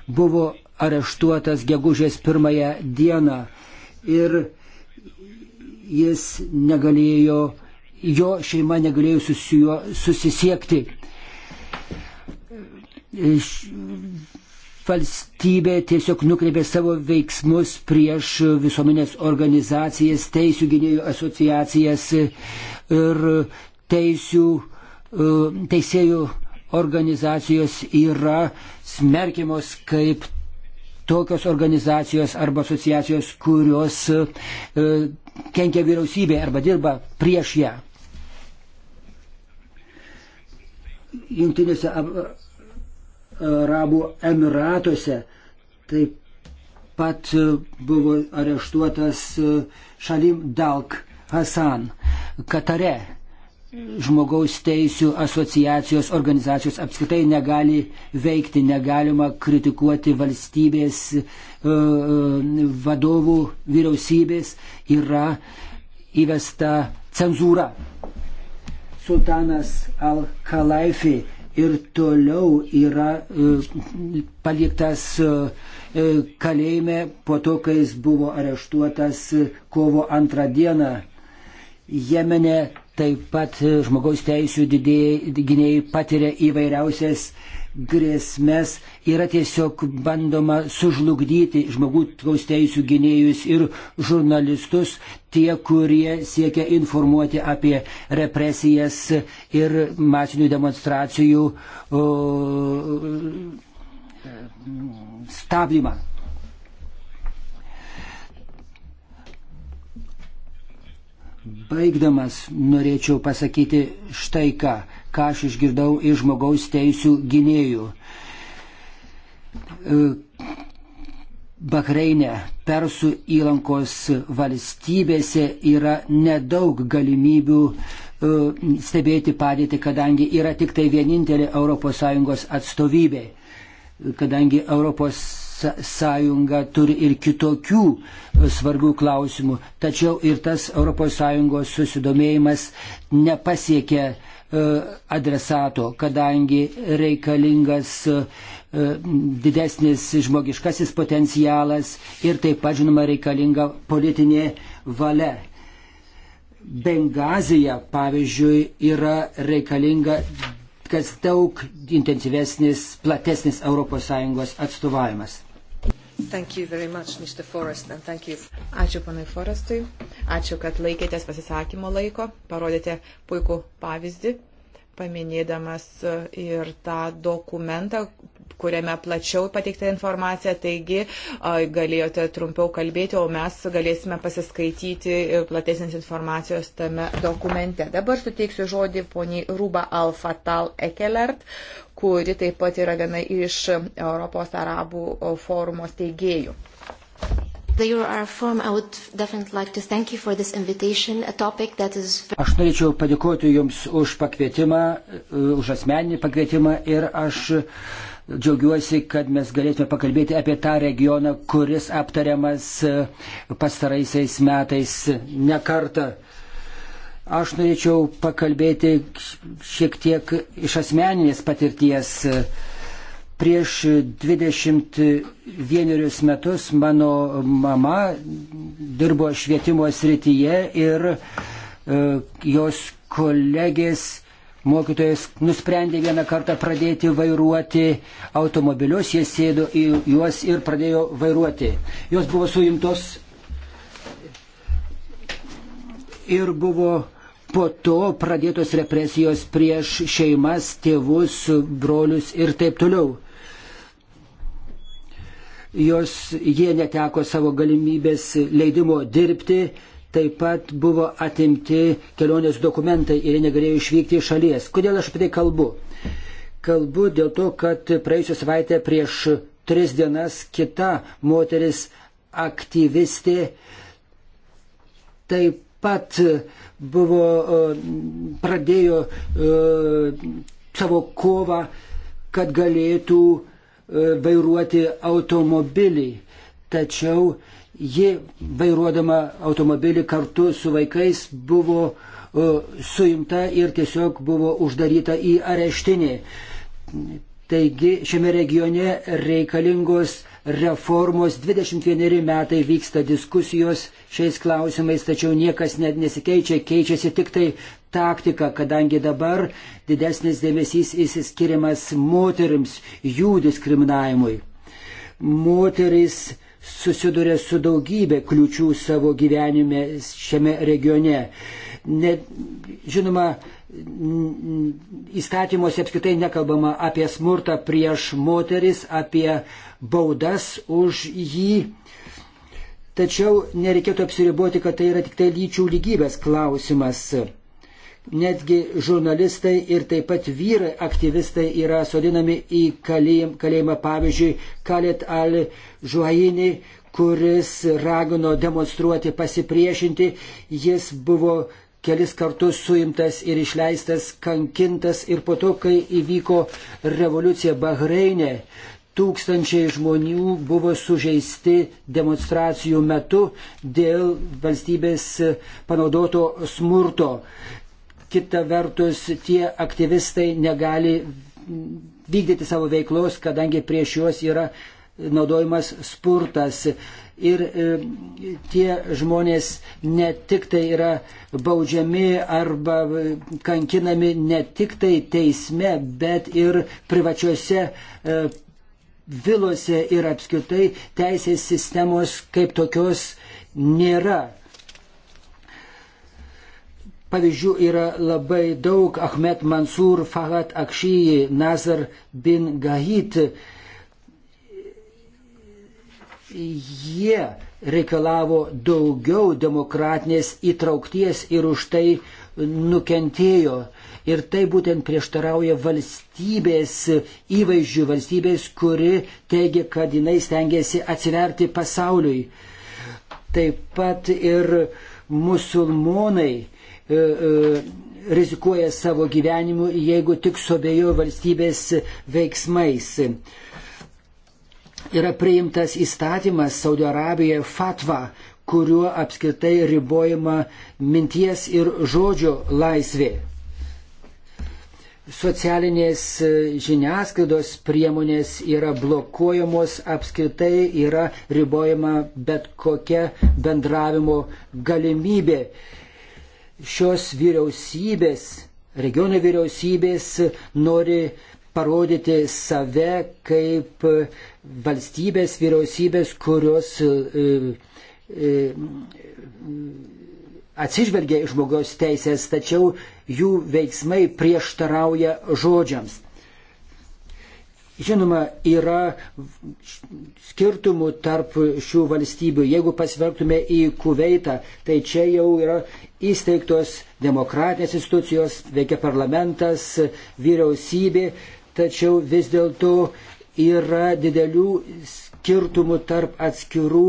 buvo areštuotas gegužės pirmąją dieną ir jis negalėjo, jo šeima negalėjo su juo susisiekti valstybė tiesiog nukreipė savo veiksmus prieš visuomenės organizacijas, teisų gynėjų asociacijas ir teisų, e, teisėjų organizacijos yra smerkiamos kaip tokios organizacijos arba asociacijos, kurios e, kenkia vyriausybė arba dirba prieš ją. Junktinėse Arabų Emiratuose. Taip pat e, buvo areštuotas e, Šalim Dalk Hasan Katare. Žmogaus teisų asociacijos organizacijos apskritai negali veikti, negalima kritikuoti valstybės e, vadovų, vyriausybės, yra įvesta cenzūra. Sultanas Al-Kalaifi ir toliau yra e, paliktas e, e, kalėjime po to, kai jis buvo areštuotas kovo antrą dieną. Jemene taip pat žmogaus teisų gynėjai patiria įvairiausias grėsmes yra tiesiog bandoma sužlugdyti žmogus teisų gynėjus ir žurnalistus, tie, kurie siekia informuoti apie represijas ir masinių demonstracijų o, stabdymą. Baigdamas norėčiau pasakyti štai ką ką aš išgirdau iš žmogaus teisų gynėjų. E, Bahreinė, Persų įlankos valstybėse yra nedaug galimybių e, stebėti padėtį, kadangi yra tik tai vienintelė ES atstovybė, kadangi ES turi ir kitokių e, svarbių klausimų, tačiau ir tas ES susidomėjimas nepasiekia E, adresato, kadangi reikalingas e, didesnis žmogiškasis potencialas ir taip pat, žinoma, reikalinga politinė valia. Bengazija, pavyzdžiui, yra reikalinga kas daug intensyvesnis, platesnis ES atstovavimas. Thank you very much, Mr. Forrest, and thank you. Ačiū panai Forestui, ačiū, kad laikėtės pasisakymo laiko, parodėte puikų pavyzdį, paminėdamas e, ir tą dokumentą, kuriame plačiau pateikta informacija, taigi e, galėjote trumpiau kalbėti, o mes galėsime pasiskaityti e, platesnės informacijos tame dokumente. Dabar suteiksiu žodį poniai Rūba Alfatal Ekelert, kuri taip pat yra viena iš Europos arabų forumo steigėjų. Aš norėčiau padėkoti Jums už pakvietimą, e, už asmeninį pakvietimą ir aš džiaugiuosi, kad mes galėtume pakalbėti apie tą regioną, kuris aptariamas e, pastaraisiais metais nekarta. Aš norėčiau pakalbėti šiek tiek iš asmeninės patirties. Prieš 21 metus mano mama dirbo švietimo srityje ir e, jos kolegės mokytojas nusprendė vieną kartą pradėti vairuoti automobilius, jie sėdo į juos ir pradėjo vairuoti. Jos buvo suimtos ir buvo po to pradėtos represijos prieš šeimas, tėvus, brolius ir taip toliau. Jos, jie neteko savo galimybės leidimo dirbti, taip pat buvo atimti kelionės dokumentai ir jie negalėjo išvykti iš šalies. Kodėl aš apie tai kalbu? Kalbu dėl to, kad praėjusią savaitę prieš tris dienas kita moteris aktyvistė taip pat e, buvo, e, pradėjo e, savo kovą, kad galėtų vairuoti automobilį. Tačiau ji vairuodama automobilį kartu su vaikais buvo suimta ir tiesiog buvo uždaryta į areštinį. Taigi šiame regione reikalingos reformos. 21 metai vyksta diskusijos šiais klausimais, tačiau niekas net nesikeičia, keičiasi tik tai taktika, kadangi dabar didesnis dėmesys įsiskiriamas moteriams, jų diskriminavimui. Moteris susiduria su daugybė kliučių savo gyvenime šiame regione. Net, žinoma, įstatymuose apskritai nekalbama apie smurtą prieš moteris, apie baudas už jį. Tačiau nereikėtų apsiriboti, kad tai yra tik tai lyčių lygybės klausimas. Netgi žurnalistai ir taip pat vyrai aktyvistai yra sodinami į kalėjimą, pavyzdžiui, Kalit Al Žuaini, kuris ragino demonstruoti, pasipriešinti, jis buvo kelis kartus suimtas ir išleistas, kankintas ir po to, kai įvyko revoliucija Bahreinė, tūkstančiai žmonių buvo sužeisti demonstracijų metu dėl valstybės panaudoto smurto. Kita vertus, tie aktyvistai negali vykdyti savo veiklos, kadangi prieš juos yra naudojimas spurtas ir e, tie žmonės ne tik tai yra baudžiami arba kankinami ne tik tai teisme, bet ir privačiuose e, vilose ir apskritai teisės sistemos kaip tokios nėra. Pavyzdžių yra labai daug. Ahmed Mansur, Fahad Akšyji, Nazar bin Gahit jie reikalavo daugiau demokratinės įtraukties ir už tai nukentėjo. Ir tai būtent prieštarauja valstybės įvaizdžių, valstybės, kuri teigia, kad jinai stengiasi atsiverti pasauliui. Taip pat ir musulmonai e, e, rizikuoja savo gyvenimu, jeigu tik sobėjo valstybės veiksmais. E, yra priimtas įstatymas Saudo Arabijoje fatva, kuriuo apskritai ribojama minties ir žodžio laisvė. Socialinės e, žiniasklaidos priemonės yra blokuojamos, apskritai yra ribojama bet kokia bendravimo galimybė. Šios vyriausybės, regiono vyriausybės nori parodyti save kaip valstybės, vyriausybės, kurios e, e, e, atsižvelgia į žmogaus teisės, tačiau jų veiksmai prieštarauja žodžiams. Žinoma, yra skirtumų tarp šių valstybių. Jeigu pasvertume į Kuveitą, tai čia jau yra įsteigtos demokratinės institucijos, veikia parlamentas, vyriausybė, tačiau vis dėlto yra didelių skirtumų tarp atskirų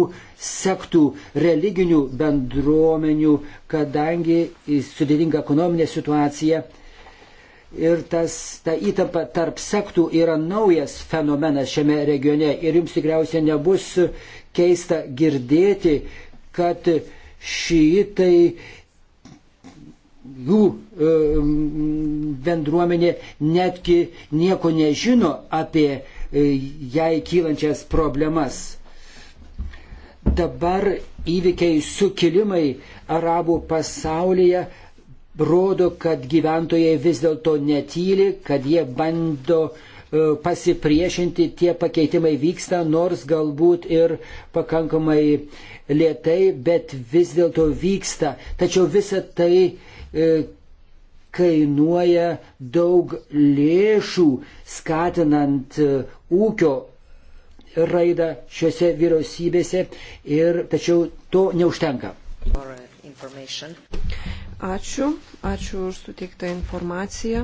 sektų religinių bendruomenių, kadangi sudėtinga ekonominė situacija. Ir tas, ta įtampa tarp sektų yra naujas fenomenas šiame regione. Ir jums tikriausiai nebus keista girdėti, kad šitai jų e, bendruomenė netgi nieko nežino apie E, jai kylančias problemas. Dabar įvykiai sukilimai arabų pasaulyje rodo, kad gyventojai vis dėlto netyli, kad jie bando e, pasipriešinti, tie pakeitimai vyksta, nors galbūt ir pakankamai lietai, bet vis dėlto vyksta. Tačiau visa tai e, kainuoja daug lėšų, skatinant e, ūkio raidą šiuose vyriausybėse ir tačiau to neužtenka. Ačiū, ačiū už suteiktą informaciją.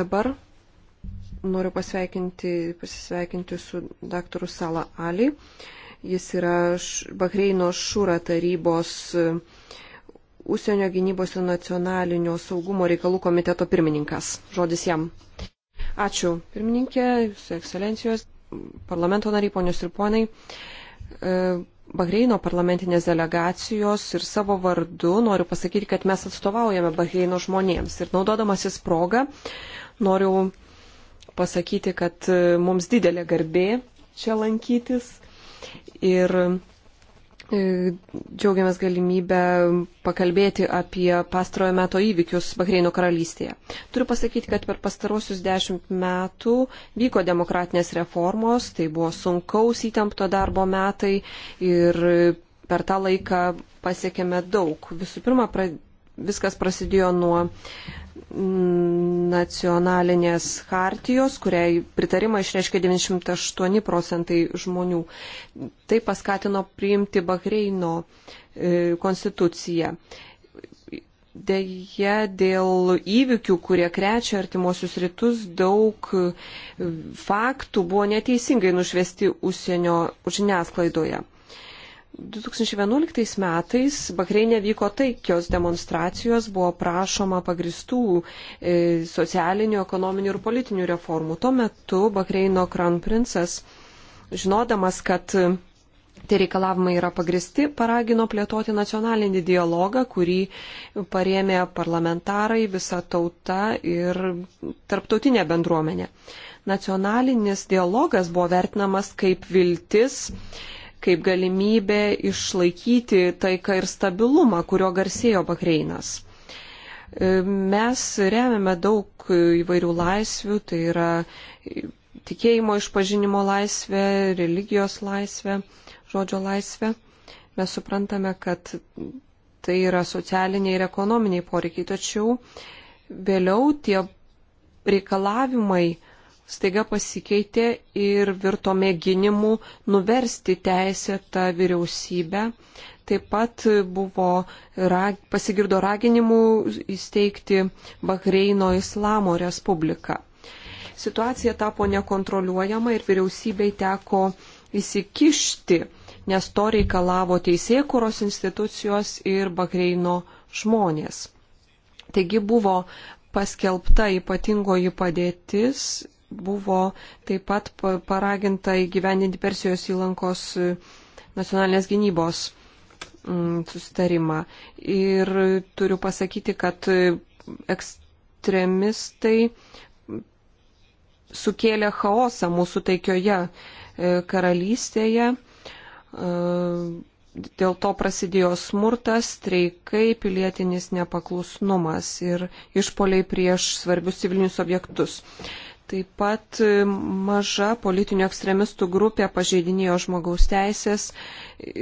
Dabar noriu pasveikinti, pasisveikinti su daktaru Sala Ali. Jis yra Bahreino šūra tarybos e, Užsienio gynybos ir nacionalinio saugumo reikalų komiteto pirmininkas. Žodis jam. Ačiū, pirmininkė, jūsų ekscelencijos, parlamento nariai, ponios ir ponai. E, Bahreino parlamentinės delegacijos ir savo vardu noriu pasakyti, kad mes atstovaujame Bahreino žmonėms. Ir naudodamasis progą noriu pasakyti, kad e, mums didelė garbė čia lankytis ir e, džiaugiamės galimybę pakalbėti apie pastarojo meto įvykius Bahreino karalystėje. Turiu pasakyti, kad per pastarosius dešimt metų vyko demokratinės reformos, tai buvo sunkaus įtempto darbo metai ir per tą laiką pasiekėme daug. Visų pirma, pra, viskas prasidėjo nuo nacionalinės hartijos, kuriai pritarimą išreiškė 98 procentai žmonių. Tai paskatino priimti Bahreino e, konstituciją. Deja, dėl įvykių, kurie krečia artimuosius rytus, daug e, faktų buvo neteisingai nušvesti užsienio žiniasklaidoje. 2011 metais Bahreinė vyko taikios demonstracijos, buvo prašoma pagristų e, socialinių, ekonominių ir politinių reformų. Tuo metu Bahreino kronprincas, žinodamas, kad tie reikalavimai yra pagristi, paragino plėtoti nacionalinį dialogą, kurį parėmė parlamentarai, visa tauta ir tarptautinė bendruomenė. Nacionalinis dialogas buvo vertinamas kaip viltis kaip galimybė išlaikyti taiką ir stabilumą, kurio garsėjo Bahreinas. E, mes remiame daug įvairių laisvių, tai yra tikėjimo išpažinimo laisvė, religijos laisvė, žodžio laisvė. Mes suprantame, kad tai yra socialiniai ir ekonominiai poreikiai, tačiau vėliau tie reikalavimai staiga pasikeitė ir virto mėginimu nuversti teisę tą vyriausybę. Taip pat buvo rag, pasigirdo raginimų įsteigti Bahreino Islamo Respubliką. Situacija tapo nekontroliuojama ir vyriausybei teko įsikišti, nes to reikalavo teisėkuros institucijos ir Bahreino žmonės. Taigi buvo paskelbta ypatingoji padėtis buvo taip pat paraginta įgyvendinti Persijos įlankos e, nacionalinės gynybos mm, susitarimą. Ir turiu pasakyti, kad e, ekstremistai sukėlė chaosą mūsų taikioje e, karalystėje. Dėl to prasidėjo smurtas, streikai, pilietinis nepaklusnumas ir išpoliai prieš svarbius civilinius objektus. Taip pat e, maža politinių ekstremistų grupė pažeidinėjo žmogaus teisės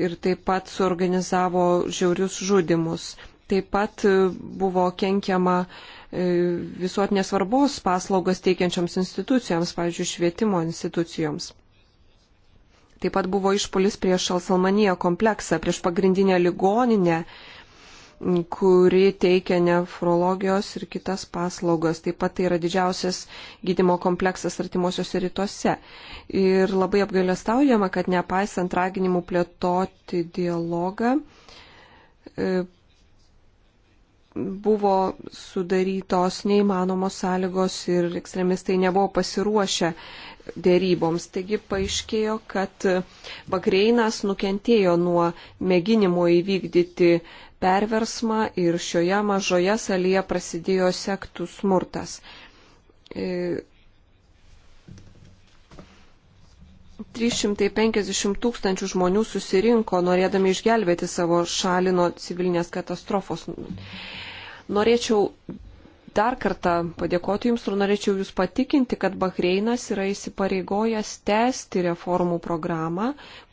ir taip pat suorganizavo žiaurius žudimus. Taip pat e, buvo kenkiama e, visuotinės svarbos paslaugas teikiančioms institucijoms, pavyzdžiui, švietimo institucijoms. Taip pat buvo išpolis prieš Alsalmaniją kompleksą, prieš pagrindinę ligoninę kuri teikia nefrologijos ir kitas paslaugas. Taip pat tai yra didžiausias gydimo kompleksas artimuosiuose rytuose. Ir labai apgailestaujama, kad nepaisant raginimų plėtoti dialogą, e, buvo sudarytos neįmanomos sąlygos ir ekstremistai nebuvo pasiruošę dėryboms. Taigi paaiškėjo, kad Bahreinas nukentėjo nuo mėginimo įvykdyti perversmą ir šioje mažoje salėje prasidėjo sektų smurtas. E, 350 tūkstančių žmonių susirinko, norėdami išgelbėti savo šalį nuo civilinės katastrofos. Norėčiau dar kartą padėkoti Jums ir norėčiau Jūs patikinti, kad Bahreinas yra įsipareigojęs tęsti reformų programą,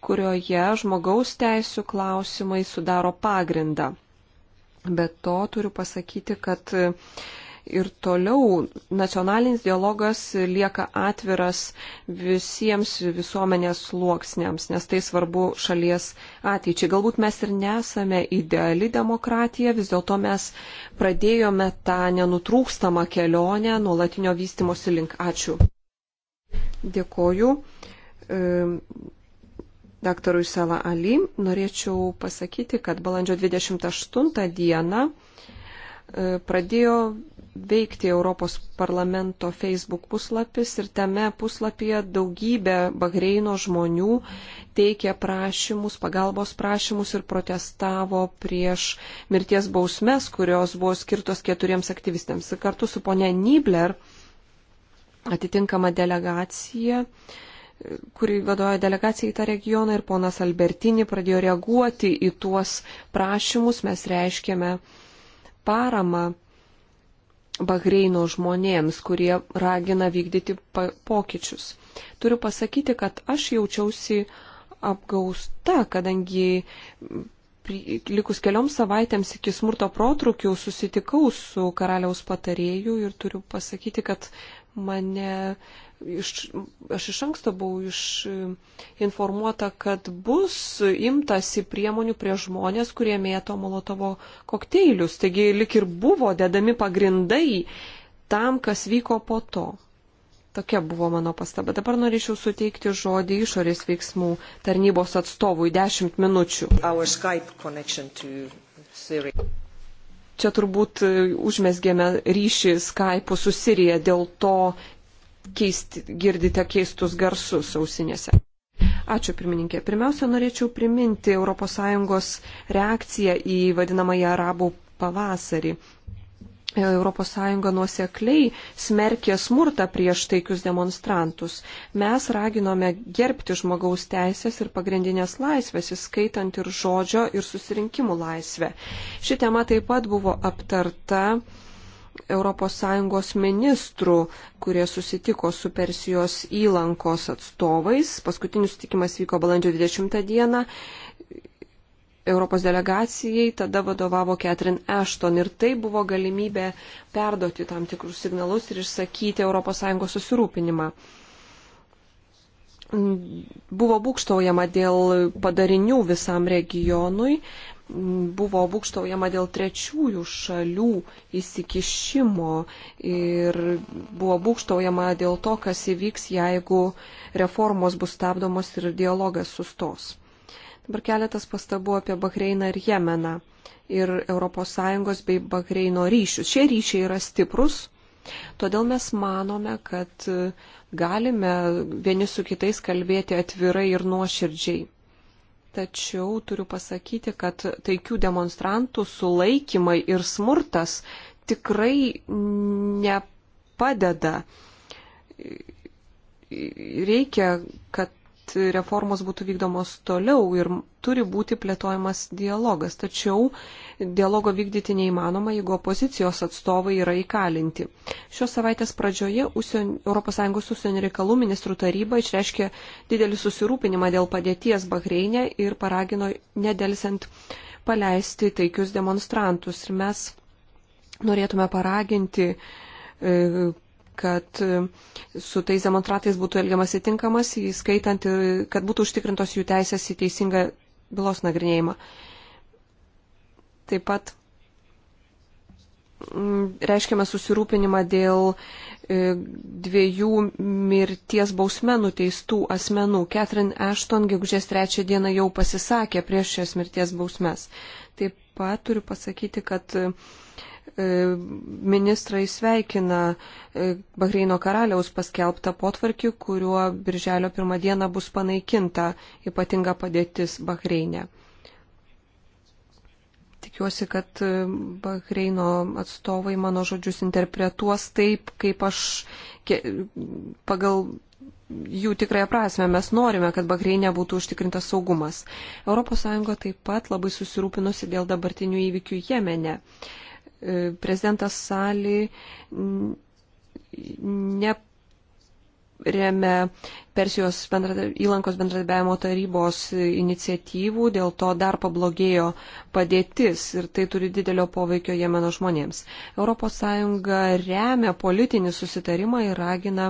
kurioje žmogaus teisų klausimai sudaro pagrindą. Be to turiu pasakyti, kad ir toliau nacionalinis dialogas lieka atviras visiems visuomenės sluoksniams, nes tai svarbu šalies ateičiai. Galbūt mes ir nesame ideali demokratija, vis dėlto mes pradėjome tą nenutrūkstamą kelionę nuolatinio vystimosi link. Ačiū. Dėkoju. Ehm, daktarui Sela Ali norėčiau pasakyti, kad balandžio 28 dieną e, pradėjo veikti Europos parlamento Facebook puslapis ir tame puslapyje daugybė Bahreino žmonių teikė prašymus, pagalbos prašymus ir protestavo prieš mirties bausmes, kurios buvo skirtos keturiems aktyvistams. Ir kartu su ponė Nibler atitinkama delegacija kuri vadovauja delegacijai į tą regioną ir ponas Albertini pradėjo reaguoti į tuos prašymus, mes reiškėme paramą Bahreino žmonėms, kurie ragina vykdyti pokyčius. Turiu pasakyti, kad aš jaučiausi apgausta, kadangi likus kelioms savaitėms iki smurto protrukių susitikau su karaliaus patarėju ir turiu pasakyti, kad mane iš, aš iš anksto buvau iš, e, informuota, kad bus imtasi priemonių prie žmonės, kurie mėto molotovo kokteilius. Taigi lik ir buvo dedami pagrindai tam, kas vyko po to. Tokia buvo mano pastaba. Dabar norėčiau suteikti žodį išorės veiksmų tarnybos atstovui 10 minučių. Čia turbūt e, užmesgėme ryšį Skype'u su Sirija, dėl to keist, girdite keistus garsus ausinėse. Ačiū pirmininkė. Pirmiausia, norėčiau priminti ES reakciją į vadinamąją arabų pavasarį. ES nuosekliai smerkė smurtą prieš taikius demonstrantus. Mes raginome gerbti žmogaus teisės ir pagrindinės laisvės, įskaitant ir žodžio ir susirinkimų laisvę. Ši tema taip pat buvo aptarta ES ministrų, kurie susitiko su Persijos įlankos atstovais. Paskutinis sutikimas vyko balandžio 20 dieną. Europos delegacijai tada vadovavo Catherine Ashton ir tai buvo galimybė perduoti tam tikrus signalus ir išsakyti ES susirūpinimą. Buvo būkštaujama dėl padarinių visam regionui, buvo būkštaujama dėl trečiųjų šalių įsikišimo ir buvo būkštaujama dėl to, kas įvyks, jeigu reformos bus stabdomos ir dialogas sustos. Dabar keletas pastabų apie Bahreiną ir Jemeną ir ES bei Bahreino ryšius. Šie ryšiai yra stiprus. Todėl mes manome, kad galime vieni su kitais kalbėti atvirai ir nuoširdžiai. Tačiau turiu pasakyti, kad taikių demonstrantų sulaikymai ir smurtas tikrai nepadeda. Reikia, kad reformos būtų vykdomos toliau ir turi būti plėtojamas dialogas. Tačiau dialogo vykdyti neįmanoma, jeigu opozicijos atstovai yra įkalinti. Šios savaitės pradžioje ES užsienio reikalų ministrų taryba išreiškė didelį susirūpinimą dėl padėties Bahreinė ir paragino nedelsiant paleisti taikius demonstrantus. Ir mes norėtume paraginti e, kad e, su tais demonstratais būtų elgiamasi tinkamas, įskaitant ir kad būtų užtikrintos jų teisės į teisingą bylos nagrinėjimą. Taip pat mm, reiškiame susirūpinimą dėl e, dviejų mirties bausme nuteistų asmenų. Catherine Ashton gegužės trečią dieną jau pasisakė prieš šias mirties bausmes. Taip pat turiu pasakyti, kad e, ministrai sveikina e, Bahreino karaliaus paskelbtą potvarkį, kuriuo birželio pirmą dieną bus panaikinta ypatinga padėtis Bahreinė. E tikiuosi, kad e, Bahreino atstovai mano žodžius interpretuos taip, kaip aš pagal jų tikrąją prasme mes norime, kad Bahreinė būtų užtikrintas saugumas. ES taip pat labai susirūpinusi dėl dabartinių įvykių Jemene. E, prezidentas Sali ne remia Persijos bendra, įlankos bendradarbiavimo tarybos iniciatyvų, dėl to dar pablogėjo padėtis ir tai turi didelio poveikio Jemeno žmonėms. ES remia politinį susitarimą ir ragina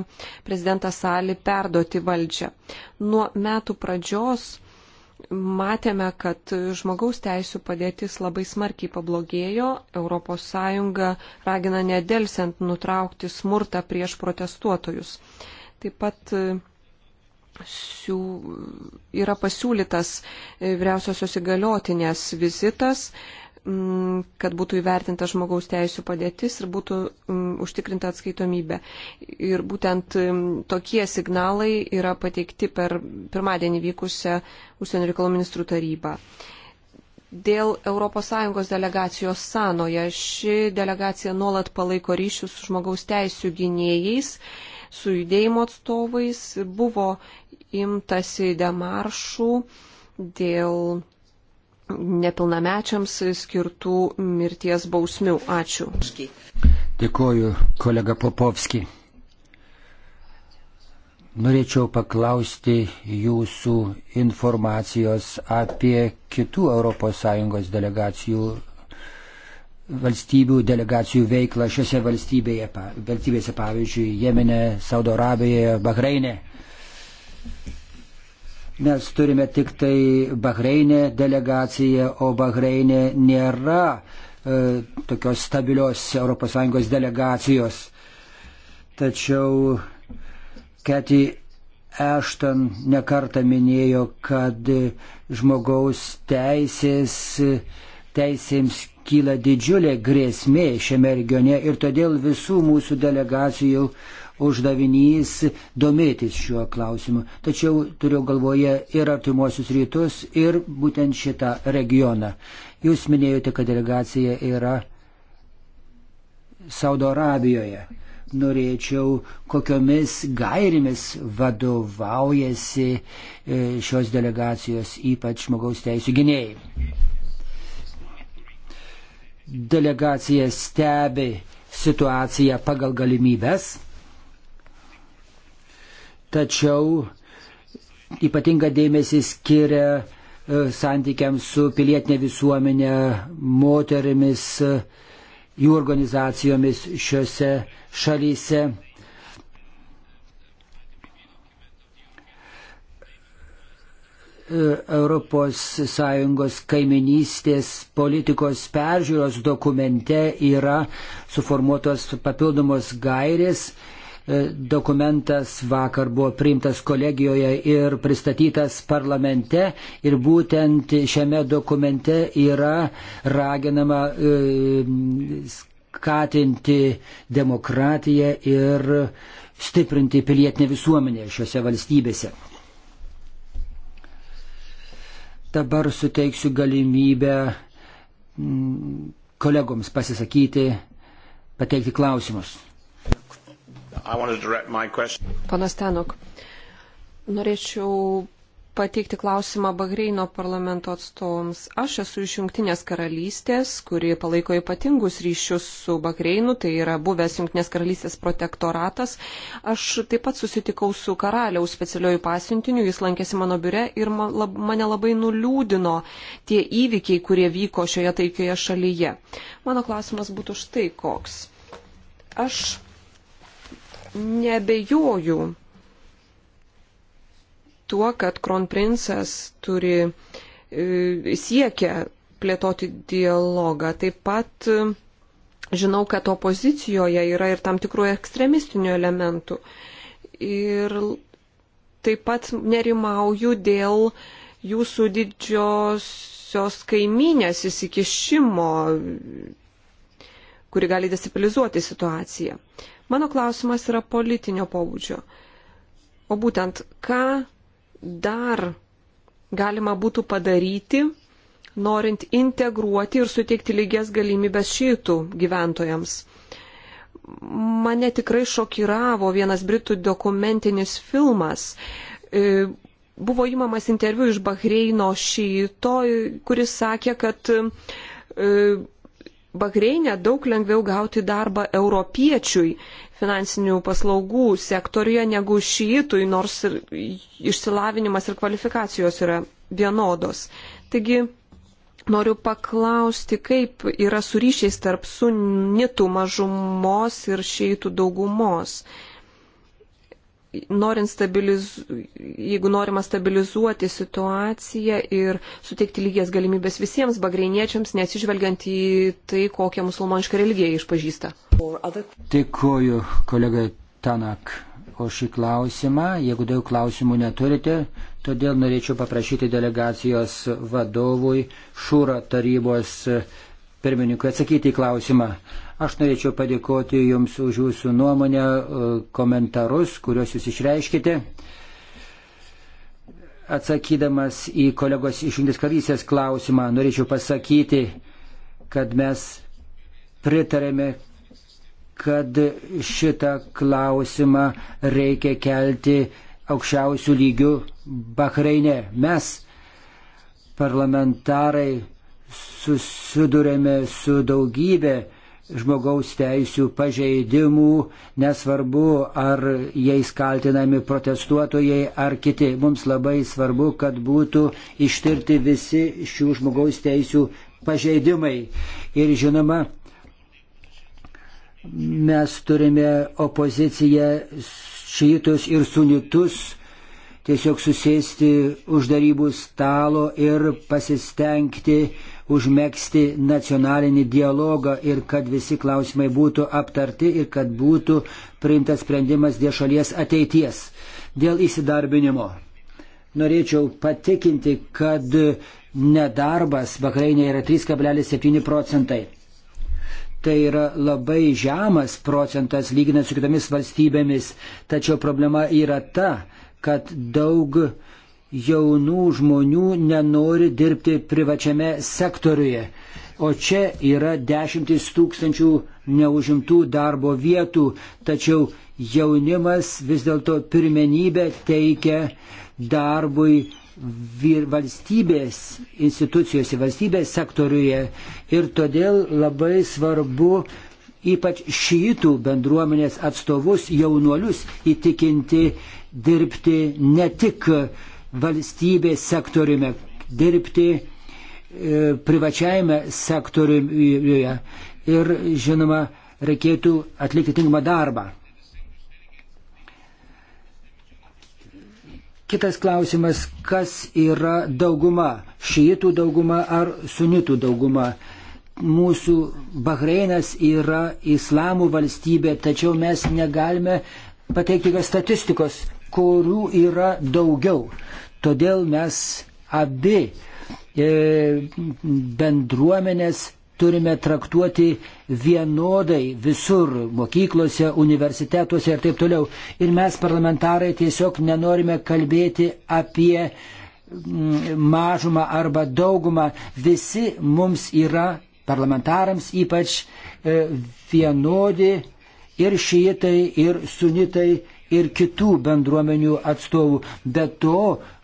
prezidentą Salį perduoti valdžią. Nuo metų pradžios Matėme, kad žmogaus teisų padėtis labai smarkiai pablogėjo. ES ragina nedelsiant nutraukti smurtą prieš protestuotojus. Taip pat e, siū, yra pasiūlytas e, vyriausiosios įgaliotinės vizitas, kad būtų įvertinta žmogaus teisų padėtis ir būtų užtikrinta atskaitomybė. Ir būtent tokie signalai yra pateikti per pirmadienį vykusią užsienio reikalų ministrų tarybą. Dėl ES delegacijos Sanoje ši delegacija nuolat palaiko ryšius su žmogaus teisų gynėjais su judėjimo atstovais, buvo imtasi demaršų dėl nepilnamečiams skirtų mirties bausmių. Ačiū. Dėkuoju, kolega Popovski. Norėčiau paklausti jūsų informacijos apie kitų ES delegacijų valstybių delegacijų veiklą šiose valstybėse, pavyzdžiui, Jemene, Saudo Arabijoje, Bahreinė. Mes turime tik tai Bahreinė delegaciją, o Bahreinė nėra e, tokios stabilios ES delegacijos. Tačiau Keti Ešton nekarta minėjo, kad žmogaus teisės, teisėms kyla didžiulė grėsmė šiame regione ir todėl visų mūsų delegacijų uždavinys domėtis šiuo klausimu. Tačiau turiu galvoje ir artimuosius rytus, ir būtent šitą regioną. Jūs minėjote, kad delegacija yra Saudo Arabijoje. Norėčiau, kokiomis gairimis vadovaujasi e, šios delegacijos, ypač žmogaus teisų gynėjai delegacija stebi situaciją pagal galimybės, tačiau ypatinga dėmesį skiria e, santykiams su pilietinė visuomenė, moterimis, e, jų organizacijomis šiuose šalyse. ES kaiminystės politikos peržiūros dokumente yra suformuotos papildomos gairės. E, dokumentas vakar buvo priimtas kolegijoje ir pristatytas parlamente ir būtent šiame dokumente yra raginama e, skatinti demokratiją ir stiprinti pilietinę visuomenę šiuose valstybėse. Dabar suteiksiu galimybę mm, kolegoms pasisakyti, pateikti klausimus. Panas Tenok, norėčiau pateikti klausimą Bahreino parlamento atstovams. Aš esu iš Junktinės karalystės, kuri palaiko ypatingus ryšius su Bahreinu, tai yra buvęs Junktinės karalystės protektoratas. Aš taip pat susitikau su karaliaus specialiojų pasiuntiniu, jis lankėsi mano biure ir mane labai nuliūdino tie įvykiai, kurie vyko šioje taikioje šalyje. Mano klausimas būtų štai koks. Aš nebejoju tuo, kad kronprincas turi e, siekia plėtoti dialogą. Taip pat e, žinau, kad opozicijoje yra ir tam tikrų ekstremistinių elementų. Ir taip pat nerimauju dėl jūsų didžiosios kaiminės įsikišimo, kuri gali destabilizuoti situaciją. Mano klausimas yra politinio pobūdžio. O būtent, ką dar galima būtų padaryti, norint integruoti ir suteikti lygias galimybės šitų gyventojams. Mane tikrai šokiravo vienas britų dokumentinis filmas. E, buvo įmamas interviu iš Bahreino šito, kuris sakė, kad e, Bahreinė daug lengviau gauti darbą europiečiui, finansinių paslaugų sektoriuje negu šiitui, nors ir išsilavinimas ir kvalifikacijos yra vienodos. Taigi noriu paklausti, kaip yra su ryšiais tarp sunitų mažumos ir šiitų daugumos. Uh, norint stabiliz... jeigu norima stabilizuoti situaciją ir suteikti lygias galimybės visiems bagreiniečiams, nesižvelgiant į tai, kokią musulmonišką religiją išpažįsta. Dėkuoju, kolega Tanak, už šį klausimą. Jeigu daug klausimų neturite, todėl norėčiau paprašyti delegacijos vadovui Šūro tarybos pirmininkui atsakyti į klausimą. Aš norėčiau padėkoti Jums už Jūsų nuomonę, e, komentarus, kuriuos Jūs išreiškite. Atsakydamas į kolegos iš Jungtinės karalystės klausimą, norėčiau pasakyti, kad mes pritarėme, kad šitą klausimą reikia kelti aukščiausių lygių Bahreine. Mes, parlamentarai, susidurėme su daugybė žmogaus teisų pažeidimų, nesvarbu, ar jais kaltinami protestuotojai ar kiti. Mums labai svarbu, kad būtų ištirti visi šių žmogaus teisų pažeidimai. Ir žinoma, mes turime opoziciją šytus ir sunitus tiesiog susėsti už darybų stalo ir pasistengti užmėgsti nacionalinį dialogą ir kad visi klausimai būtų aptarti ir kad būtų priimtas sprendimas dėl šalies ateities, dėl įsidarbinimo. Norėčiau patikinti, kad nedarbas Bahreinė yra 3,7 procentai. Tai yra labai žemas procentas lyginant su kitomis valstybėmis, tačiau problema yra ta, kad daug uh, jaunų žmonių nenori dirbti privačiame sektoriuje. O čia yra dešimtis tūkstančių neužimtų darbo vietų, tačiau jaunimas vis dėlto pirmenybę teikia darbui valstybės institucijose, valstybės sektoriuje ir todėl labai svarbu ypač šytų bendruomenės atstovus, jaunuolius įtikinti dirbti ne tik uh, valstybės sektoriume dirbti, e, privačiajame sektoriuje ir, žinoma, reikėtų atlikti tinkamą darbą. Kitas klausimas, kas yra dauguma, šijų dauguma ar sunitų dauguma. Mūsų Bahreinas yra islamų valstybė, tačiau mes negalime pateikti jokios statistikos kurių yra daugiau. Todėl mes abi e, bendruomenės turime traktuoti vienodai visur, mokyklose, universitetuose ir taip toliau. Ir mes parlamentarai tiesiog nenorime kalbėti apie mm, mažumą arba daugumą. Visi mums yra, parlamentarams ypač, e, vienodi ir šiitai, ir sunitai, ir kitų bendruomenių atstovų. Be to,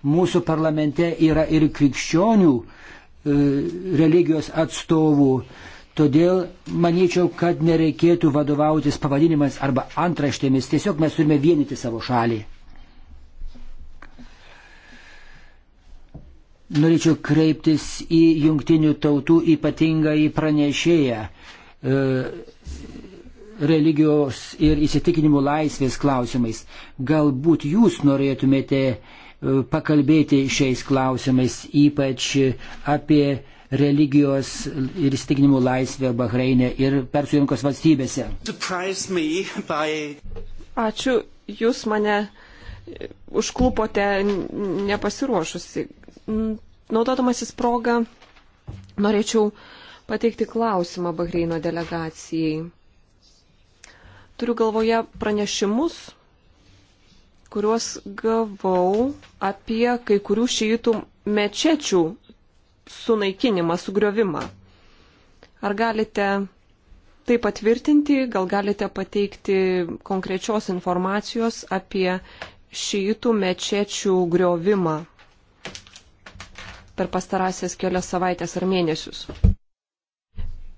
mūsų parlamente yra ir krikščionių e, religijos atstovų. Todėl manyčiau, kad nereikėtų vadovautis pavadinimais arba antraštėmis. Tiesiog mes turime vienyti savo šalį. Norėčiau kreiptis į jungtinių tautų ypatingą į pranešėją e, religijos ir įsitikinimų laisvės klausimais. Galbūt jūs norėtumėte e, pakalbėti šiais klausimais, ypač apie religijos ir įsitikinimų laisvę Bahreinė ir Persijungos valstybėse. Ačiū, jūs mane užklupote nepasiruošusi. Naudodamasis progą, norėčiau pateikti klausimą Bahreino delegacijai. Turiu galvoje pranešimus, kuriuos gavau apie kai kurių šeitų mečečių sunaikinimą, sugriovimą. Ar galite tai patvirtinti, gal galite pateikti konkrečios informacijos apie šeitų mečečių griovimą per pastarąsias kelias savaitės ar mėnesius?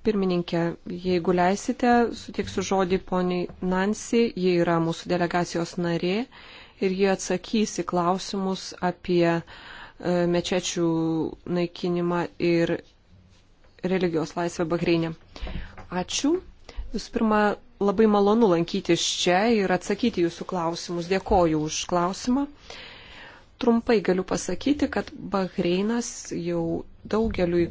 pirmininkė, jeigu leisite, sutiksiu žodį poniai Nansi, ji yra mūsų delegacijos narė ir ji atsakys į klausimus apie e, mečečių naikinimą ir religijos laisvę Bahreinė. Ačiū. Visų pirma, labai malonu lankytis čia ir atsakyti jūsų klausimus. Dėkoju už klausimą. Trumpai galiu pasakyti, kad Bahreinas jau daugeliu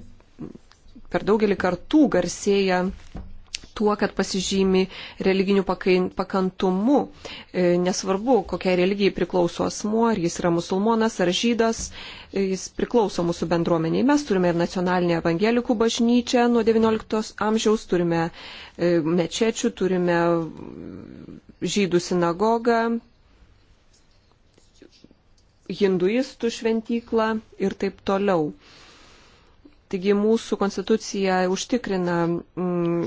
per daugelį kartų garsėja tuo, kad pasižymi religiniu pakantumu. E, nesvarbu, kokiai religijai priklauso asmuo, ar jis yra musulmonas ar žydas, e, jis priklauso mūsų bendruomeniai. Mes turime ir nacionalinę evangelikų bažnyčią nuo XIX amžiaus, turime e, mečečių, turime žydų sinagogą, hinduistų šventyklą ir taip toliau. Taigi mūsų konstitucija užtikrina mm,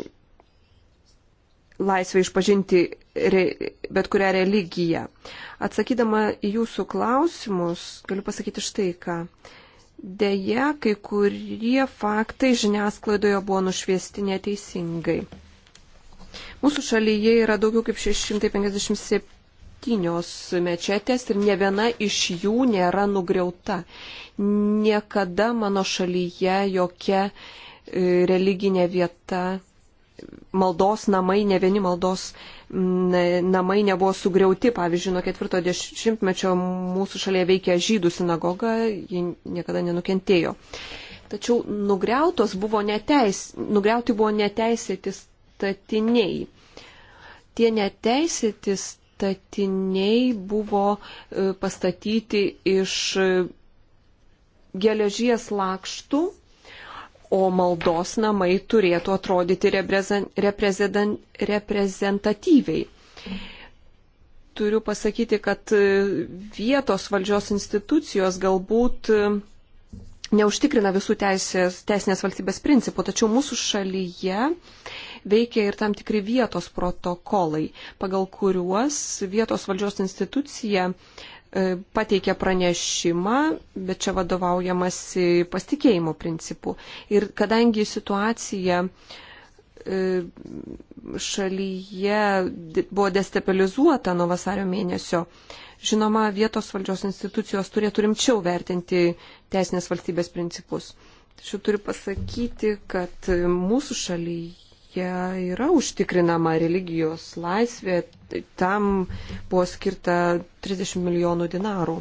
laisvę išpažinti re, bet kurią religiją. Atsakydama į jūsų klausimus, galiu pasakyti štai ką. Deja, kai kurie faktai žiniasklaidoje buvo nušviesti neteisingai. Mūsų šalyje yra daugiau kaip 657 septynios mečetės ir ne viena iš jų nėra nugriauta. Niekada mano šalyje jokia e, religinė vieta, maldos namai, ne vieni maldos namai nebuvo sugriauti. Pavyzdžiui, nuo ketvirto dešimtmečio mūsų šalyje veikia žydų sinagoga, ji niekada nenukentėjo. Tačiau nugriautos buvo neteis, nugriauti buvo neteisėti statiniai tie neteisėti statiniai buvo e, pastatyti iš e, geležies lakštų, o maldos namai turėtų atrodyti reprezentatyviai. Turiu pasakyti, kad e, vietos valdžios institucijos galbūt neužtikrina visų teisės, teisinės valstybės principų, tačiau mūsų šalyje uh, veikia ir tam tikri vietos protokolai, pagal kuriuos vietos valdžios institucija e, pateikia pranešimą, bet čia vadovaujamasi pasitikėjimo principu. Ir kadangi situacija e, šalyje buvo destabilizuota nuo vasario mėnesio, žinoma, vietos valdžios institucijos turėtų rimčiau vertinti teisinės valstybės principus. Tačiau turiu pasakyti, kad e, mūsų šalyje ja yra užtikrinama religijos laisvė, tai tam buvo skirta 30 milijonų dinarų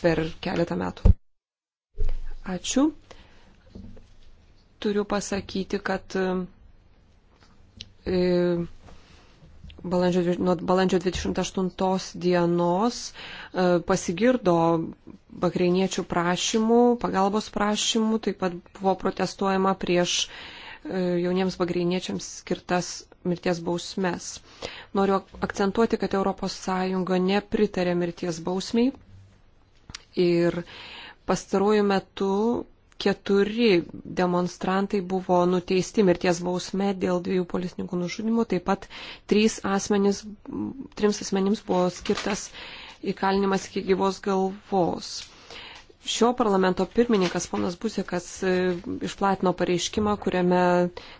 per keletą metų. Ačiū. Turiu pasakyti, kad e, balandžio, nuo balandžio 28 dienos e, pasigirdo bakreiniečių prašymų, pagalbos prašymų, taip pat buvo protestuojama prieš uh, E, jauniems bagreiniečiams skirtas mirties bausmes. Noriu akcentuoti, kad ES nepritarė mirties bausmiai ir pastaruoju metu keturi demonstrantai buvo nuteisti mirties bausme dėl dviejų policininkų nužudimų, taip pat trys asmenys, trims asmenims buvo skirtas įkalinimas iki gyvos galvos. Šio parlamento pirmininkas ponas Busikas e, išplatino pareiškimą, kuriame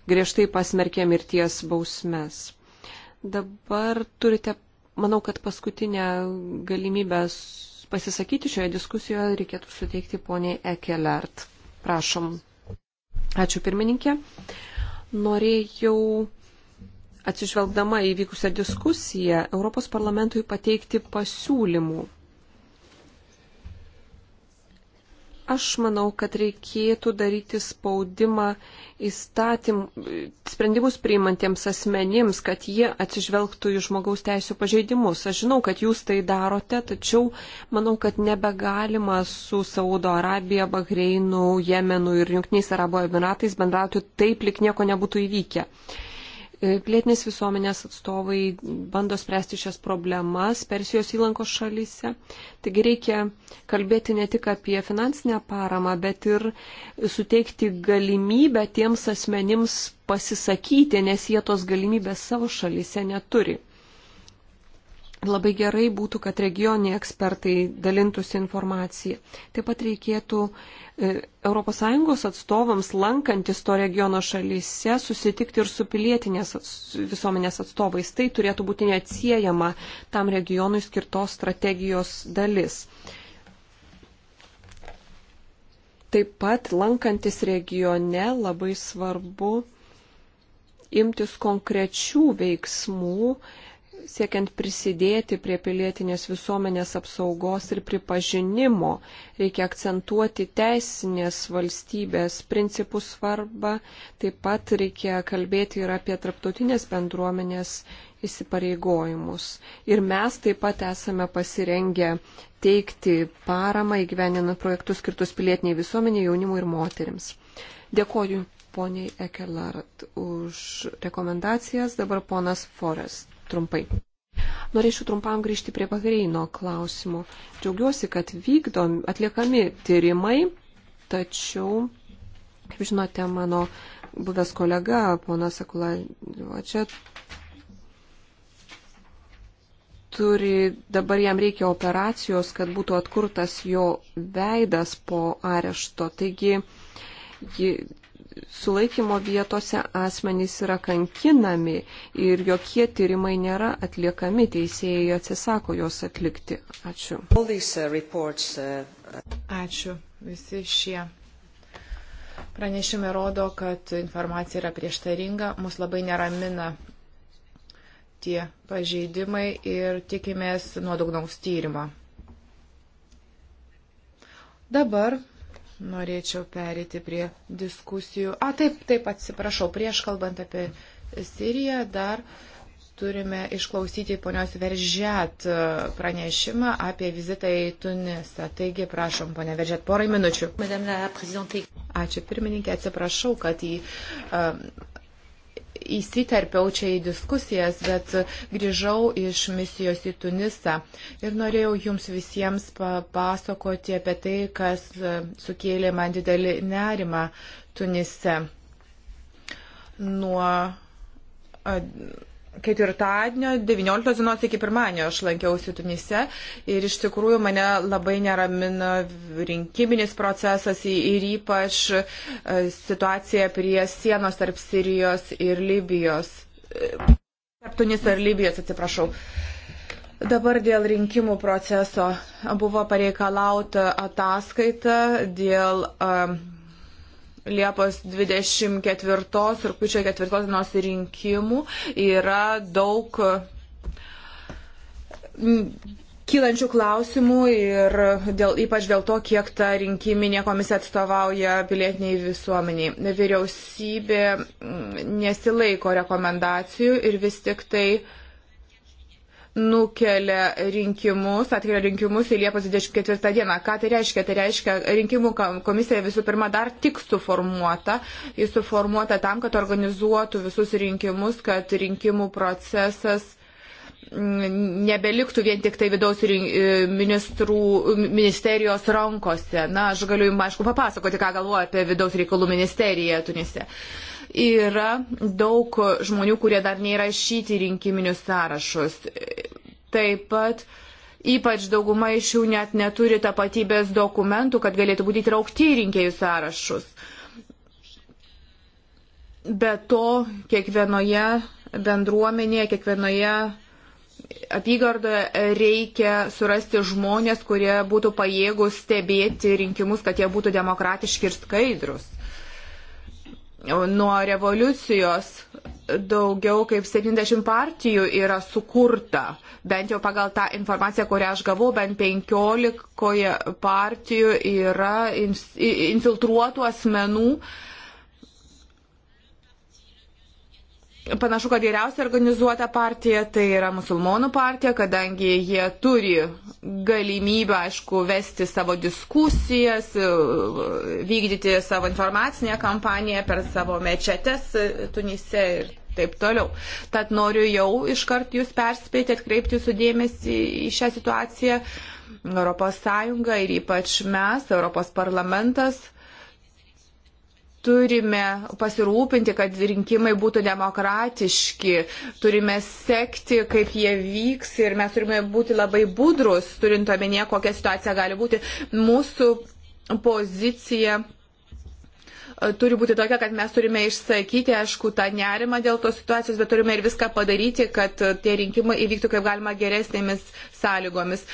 griežtai pasmerkė mirties bausmes. Dabar turite, manau, kad paskutinę galimybę pasisakyti šioje diskusijoje reikėtų suteikti poniai Ekelert. Prašom. Ačiū pirmininkė. Norėjau atsižvelgdama įvykusią diskusiją Europos parlamentui pateikti pasiūlymų Aš manau, kad reikėtų daryti spaudimą įstatym, sprendimus priimantiems asmenims, kad jie atsižvelgtų į žmogaus teisų pažeidimus. Aš žinau, kad jūs tai darote, tačiau manau, kad nebegalima su Saudo Arabija, Bahreinu, Jemenu ir Junktiniais Arabo Emiratais bendrauti taip, lik nieko nebūtų įvykę. Plėtinės visuomenės atstovai bando spręsti šias problemas Persijos įlankos šalyse. Taigi reikia kalbėti ne tik apie finansinę paramą, bet ir suteikti galimybę tiems asmenims pasisakyti, nes jie tos galimybės savo šalyse neturi. Labai gerai būtų, kad regioniai ekspertai dalintųsi informaciją. Taip pat reikėtų ES atstovams, lankantis to regiono šalyse, susitikti ir su pilietinės visuomenės atstovais. Tai turėtų būti neatsiejama tam regionui skirtos strategijos dalis. Taip pat lankantis regione labai svarbu imtis konkrečių veiksmų, siekiant prisidėti prie pilietinės visuomenės apsaugos ir pripažinimo, reikia akcentuoti teisinės valstybės principų svarbą, taip pat reikia kalbėti ir apie tarptautinės bendruomenės įsipareigojimus. Ir mes taip pat esame pasirengę teikti paramą įgyveninant projektus skirtus pilietiniai visuomeniai, jaunimui ir moterims. Dėkoju poniai Ekelart už rekomendacijas, dabar ponas Forest trumpai. Norėčiau trumpam grįžti prie Bahreino klausimo. Džiaugiuosi, kad vykdom, atliekami tyrimai, tačiau, kaip žinote, mano buvęs kolega, ponas Akula, čia turi, dabar jam reikia operacijos, kad būtų atkurtas jo veidas po arešto. Taigi, sulaikymo vietose asmenys yra kankinami ir jokie tyrimai nėra atliekami, teisėjai atsisako juos atlikti. Ačiū. Uh, uh, uh, Ačiū. Visi šie pranešimai rodo, kad informacija yra prieštaringa, mus labai neramina tie pažeidimai ir tikimės nuodugnaus tyrimo. Dabar norėčiau perėti prie diskusijų. A, taip, taip, atsiprašau, prieš kalbant apie Siriją dar turime išklausyti ponios Veržet pranešimą apie vizitą į Tunisą. Taigi, prašom, ponia Veržet, porai minučių. Ačiū pirmininkė, atsiprašau, kad į. Um, įsiterpiau čia į diskusijas, bet grįžau iš misijos į Tunisą ir norėjau jums visiems papasakoti apie tai, kas e, sukėlė man didelį nerimą Tunise. Nuo ketvirtadienio, 19 dienos iki pirmadienio aš lankiausi Tunise ir iš tikrųjų mane labai neramina rinkiminis procesas ir ypač e, situacija prie sienos tarp Sirijos ir Libijos. Tarp Tuniso ir Libijos, atsiprašau. Dabar dėl rinkimų proceso buvo pareikalauta ataskaita dėl. Um, Liepos 24 ir kučio 4 dienos rinkimų yra daug kylančių klausimų ir dėl, ypač dėl to, kiek ta rinkiminė komisija atstovauja pilietiniai visuomeniai. Vyriausybė nesilaiko rekomendacijų ir vis tik tai uh, nukelia rinkimus, atkelia rinkimus į Liepos 24 dieną. Ką tai reiškia? Tai reiškia, rinkimų komisija visų pirma dar tik suformuota. Jis suformuota tam, kad organizuotų visus rinkimus, kad rinkimų procesas mm, nebeliktų vien tik tai vidaus e, ministrų, ministerijos rankose. Na, aš galiu jums, aišku, papasakoti, ką galvoja apie vidaus reikalų ministeriją Tunise. Uh, Yra daug žmonių, kurie dar neįrašyti rinkiminius sąrašus. Taip pat ypač dauguma iš jų net neturi tapatybės dokumentų, kad galėtų būti įtraukti į rinkėjų sąrašus. Be to, kiekvienoje bendruomenėje, kiekvienoje apygardoje reikia surasti žmonės, kurie būtų pajėgus stebėti rinkimus, kad jie būtų demokratiški ir skaidrus nuo revoliucijos daugiau kaip 70 partijų yra sukurta, bent jau pagal tą informaciją, kurią aš gavau, bent 15 partijų yra infiltruotų asmenų, uh, Panašu, kad geriausia organizuota partija tai yra musulmonų partija, kadangi jie turi galimybę, aišku, vesti savo diskusijas, vykdyti savo informacinę kampaniją per savo mečetes Tunise ir taip toliau. Tad noriu jau iškart jūs perspėti, atkreipti jūsų dėmesį į šią situaciją. Europos Sąjunga ir ypač mes, Europos parlamentas turime pasirūpinti, kad rinkimai būtų demokratiški, turime sekti, kaip jie vyks ir mes turime būti labai budrus, turint omenyje, kokia situacija gali būti. Mūsų pozicija e, turi būti tokia, kad mes turime išsakyti, aišku, tą nerimą dėl tos situacijos, bet turime ir viską padaryti, kad tie rinkimai įvyktų kaip galima geresnėmis sąlygomis.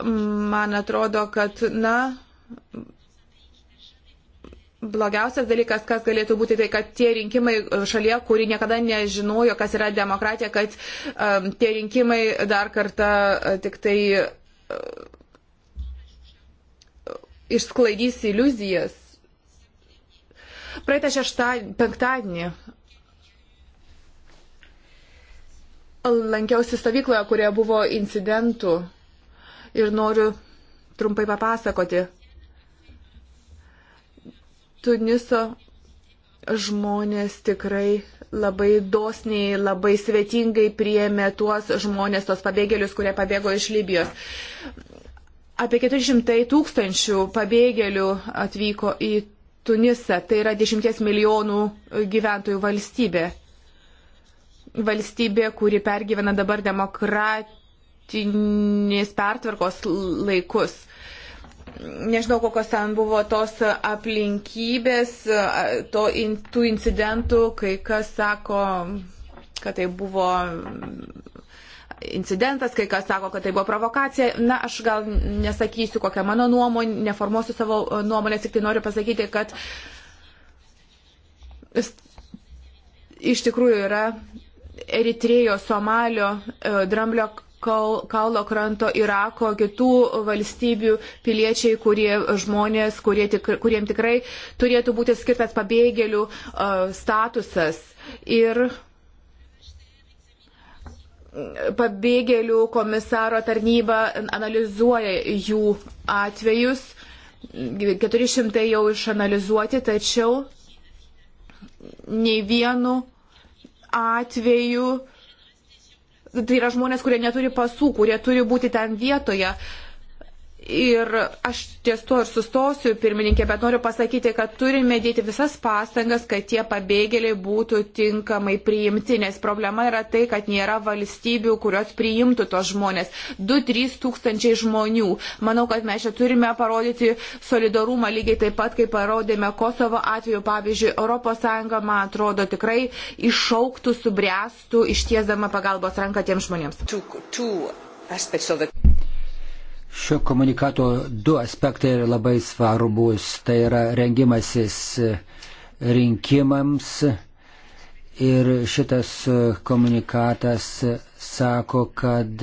Man atrodo, kad, na, blogiausias dalykas, kas galėtų būti, tai kad tie rinkimai šalyje, kuri niekada nežinojo, kas yra demokratija, kad um, tie rinkimai dar kartą uh, tik tai uh, išsklaidys iliuzijas. Praeitą šeštą, penktadienį lankiausi stovykloje, kurioje buvo incidentų ir noriu trumpai papasakoti Tuniso žmonės tikrai labai dosniai, labai svetingai priėmė tuos žmonės, tos pabėgėlius, kurie pabėgo iš Libijos. Apie 400 tūkstančių pabėgėlių atvyko į Tunisą, tai yra 10 milijonų gyventojų valstybė. Valstybė, kuri pergyvena dabar demokratinės pertvarkos laikus nežinau, kokios ten buvo tos aplinkybės, to, in, tų incidentų, kai kas sako, kad tai buvo incidentas, kai kas sako, kad tai buvo provokacija. Na, aš gal nesakysiu, kokią mano nuomonę, neformuosiu savo nuomonės, tik tai noriu pasakyti, kad iš tikrųjų yra Eritrėjo, Somalio, e, Dramblio Kaulo kranto, Irako, kitų valstybių piliečiai, kurie žmonės, kurie tik, kuriem tikrai turėtų būti skirtas pabėgėlių uh, statusas. Ir pabėgėlių komisaro tarnyba analizuoja jų atvejus. 400 jau išanalizuoti, tačiau nei vienu atveju uh, tai yra žmonės, kurie neturi pasų, kurie turi būti ten vietoje. Uh, Ir aš ties to ir sustosiu, pirmininkė, bet noriu pasakyti, kad turime dėti visas pastangas, kad tie pabėgėliai būtų tinkamai priimti, nes problema yra tai, kad nėra valstybių, kurios priimtų tos žmonės. 2-3 tūkstančiai žmonių. Manau, kad mes čia turime parodyti solidarumą lygiai taip pat, kaip parodėme Kosovo atveju. Pavyzdžiui, ES, man atrodo, tikrai išauktų, subręstų, ištiesdama pagalbos ranką tiems žmonėms. Two, two aspects of the Šio komunikato du aspektai yra labai svarbus. Tai yra rengimasis rinkimams ir šitas komunikatas sako, kad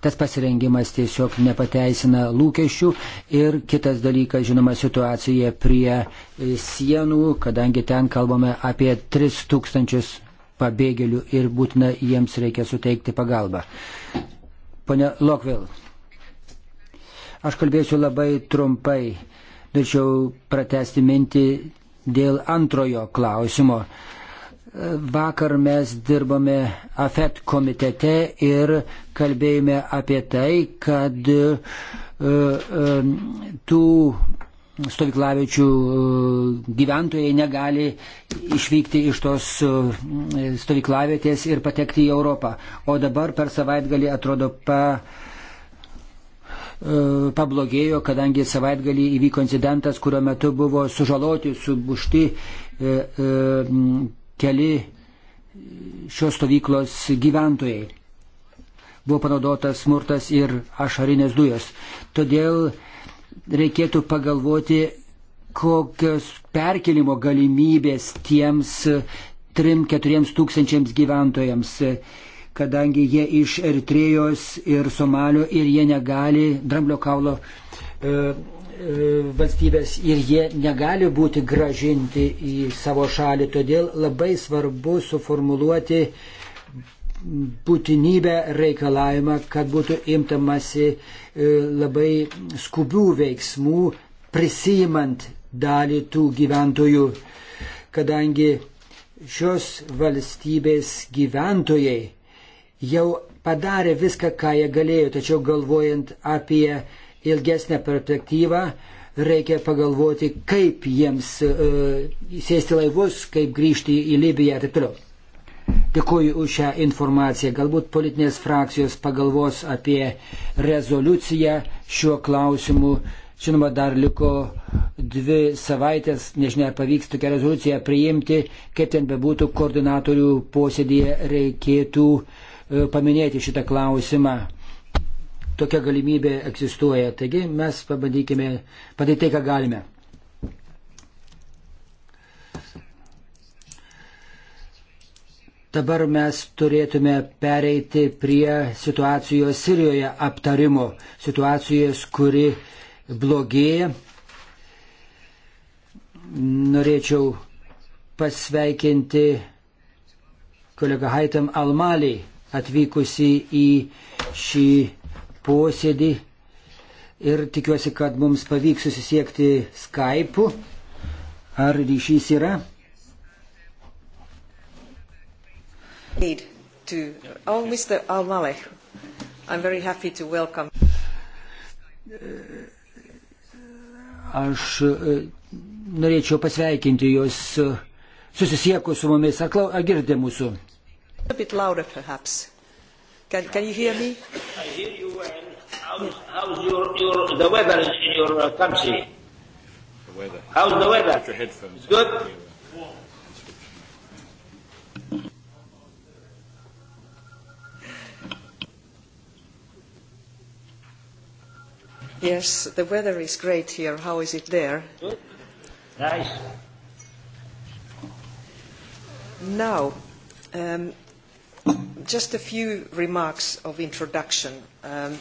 tas pasirengimas tiesiog nepateisina lūkesčių ir kitas dalykas, žinoma, situacija prie sienų, kadangi ten kalbame apie 3000 pabėgėlių ir būtina jiems reikia suteikti pagalbą. Pone Lokvėl. Aš kalbėsiu labai trumpai, tačiau pratesti mintį dėl antrojo klausimo. Vakar mes dirbome AFET komitete ir kalbėjome apie tai, kad e, e, tų stovyklavičių e, gyventojai negali išvykti iš tos stovyklavietės ir patekti į Europą. O dabar per savaitgalį atrodo pa E, pablogėjo, kadangi savaitgalį įvyko incidentas, kurio metu buvo sužaloti, subušti e, e, keli šios stovyklos gyventojai. Buvo panaudotas smurtas ir ašarinės dujos. Todėl reikėtų pagalvoti, kokios perkelimo galimybės tiems 3-4 tūkstančiams gyventojams kadangi jie iš Eritrėjos ir Somalio ir jie negali, dramblio kaulo e, e, valstybės ir jie negali būti gražinti į savo šalį. Todėl labai svarbu suformuluoti būtinybę reikalavimą, kad būtų imtamasi e, labai skubių veiksmų prisijimant dalį tų gyventojų, kadangi šios valstybės gyventojai jau padarė viską, ką jie galėjo, tačiau galvojant apie ilgesnę perspektyvą, reikia pagalvoti, kaip jiems uh, sėsti laivus, kaip grįžti į Libiją ir taip toliau. Dėkuoju už šią informaciją. Galbūt politinės frakcijos pagalvos apie rezoliuciją šiuo klausimu. Žinoma, dar liko dvi savaitės, nežinia, pavyks tokią rezoliuciją priimti, kaip ten bebūtų, koordinatorių posėdėje reikėtų uh, E, paminėti šitą klausimą. Tokia galimybė egzistuoja. Taigi mes pabandykime padaryti tai, ką galime. Dabar mes turėtume pereiti prie situacijos Sirijoje aptarimo, situacijos, kuri blogėja. Norėčiau pasveikinti kolegą Haitam Almalį, atvykusi į šį posėdį ir tikiuosi, kad mums pavyks susisiekti Skype'u. Ar ryšys yra? Oh, Aš e, norėčiau pasveikinti jūs e, susisiekus su mumis. Ar, klau, ar girdite mūsų? A bit louder, perhaps. Can, can you hear me? I hear you well. How's, how's your, your, the weather in your uh, country? The weather. How's the weather? Put your headphones Good? On. Yes, the weather is great here. How is it there? Good. Nice. Now, um, just a few remarks of introduction. Um,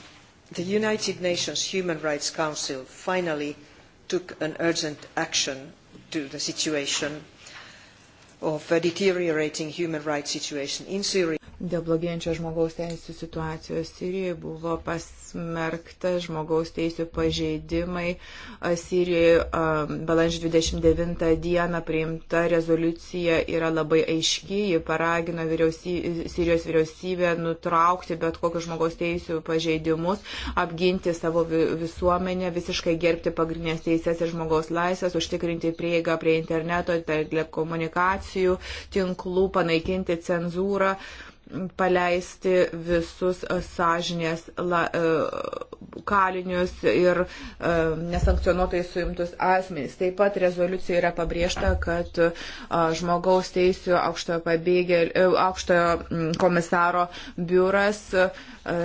the United Nations Human Rights Council finally took an urgent action to the situation of a deteriorating human rights situation in Syria dėl blogėjančios žmogaus teisų situacijos Sirijoje buvo pasmerkta žmogaus teisų pažeidimai. Sirijoje balandžio 29 dieną priimta rezoliucija yra labai aiški, ji paragino vyriausy, Sirijos vyriausybę nutraukti bet kokius žmogaus teisų pažeidimus, apginti savo visuomenę, visiškai gerbti pagrindinės teisės ir žmogaus laisvės, užtikrinti prieigą prie interneto, telekomunikacijų tinklų, panaikinti cenzūrą. Uh, paleisti visus sąžinės la, e, kalinius ir e, nesankcionuotai suimtus asmenys. Taip pat rezoliucija yra pabrėžta, kad e, žmogaus teisų aukštojo, pabėgėl, aukštojo komisaro biuras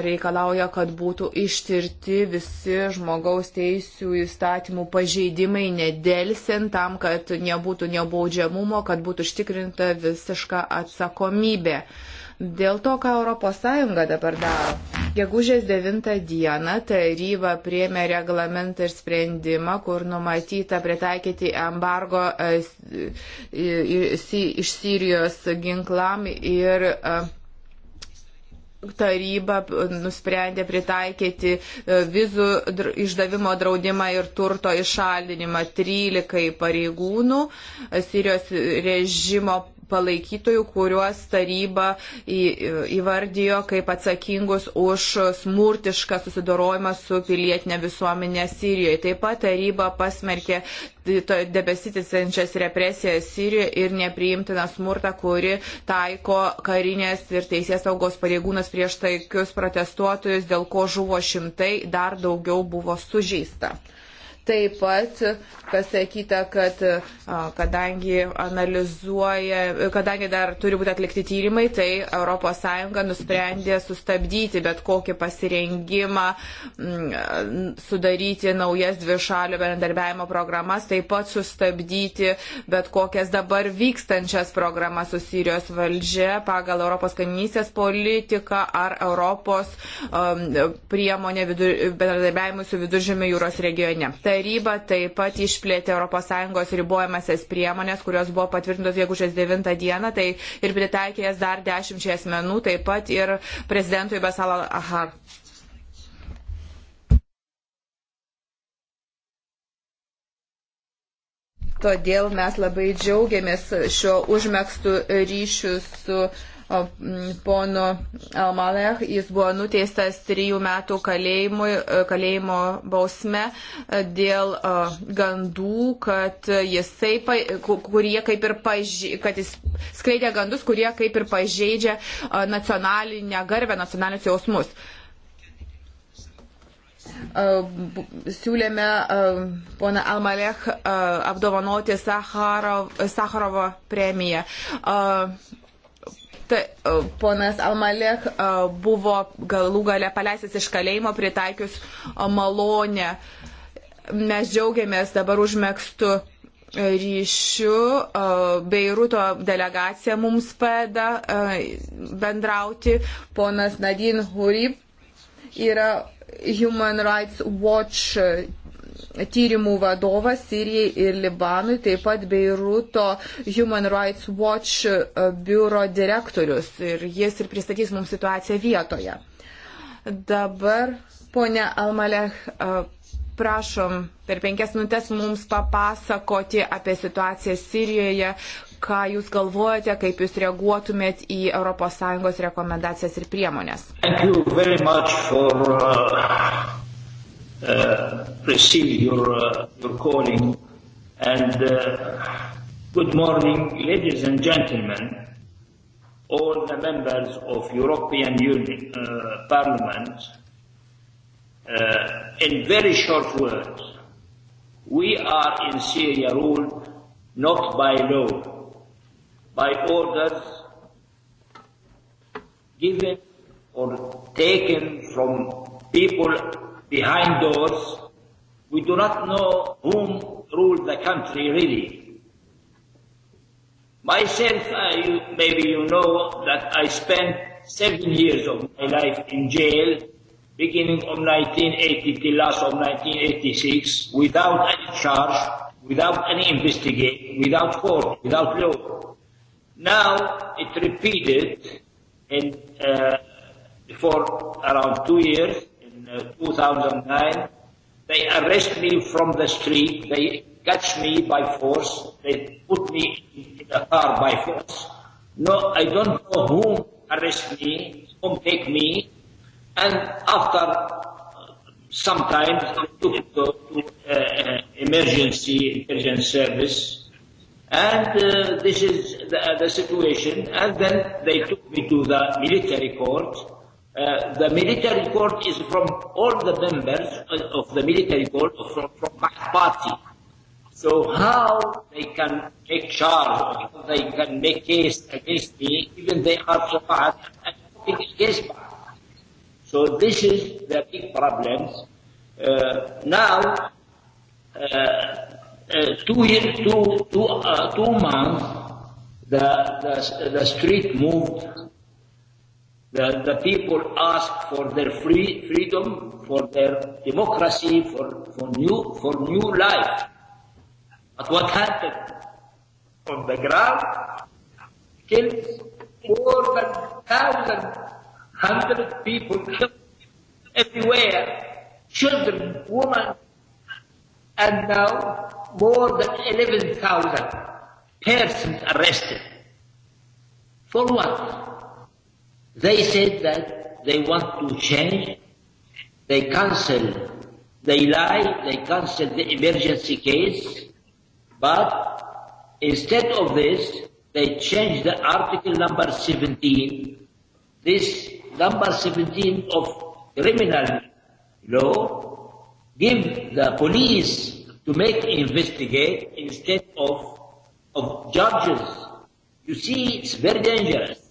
reikalauja, kad būtų ištirti visi žmogaus teisų įstatymų pažeidimai nedelsiant tam, kad nebūtų nebaudžiamumo, kad būtų užtikrinta visiška atsakomybė. Yeah. Dėl to, ką ES dabar daro. Gegužės 9 dieną taryba priemė reglamentą ir sprendimą, kur numatyta pritaikyti embargo e, iš Sirijos ginklam ir e, taryba nusprendė pritaikyti e, vizų išdavimo draudimą ir turto išalinimą 13 pareigūnų Sirijos režimo palaikytojų, kuriuos taryba įvardijo kaip atsakingus už smurtišką susidorojimą su pilietinė visuomenė Sirijoje. Taip pat taryba pasmerkė debesitisenčias represijas Sirijoje ir nepriimtiną smurtą, kuri taiko karinės ir teisės saugos pareigūnas prieš taikius protestuotojus, dėl ko žuvo šimtai, dar daugiau buvo sužeista. Taip pat pasakyta, kad kadangi analizuoja, kadangi dar turi būti atlikti tyrimai, tai ES nusprendė sustabdyti bet kokį pasirengimą sudaryti naujas dvišalio bendarbiavimo programas, taip pat sustabdyti bet kokias dabar vykstančias programas su Sirijos valdžia pagal Europos kaimynystės politiką ar Europos um, priemonę bendradarbiavimui su viduržėmio jūros regione. Tai Taryba taip pat išplėtė ES ribojamasias priemonės, kurios buvo patvirtintos gegužės 9 dieną, tai ir pritaikė jas dar 10 asmenų, taip pat ir prezidentui Besalo Ahar. Todėl mes labai džiaugiamės šiuo užmėgstu ryšiu su uh, pono Almalech. Jis buvo nuteistas trijų metų e, kalėjimo bausme e, dėl e, gandų, kad jisai, kurie kaip ir pažeidžia, kad jis skleidė gandus, kurie kaip ir pažeidžia nacionalinę garbę, nacionalinius jausmus siūlėme poną Almalech apdovanoti Sakharovo premiją. Tai e, ponas Almalech e, buvo galų gale paleistas iš kalėjimo pritaikius e, malonę. Mes džiaugiamės dabar užmėgstu ryšiu. Beiruto delegacija mums padeda bendrauti. Ponas Nadin Hurib yra Human Rights Watch tyrimų vadovas Sirijai ir Libanui, taip pat Beiruto Human Rights Watch e, biuro direktorius. Ir jis ir pristatys mums situaciją vietoje. Dabar, ponia Almalech, e, prašom per penkias minutės mums papasakoti apie situaciją Sirijoje, ką jūs galvojate, kaip jūs reaguotumėt į ES rekomendacijas ir priemonės. For, uh uh, receive your, uh, your calling. And uh, good morning, ladies and gentlemen, all the members of European Union uh, Parliament. Uh, in very short words, we are in Syria ruled not by law, by orders given or taken from people behind doors. We do not know whom ruled the country really. Myself, I, uh, maybe you know that I spent seven years of my life in jail, beginning of 1980 till last of 1986, without any charge, without any investigation, without court, without law. Now it repeated, and uh, for around two years, in uh, 2009. They arrest me from the street. They catch me by force. They put me in the car by force. No, I don't know whom arrest me, whom take me. And after uh, sometimes they took to, to uh, emergency intelligence service. And uh, this is the, uh, the situation. And then they took me to the military court Uh, the military court is from all the members of the military court from, from my party. So how they can take charge, how they can make case against me, even they are so bad and against me. So this is the big problem. Uh, now, uh, uh, two year, two, two, uh, two months, the, the, the street moved The, the people ask for their free freedom, for their democracy, for, for new for new life. But what happened on the ground? Killed more than thousand, hundred people killed everywhere, children, women, and now more than eleven thousand persons arrested. For what? They said that they want to change. They cancel. They lie. They cancel the emergency case. But instead of this, they changed the article number 17. This number 17 of criminal law give the police to make investigate instead of of judges. You see, it's very dangerous.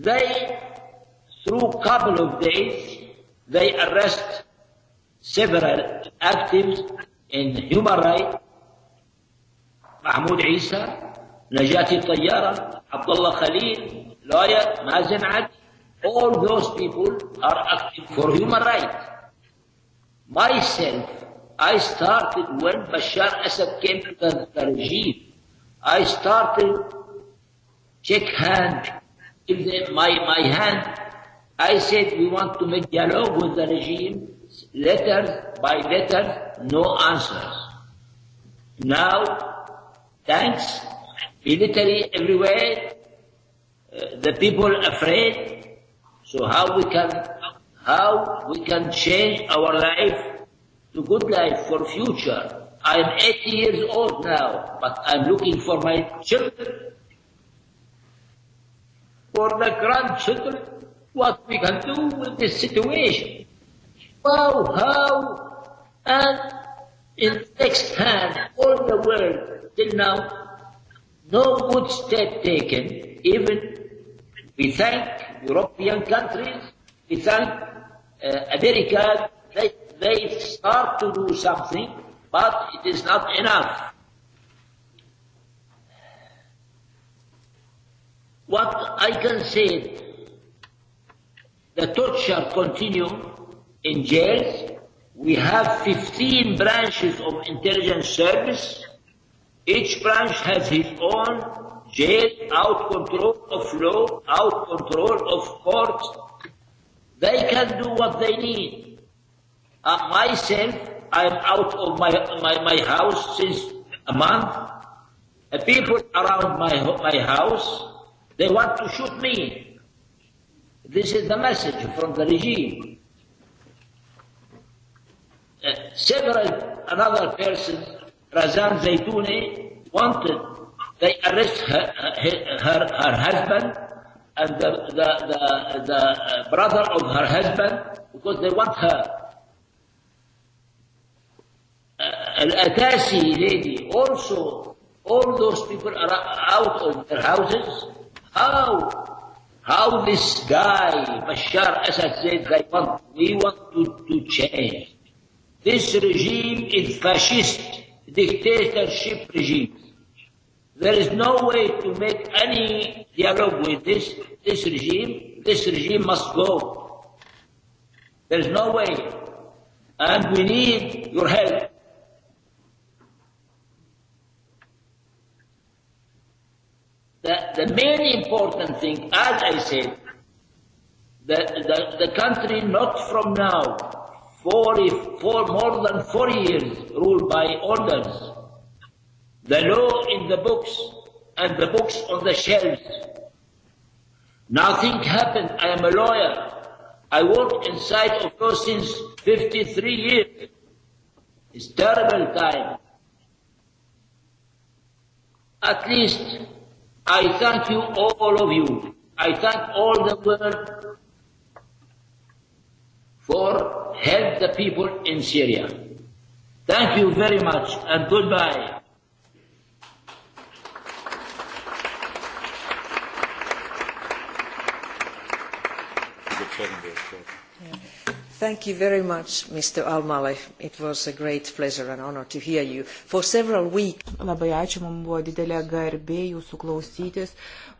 They, through couple of days, they arrest several actives in human rights, محمود عيسى نجاتي الطيارة عبد الله خليل lawyer مازن عدي all those people are active for human rights myself I started when Bashar Assad came to the, the regime I started check hand in the, my, my hand. I said we want to make dialogue with the regime, letter by letter, no answers. Now, tanks, military everywhere, uh, the people afraid. So how we can, how we can change our life to good life for future. I'm 80 years old now, but I'm looking for my children or the grandchildren, what we can do with this situation. Wow, how, and in the next hand, all the world till now, no good step taken, even we thank European countries, we thank uh, America, they, they start to do something, but it is not enough. What I can say, the torture continue in jails. We have 15 branches of intelligence service. Each branch has his own jail, out control of law, out control of court. They can do what they need. Uh, myself, I'm out of my, my, my house since a month. Uh, people around my, my house, They want to shoot me. This is the message from the regime. Uh, several another person, Razan Zaytouni, wanted. They arrest her, her, her, her husband and the, the, the, the uh, brother of her husband because they want her. Uh, Al-Atasi lady also, all those people are out of their houses How? How this guy, Bashar Assad, said they want, we want to, to change. This regime is fascist dictatorship regime. There is no way to make any dialogue with this, this regime. This regime must go. There is no way. And we need your help. The, the main important thing, as I said, the, the, the country not from now, four, four, more than four years ruled by orders, the law in the books and the books on the shelves. Nothing happened. I am a lawyer. I worked inside of those since 53 years. It's terrible time. At least I thank you, all of you. I thank all the world for help the people in Syria. Thank you very much and goodbye. Good Thank you very much, Mr. Almale. It was a great pleasure and honor to hear you for several weeks. Labai ačiū, mums buvo didelė garbė jūsų klausytis.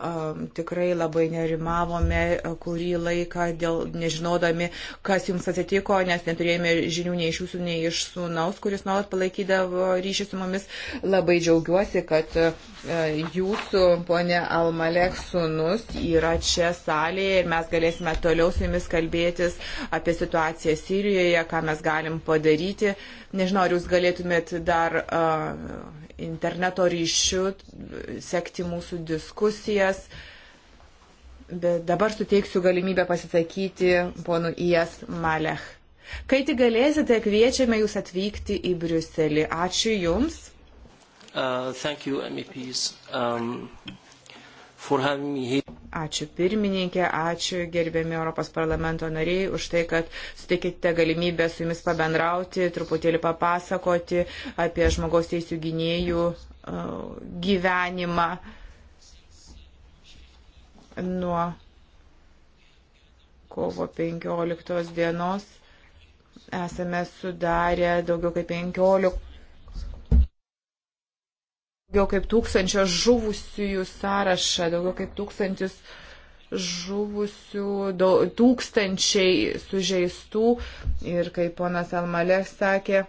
Um, tikrai labai nerimavome kurį laiką, dėl, nežinodami, kas jums atsitiko, nes neturėjome žinių nei iš jūsų, nei iš sūnaus, kuris nuolat palaikydavo ryšį su mumis. Labai džiaugiuosi, kad uh, E, jūsų, ponė Almalek, sunus yra čia salėje ir mes galėsime toliau su jumis kalbėtis apie situaciją Sirijoje, ką mes galim padaryti. Nežinau, ar jūs galėtumėt dar uh, interneto ryšių sekti mūsų diskusijas. Bet dabar suteiksiu galimybę pasisakyti ponu Ijas Malech. Kai tik galėsite, kviečiame jūs atvykti į Briuselį. Ačiū Jums. Uh, thank you, MEPs, um, for having me here. Ačiū pirmininkė, ačiū gerbiami Europos parlamento nariai už tai, kad suteikite galimybę su jumis pabendrauti, truputėlį papasakoti apie žmogaus teisų gynėjų uh, gyvenimą nuo kovo 15 dienos. Esame sudarę daugiau kaip 15 daugiau kaip tūkstančio žuvusiųjų sąrašą, daugiau kaip tūkstantis žuvusių, daug, tūkstančiai sužeistų ir kaip ponas Almalek sakė,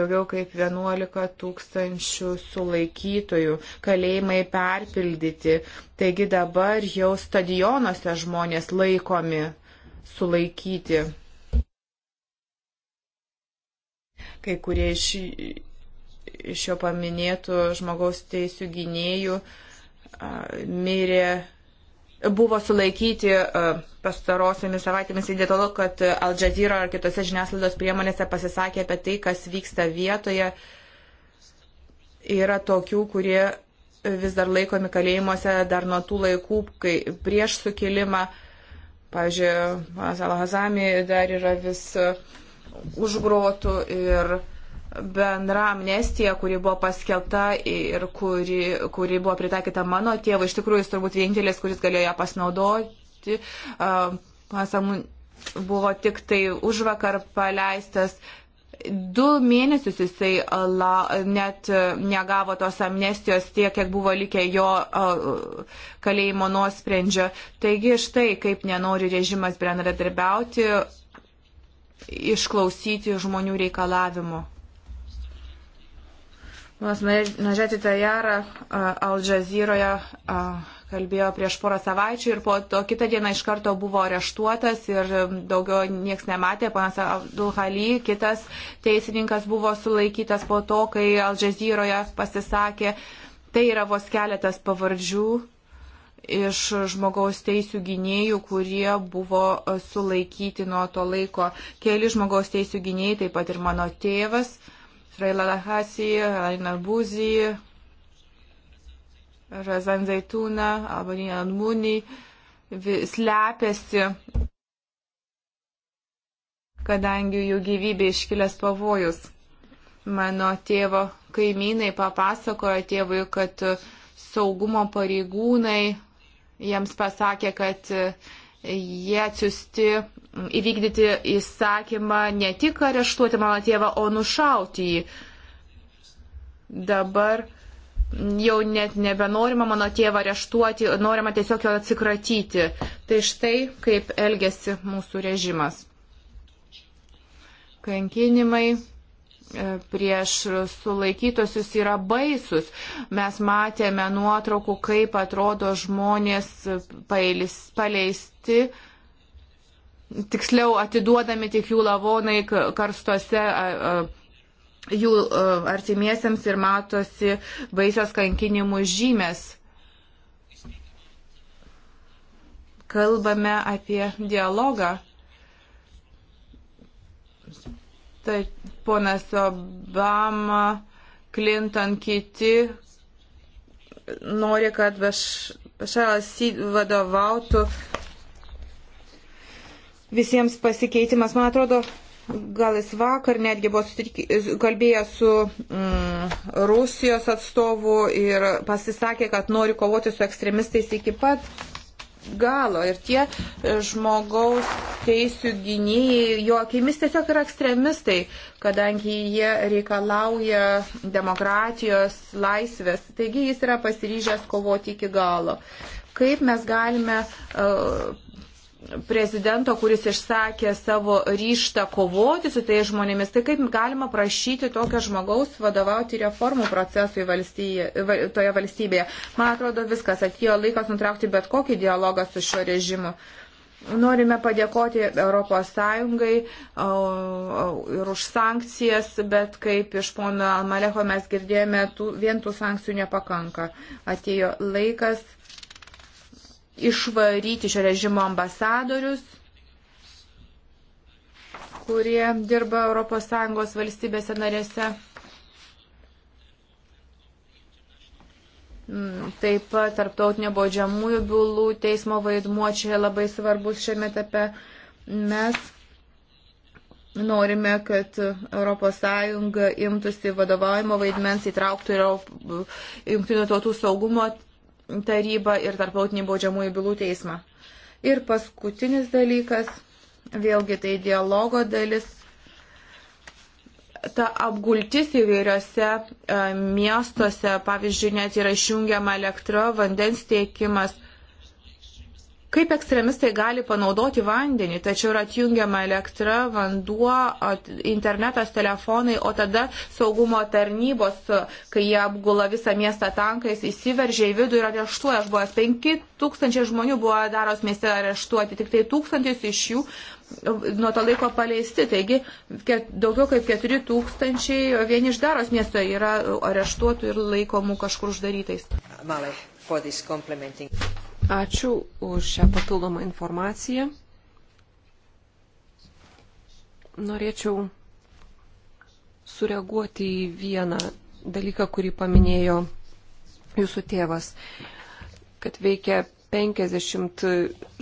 daugiau kaip 11 tūkstančių sulaikytojų, kalėjimai perpildyti. Taigi dabar jau stadionuose žmonės laikomi sulaikyti. Kai kurie iš iš jo paminėtų žmogaus teisų gynėjų mirė, buvo sulaikyti pastarosiomis savaitėmis ir dėl to, kad Al Jazeera ar kitose žiniasklaidos priemonėse pasisakė apie tai, kas vyksta vietoje. Yra tokių, kurie vis dar laikomi kalėjimuose dar nuo tų laikų, kai prieš sukilimą, pavyzdžiui, Salahazami dar yra vis užgrotų ir uh, bendra amnestija, kuri buvo paskelbta ir kuri, kuri buvo pritaikyta mano tėvui, iš tikrųjų jis turbūt vienintelis, kuris galėjo ją pasinaudoti. Pasamų buvo tik tai už vakar paleistas. Du mėnesius jisai la, net negavo tos amnestijos tiek, kiek buvo likę jo kalėjimo nuosprendžio. Taigi štai kaip nenori režimas bendradarbiauti, išklausyti žmonių reikalavimų. Nažetita Jara Al Jazeeroje kalbėjo prieš porą savaičių ir po to kitą dieną iš karto buvo areštuotas ir daugiau nieks nematė. Panas Abdul Hali, kitas teisininkas buvo sulaikytas po to, kai Al Jazeeroje pasisakė. Tai yra vos keletas pavardžių iš žmogaus teisų gynėjų, kurie buvo sulaikyti nuo to laiko. Keli žmogaus teisų gynėjai, taip pat ir mano tėvas. Uh, Sreila Lahasi, Raina Buzi, Razan Zaitūna, Albanija Almūni slepiasi, kadangi jų gyvybė iškilęs pavojus. Mano tėvo kaimynai papasakojo tėvui, kad saugumo pareigūnai jiems pasakė, kad jie atsiusti įvykdyti įsakymą ne tik areštuoti mano tėvą, o nušauti jį. Dabar jau net nebenorima mano tėvą areštuoti, norima tiesiog jo atsikratyti. Tai štai kaip elgesi mūsų režimas. Kankinimai e, prieš sulaikytosius yra baisus. Mes matėme nuotraukų, kaip atrodo žmonės paleisti tiksliau atiduodami tik jų lavonai karstuose. A, a, jų artimiesiems ir matosi baisios kankinimų žymės. Kalbame apie dialogą. Tai ponas Obama, Clinton, kiti nori, kad Bašaras vadovautų uh, visiems pasikeitimas. Man atrodo, gal jis vakar netgi buvo kalbėjęs su mm, Rusijos atstovu ir pasisakė, kad nori kovoti su ekstremistais iki pat galo. Ir tie e, žmogaus teisų gynėjai, jo akimis tiesiog yra ekstremistai, kadangi jie reikalauja demokratijos, laisvės. Taigi jis yra pasiryžęs kovoti iki galo. Kaip mes galime uh, prezidento, kuris išsakė savo ryštą kovoti su tai žmonėmis, tai kaip galima prašyti tokio žmogaus vadovauti reformų procesui valstyje, toje valstybėje. Man atrodo, viskas atėjo laikas nutraukti bet kokį dialogą su šiuo režimu. Norime padėkoti ES ir už sankcijas, bet kaip iš pono Maleho mes girdėjome, tų, vien tų sankcijų nepakanka. Atėjo laikas išvaryti šio režimo ambasadorius, kurie dirba ES valstybėse narėse. Mm, taip pat tarptautinio baudžiamųjų bylų teismo vaidmuo čia labai svarbus šiame etape. Mes norime, kad ES imtųsi vadovavimo vaidmens įtrauktų ir Junktinių tautų saugumo tarybą ir tarptautinį baudžiamųjų bylų teismą. Ir paskutinis dalykas, vėlgi tai dialogo dalis, ta apgultis įvairiose e, miestuose, pavyzdžiui, net yra išjungiama elektra, vandens tiekimas, kaip ekstremistai gali panaudoti vandenį, tačiau yra atjungiama elektra, vanduo, internetas, telefonai, o tada saugumo tarnybos, kai jie apgula visą miestą tankais, įsiveržia į vidų ir areštuoja žmonės. 5 tūkstančiai žmonių buvo daros mieste areštuoti, tik tai tūkstantis iš jų e, nuo to laiko paleisti. Taigi daugiau kaip 4 tūkstančiai vien iš daros miesto yra areštuotų ir laikomų kažkur uždarytais. Malai, for this complimenting. Ačiū už šią papildomą informaciją. Norėčiau sureaguoti į vieną dalyką, kurį paminėjo jūsų tėvas, kad veikia 50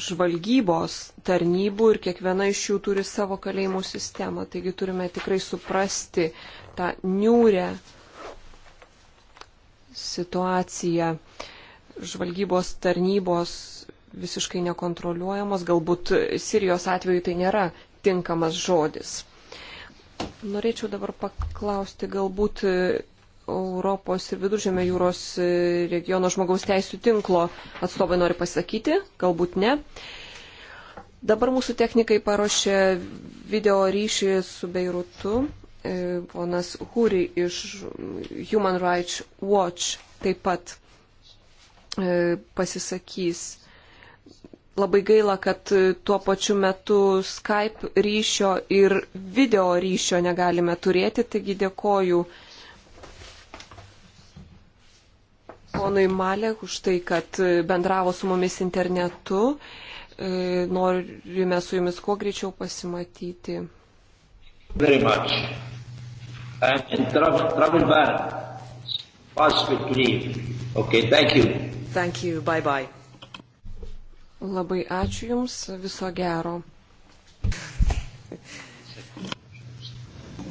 žvalgybos tarnybų ir kiekviena iš jų turi savo kalėjimų sistemą. Taigi turime tikrai suprasti tą niūrę situaciją. Uh, žvalgybos tarnybos visiškai nekontroliuojamos, galbūt Sirijos atveju tai nėra tinkamas žodis. Norėčiau dabar paklausti, galbūt Europos ir Viduržėmio jūros regiono žmogaus teisų tinklo atstovai nori pasakyti, galbūt ne. Dabar mūsų technikai paruošė video ryšį su Beirutu. E, ponas Huri iš Human Rights Watch taip pat E, pasisakys. Labai gaila, kad tuo pačiu metu Skype ryšio ir video ryšio negalime turėti, taigi dėkoju ponui Malek už tai, kad bendravo su mumis internetu. E, norime su jumis kuo greičiau pasimatyti. Very much. I'm in trouble, trouble bar. Possible to leave. Okay, thank you. Thank you, bye bye. Labai ačiū Jums, viso gero.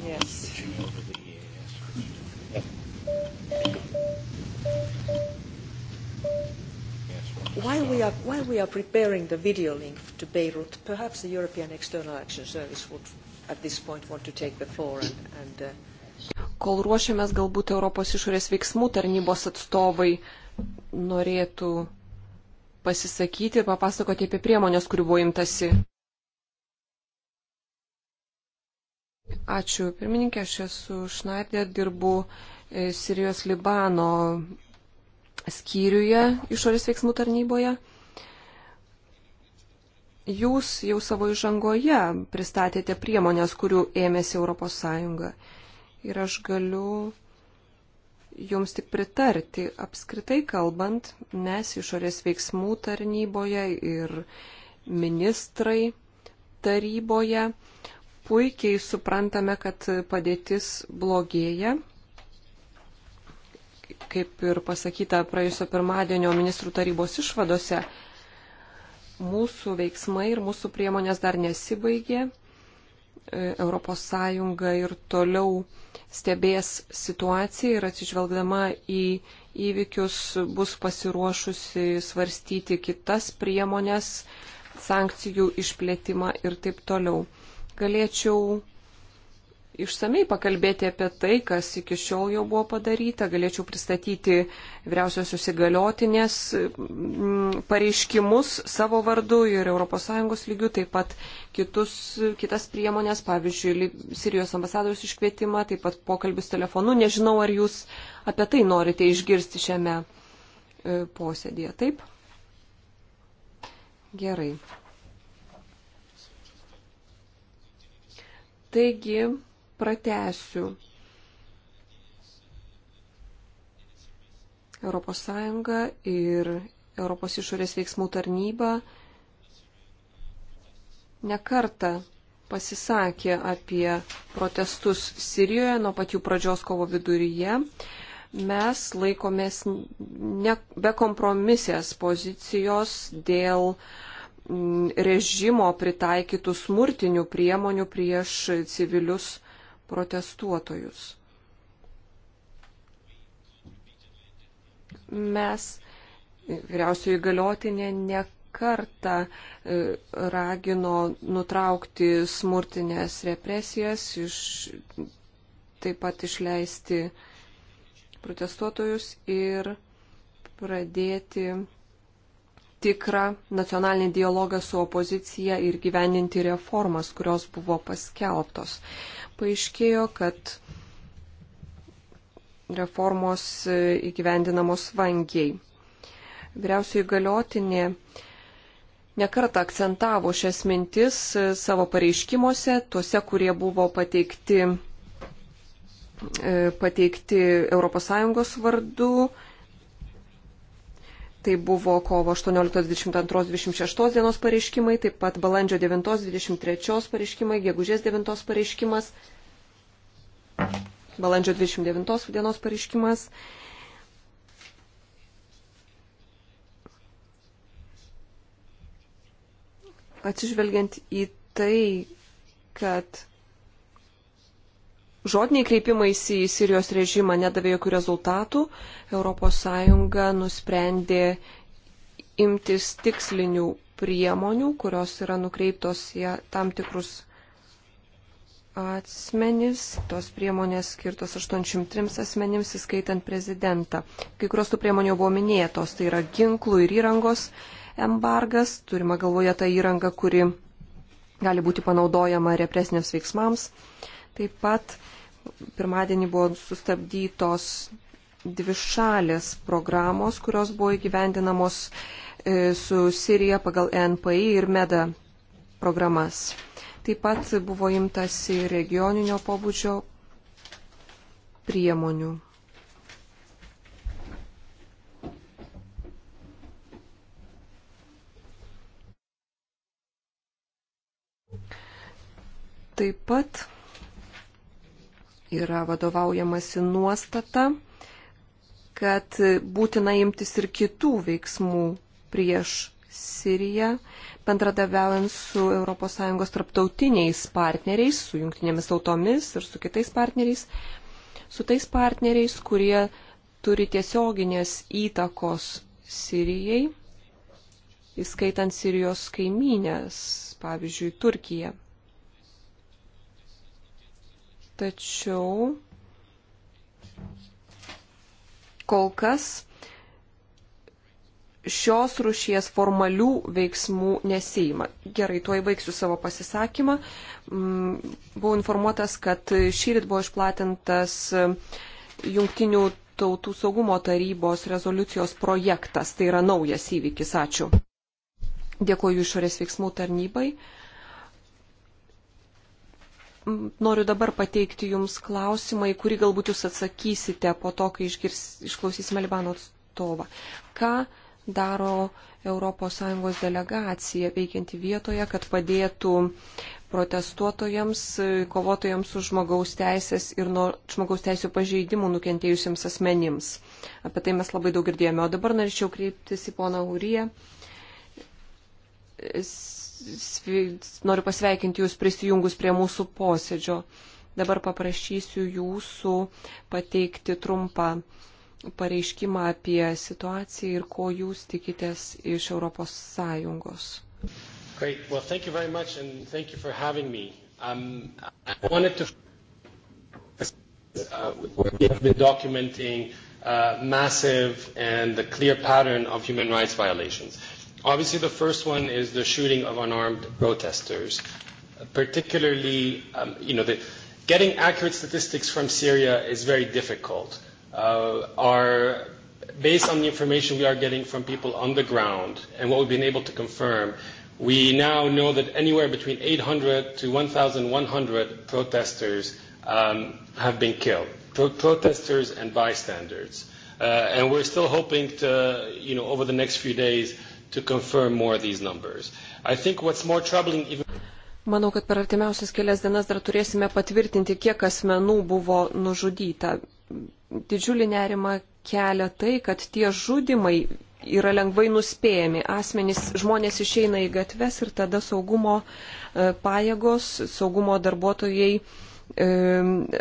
Yes. While we, are, while we are preparing the video link to Beirut, perhaps the European External Action Service would at this point want to take the floor and, and uh, Kol ruošiamės, galbūt Europos išorės veiksmų tarnybos atstovai uh, norėtų pasisakyti ir papasakoti apie priemonės, kurių buvo imtasi. Ačiū, pirmininkė, aš esu Šnaidė, dirbu e, Sirijos Libano skyriuje išorės veiksmų tarnyboje. Jūs jau savo įžangoje pristatėte priemonės, kurių ėmėsi ES. Ir aš galiu jums tik pritarti. Apskritai kalbant, mes išorės veiksmų tarnyboje ir ministrai taryboje puikiai suprantame, kad padėtis blogėja. Kaip ir pasakyta praėjusio pirmadienio ministrų tarybos išvadose, mūsų veiksmai ir mūsų priemonės dar nesibaigė. ES ir toliau stebės situaciją ir atsižvelgdama į įvykius bus pasiruošusi svarstyti kitas priemonės, sankcijų išplėtimą ir taip toliau. Galėčiau išsamei pakalbėti apie tai, kas iki šiol jau buvo padaryta. Galėčiau pristatyti vyriausios įsigaliotinės mm, pareiškimus savo vardu ir ES lygių, taip pat kitus, kitas priemonės, pavyzdžiui, Sirijos ambasadorius iškvietimą, taip pat pokalbius telefonu. Nežinau, ar jūs apie tai norite išgirsti šiame e, posėdėje. Taip? Gerai. Taigi, pratesiu. ES ir Europos išorės veiksmų tarnyba nekarta pasisakė apie protestus Sirijoje nuo pat jų pradžios kovo viduryje. Mes laikomės ne, be kompromisės pozicijos dėl mm, režimo pritaikytų smurtinių priemonių prieš civilius protestuotojus. Mes, vyriausioji galiotinė, ne kartą e, ragino nutraukti smurtinės represijas, iš, taip pat išleisti protestuotojus ir pradėti tikrą nacionalinį dialogą su opozicija ir gyveninti reformas, kurios buvo paskelbtos. Paaiškėjo, kad reformos e, įgyvendinamos vangiai. Vyriausiai galiotinė nekarta akcentavo šias mintis e, savo pareiškimuose, tuose, kurie buvo pateikti, e, pateikti ES vardu Tai buvo kovo 18, 22, 26 dienos pareiškimai, taip pat balandžio 9, 23 pareiškimai, gegužės 9 pareiškimas, balandžio 29 dienos pareiškimas. Atsižvelgiant į tai, kad žodiniai kreipimaisi į Sirijos režimą nedavė jokių rezultatų, ES nusprendė imtis tikslinių priemonių, kurios yra nukreiptos į tam tikrus asmenys, tos priemonės skirtos 803 asmenims, įskaitant prezidentą. Kai kurios tų priemonių buvo minėtos, tai yra ginklų ir įrangos embargas, turima galvoje tą įrangą, kuri gali būti panaudojama represiniams veiksmams. Uh, Taip pat pirmadienį buvo sustabdytos dvi šalės programos, kurios buvo įgyvendinamos e, su Sirija pagal NPI ir MEDA programas. Taip pat buvo imtasi regioninio pobūdžio priemonių. Taip pat yra vadovaujamasi nuostata, kad būtina imtis ir kitų veiksmų prieš Siriją, bendradaviaujant su ES tarptautiniais partneriais, su jungtinėmis tautomis ir su kitais partneriais, su tais partneriais, kurie turi tiesioginės įtakos Sirijai, įskaitant Sirijos kaimynės, pavyzdžiui, Turkiją. Tačiau kol kas šios rušies formalių veiksmų nesijima. Gerai, tuo įbaigsiu savo pasisakymą. Mm, buvau informuotas, kad šyrit buvo išplatintas jungtinių tautų saugumo tarybos rezoliucijos projektas. Tai yra naujas įvykis. Ačiū. Dėkoju išorės veiksmų tarnybai noriu dabar pateikti Jums klausimą, į kurį galbūt Jūs atsakysite po to, kai išgirs, išklausysime Libano atstovą. Ką daro ES delegacija veikianti vietoje, kad padėtų protestuotojams, kovotojams už žmogaus teisės ir nuo žmogaus teisų pažeidimų nukentėjusiems asmenims. Apie tai mes labai daug girdėjome. O dabar norėčiau kreiptis į poną Uriją noriu pasveikinti Jūs prisijungus prie mūsų posėdžio. Dabar paprašysiu Jūsų pateikti trumpą pareiškimą apie situaciją ir ko Jūs tikitės iš Europos Sąjungos. Great. Well, thank you very much and thank you for having me. Um, I wanted to. Uh, we have been documenting uh, massive and the clear pattern of human rights violations Obviously, the first one is the shooting of unarmed protesters. Particularly, um, you know, the, getting accurate statistics from Syria is very difficult. Uh, our, based on the information we are getting from people on the ground and what we've been able to confirm, we now know that anywhere between 800 to 1,100 protesters um, have been killed, pro- protesters and bystanders. Uh, and we're still hoping to, you know, over the next few days, to confirm more of these numbers. I think what's more troubling even Manau, kad per artimiausias kelias dienas dar turėsime patvirtinti, kiek asmenų buvo nužudyta. Didžiulį nerimą kelia tai, kad tie žudimai yra lengvai nuspėjami. Asmenys, žmonės išeina į gatves ir tada saugumo e, pajėgos, saugumo darbuotojai E,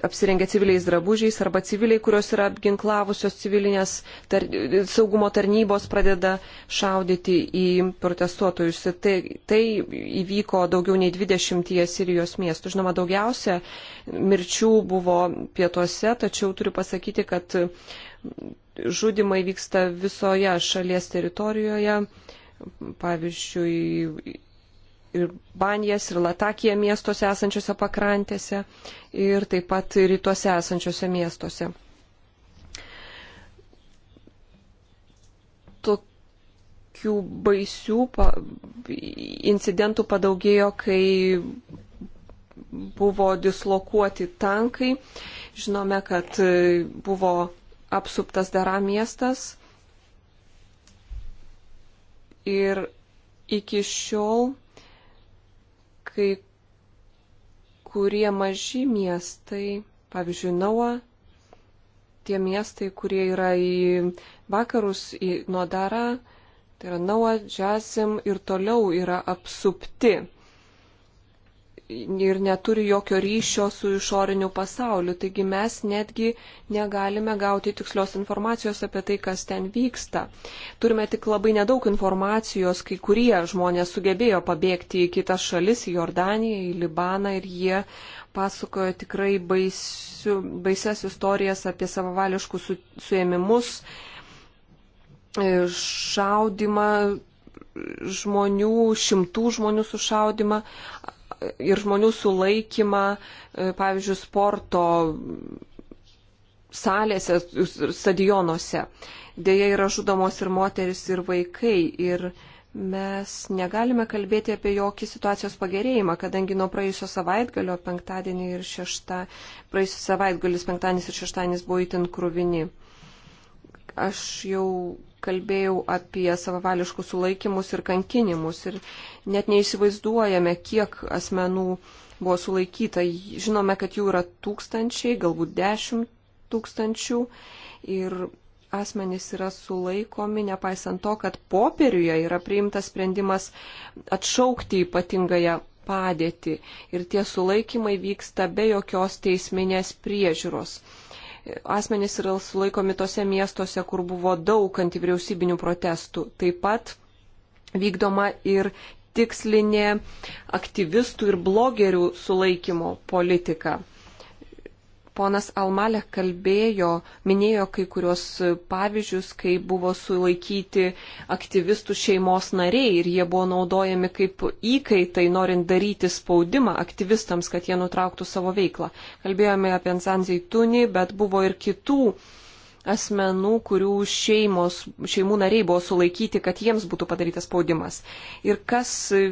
apsirengę civiliais drabužiais arba civiliai, kurios yra apginklavusios civilinės tar, saugumo tarnybos pradeda šaudyti į protestuotojus. Tai, tai įvyko daugiau nei 20 Sirijos miestų. Žinoma, daugiausia mirčių buvo pietuose, tačiau turiu pasakyti, kad žudimai vyksta visoje šalies teritorijoje. Pavyzdžiui, ir Banijas, ir Latakija miestuose esančiose pakrantėse, ir taip pat rytuose esančiose miestuose. Tokių baisių pa, incidentų padaugėjo, kai buvo dislokuoti tankai. Žinome, kad buvo apsuptas Dara miestas. Ir iki šiol kai kurie maži miestai, pavyzdžiui, Naua, tie miestai, kurie yra į vakarus, į Nodara, tai yra Naua, Džasim ir toliau yra apsupti ir neturi jokio ryšio su išoriniu pasauliu. Taigi mes netgi negalime gauti tikslios informacijos apie tai, kas ten vyksta. Turime tik labai nedaug informacijos, kai kurie žmonės sugebėjo pabėgti į kitas šalis, į Jordaniją, į Libaną ir jie pasakojo tikrai baisių, baises istorijas apie savavališkus su, suėmimus, e, šaudimą žmonių, šimtų žmonių sušaudimą ir žmonių sulaikymą, e, pavyzdžiui, sporto salėse, stadionuose. Deja yra žudomos ir moteris, ir vaikai. Ir mes negalime kalbėti apie jokį situacijos pagerėjimą, kadangi nuo praėjusio savaitgalio penktadienį ir šeštą, praėjusio savaitgalis penktadienis ir šeštadienis buvo įtin krūvini. Aš jau kalbėjau apie savavališkus sulaikymus ir kankinimus ir net neįsivaizduojame, kiek asmenų buvo sulaikyta. Žinome, kad jų yra tūkstančiai, galbūt dešimt tūkstančių ir asmenys yra sulaikomi, nepaisant to, kad popieriuje yra priimtas sprendimas atšaukti ypatingąją padėtį ir tie sulaikymai vyksta be jokios teisminės priežiūros asmenys yra sulaikomi tose miestuose, kur buvo daug antivyriausybinių protestų. Taip pat vykdoma ir tikslinė aktyvistų ir blogerių sulaikymo politika. Ponas Almalė kalbėjo, minėjo kai kurios pavyzdžius, kai buvo sulaikyti aktyvistų šeimos nariai ir jie buvo naudojami kaip įkaitai, norint daryti spaudimą aktyvistams, kad jie nutrauktų savo veiklą. Kalbėjome apie Ansanzai Tuni, bet buvo ir kitų uh, asmenų, kurių šeimos, šeimų nariai buvo sulaikyti, kad jiems būtų padarytas spaudimas. Ir kas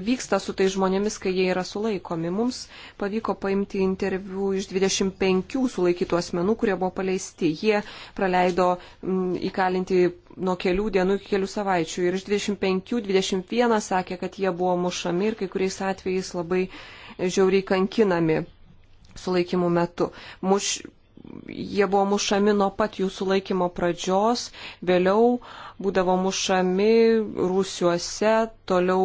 vyksta su tai žmonėmis, kai jie yra sulaikomi. Mums pavyko paimti interviu iš 25 sulaikytų asmenų, kurie buvo paleisti. Jie praleido m, mm, įkalinti nuo kelių dienų iki kelių savaičių. Ir iš 25-21 sakė, kad jie buvo mušami ir kai kuriais atvejais labai žiauriai kankinami sulaikymų metu. Muš, jie buvo mušami nuo pat jų sulaikymo pradžios, vėliau būdavo mušami rūsiuose, toliau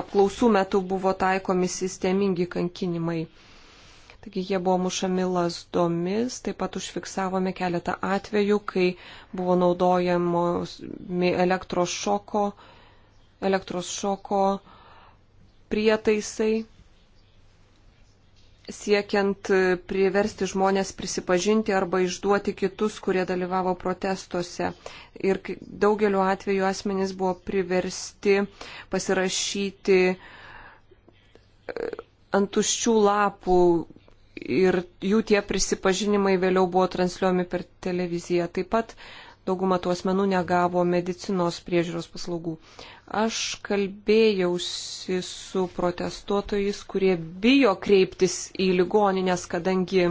apklausų metu buvo taikomi sistemingi kankinimai. Taigi jie buvo mušami lasdomis, taip pat užfiksavome keletą atvejų, kai buvo naudojami elektros šoko, elektros šoko prietaisai siekiant e, priversti žmonės prisipažinti arba išduoti kitus, kurie dalyvavo protestuose. Ir daugeliu atveju asmenys buvo priversti pasirašyti e, ant tuščių lapų ir jų tie prisipažinimai vėliau buvo transliuomi per televiziją. Taip pat dauguma tų asmenų negavo medicinos priežiūros paslaugų. Aš kalbėjausi su protestuotojais, kurie bijo kreiptis į ligoninės, kadangi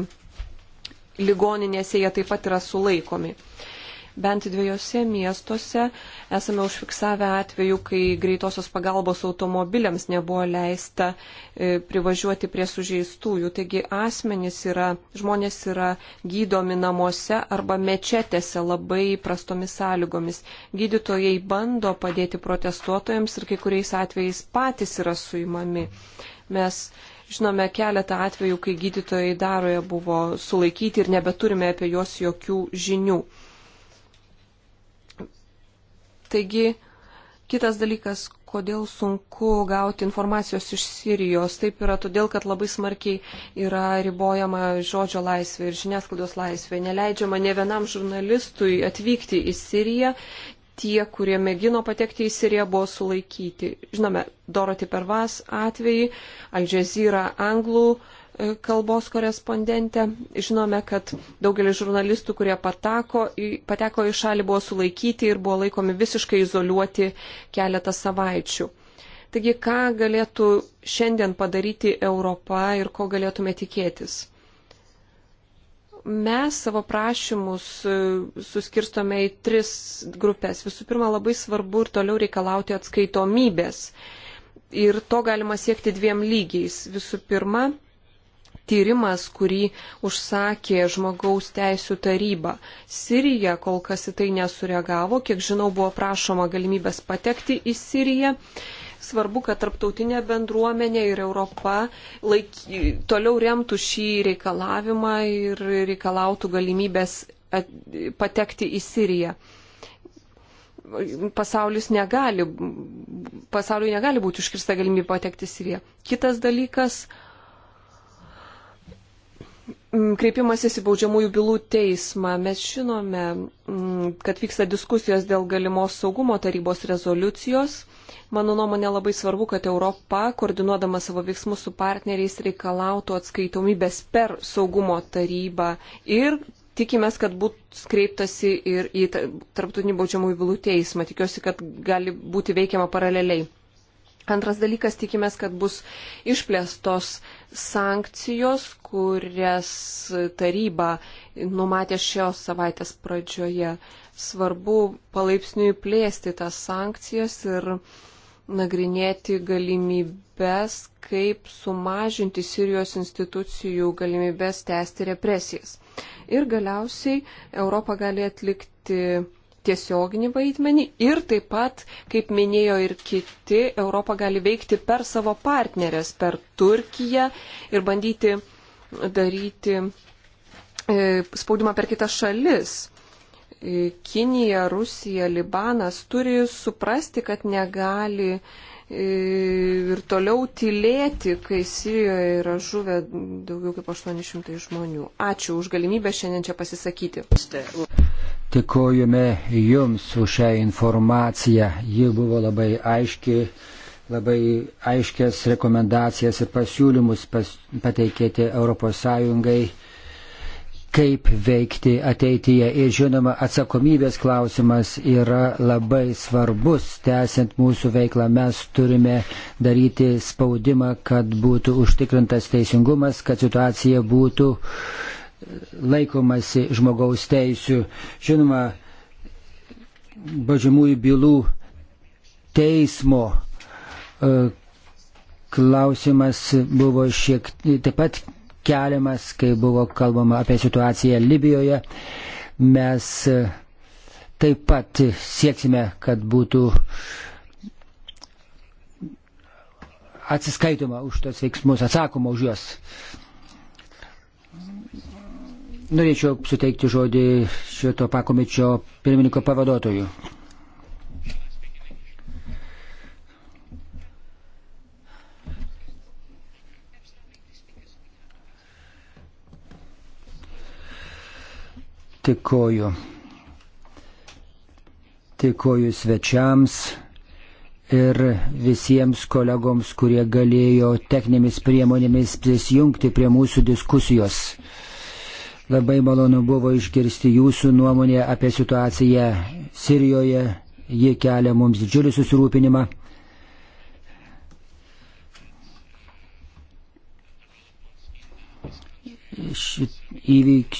ligoninėse jie taip pat yra sulaikomi. Bent dviejose miestuose Esame užfiksavę atveju, kai greitosios pagalbos automobiliams nebuvo leista e, privažiuoti prie sužeistųjų. Taigi asmenys yra, žmonės yra gydomi namuose arba mečetėse labai prastomis sąlygomis. Gydytojai bando padėti protestuotojams ir kai kuriais atvejais patys yra suimami. Mes žinome keletą atvejų, kai gydytojai daroje buvo sulaikyti ir nebeturime apie juos jokių žinių. Taigi, kitas dalykas, kodėl sunku gauti informacijos iš Sirijos. Taip yra todėl, kad labai smarkiai yra ribojama žodžio laisvė ir žiniasklaidos laisvė. Neleidžiama ne vienam žurnalistui atvykti į Siriją. Tie, kurie mėgino patekti į Siriją, buvo sulaikyti. Žinome, Dorothy Pervas atvejį, Al Jazeera anglų kalbos korespondentę. Žinome, kad daugelis žurnalistų, kurie patako, pateko į šalį, buvo sulaikyti ir buvo laikomi visiškai izoliuoti keletą savaičių. Taigi, ką galėtų šiandien padaryti Europa ir ko galėtume tikėtis? Mes savo prašymus e, suskirstome į tris grupės. Visų pirma, labai svarbu ir toliau reikalauti atskaitomybės. Ir to galima siekti dviem lygiais. Visų pirma, tyrimas, kurį užsakė žmogaus teisų taryba. Sirija kol kas į tai nesureagavo, kiek žinau, buvo prašoma galimybės patekti į Siriją. Svarbu, kad tarptautinė bendruomenė ir Europa laiky, toliau remtų šį reikalavimą ir reikalautų galimybės at, patekti į Siriją pasaulis negali, pasauliui negali būti užkirsta galimybė patekti į Siriją. Kitas dalykas Mm, kreipimasis į baudžiamųjų bylų teismą. Mes žinome, mm, kad vyksta diskusijos dėl galimos saugumo tarybos rezoliucijos. Mano nuomonė labai svarbu, kad Europa, koordinuodama savo veiksmus su partneriais, reikalautų atskaitomybės per saugumo tarybą ir tikimės, kad bus kreiptasi ir į tarptautinį baudžiamųjų bylų teismą. Tikiuosi, kad gali būti veikiama paraleliai. Antras dalykas, tikimės, kad bus išplėstos sankcijos, kurias taryba numatė šios savaitės pradžioje. Svarbu palaipsniui plėsti tas sankcijas ir nagrinėti galimybės, kaip sumažinti Sirijos institucijų galimybės tęsti represijas. Ir galiausiai Europa gali atlikti tiesioginį vaidmenį ir taip pat, kaip minėjo ir kiti, Europą gali veikti per savo partnerės, per Turkiją ir bandyti daryti e, spaudimą per kitas šalis. E, Kinija, Rusija, Libanas turi suprasti, kad negali e, ir toliau tylėti, kai Sirijoje yra žuvę daugiau kaip 800 žmonių. Ačiū už galimybę šiandien čia pasisakyti. Tikojame Jums už šią informaciją. Ji buvo labai aiški, labai aiškias rekomendacijas ir pasiūlymus pas, pateikėte ES, kaip veikti ateityje. Ir žinoma, atsakomybės klausimas yra labai svarbus. Tęsiant mūsų veiklą mes turime daryti spaudimą, kad būtų užtikrintas teisingumas, kad situacija būtų laikomasi žmogaus teisių. Žinoma, bažymųjų bylų teismo e, klausimas buvo šiek taip pat keliamas, kai buvo kalbama apie situaciją Libijoje. Mes e, taip pat sieksime, kad būtų atsiskaitoma už tos veiksmus, atsakoma už juos. Norėčiau suteikti žodį šito pakomičio pirmininko pavaduotojų. Tikoju. Tikoju svečiams ir visiems kolegoms, kurie galėjo techninėmis priemonėmis prisijungti prie mūsų diskusijos. Labai malonu buvo išgirsti jūsų nuomonę apie situaciją Sirijoje. Ji kelia mums didžiulį susirūpinimą. Šit įvyk,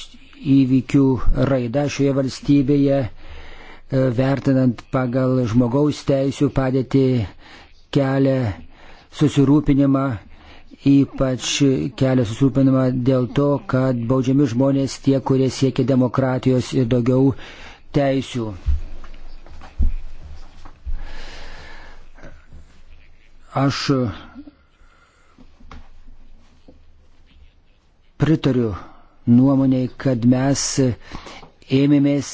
įvykių raida šioje valstybėje, e, vertinant pagal žmogaus teisų padėtį, kelia susirūpinimą ypač kelia susirūpinimą dėl to, kad baudžiami žmonės tie, kurie siekia demokratijos ir daugiau teisių. Aš pritariu nuomonėj, kad mes ėmėmės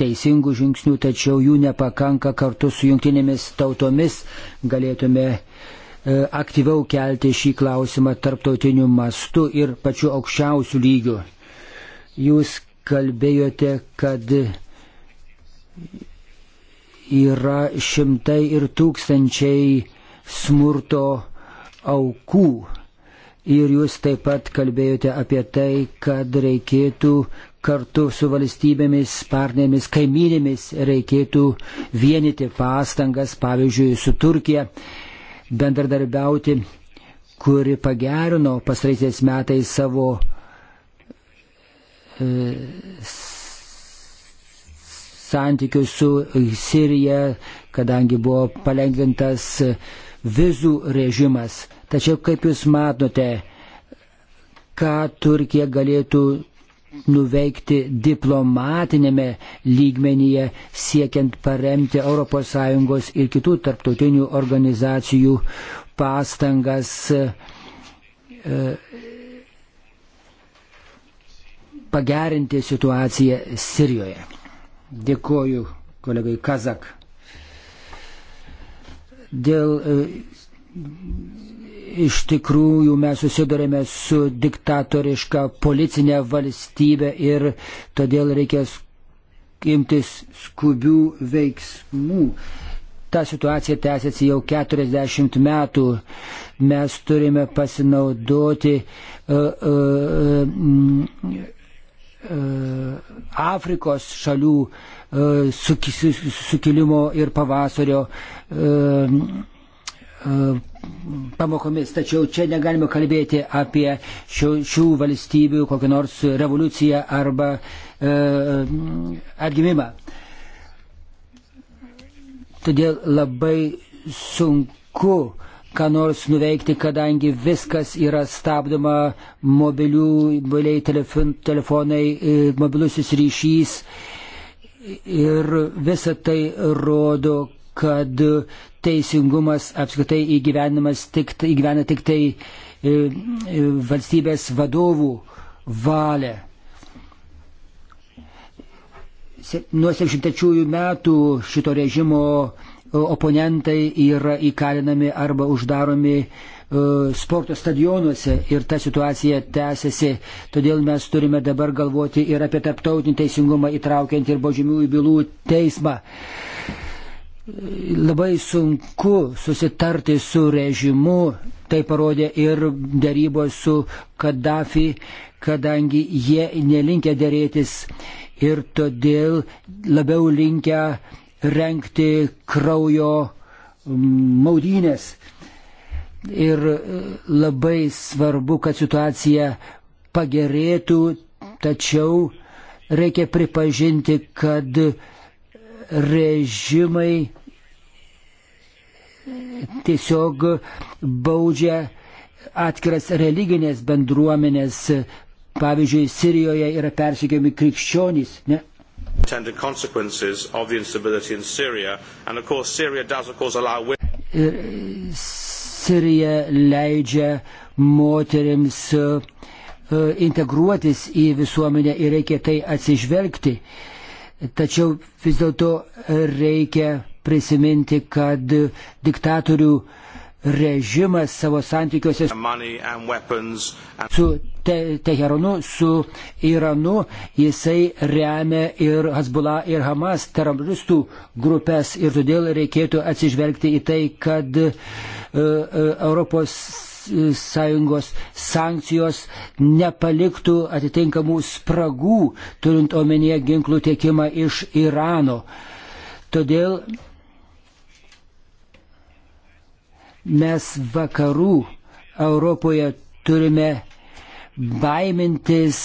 teisingų žingsnių, tačiau jų nepakanka kartu su jungtinėmis tautomis galėtume E, aktyviau kelti šį klausimą tarptautiniu mastu ir pačiu aukščiausiu lygiu. Jūs kalbėjote, kad yra šimtai ir tūkstančiai smurto aukų. Ir jūs taip pat kalbėjote apie tai, kad reikėtų kartu su valstybėmis, partnerėmis, kaimynėmis reikėtų vienyti pastangas, pavyzdžiui, su Turkija bendradarbiauti, kuri pagerino pasraisiais metais savo e, santykius su Sirija, kadangi buvo palengvintas vizų režimas. Tačiau kaip Jūs matote, ką Turkija galėtų nuveikti diplomatinėme lygmenyje, siekiant paremti ES ir kitų tarptautinių organizacijų pastangas e, pagerinti situaciją Sirijoje. Dėkoju kolegai Kazak. Dėl e, iš tikrųjų mes susidurėme su diktatoriška policinė valstybė ir todėl reikės imtis skubių veiksmų. Ta situacija tęsiasi jau 40 metų. Mes turime pasinaudoti uh, uh, uh, Afrikos šalių uh, sukilimo ir pavasario uh, E, pamokomis, tačiau čia negalime kalbėti apie šių, šių valstybių kokią nors revoliuciją arba e, atgimimą. Todėl labai sunku ką nors nuveikti, kadangi viskas yra stabdoma mobilių, mobiliai telefon, telefonai, e, mobilusis ryšys. Ir visa tai rodo, kad teisingumas apskritai įgyvenimas tik, įgyvena tik tai e, e, valstybės vadovų valią. Nuo 73 metų šito režimo e, oponentai yra įkalinami arba uždaromi sporto stadionuose ir ta situacija tęsiasi. Todėl mes turime dabar galvoti ir apie tarptautinį teisingumą įtraukiant ir baudžiamiųjų bylų teismą labai sunku susitarti su režimu, tai parodė ir darybos su Kadafi, kadangi jie nelinkia dėrėtis ir todėl labiau linkia renkti kraujo maudynės. Ir e, labai svarbu, kad situacija pagerėtų, tačiau reikia pripažinti, kad režimai tiesiog baudžia atskiras religinės bendruomenės. Pavyzdžiui, Sirijoje yra persikėjami krikščionys. Ne? Ir Sirija leidžia moteriams e, integruotis į visuomenę ir reikia tai atsižvelgti. Uh, Tačiau vis dėlto reikia prisiminti, kad diktatorių režimas savo santykiuose su te Teheranu, su Iranu, jisai remia ir Hezbollah, ir Hamas teroristų grupės ir todėl reikėtų atsižvelgti į tai, kad uh, uh, Europos sąjungos sankcijos nepaliktų atitinkamų spragų, turint omenyje ginklų tiekimą iš Irano. Todėl mes vakarų Europoje turime baimintis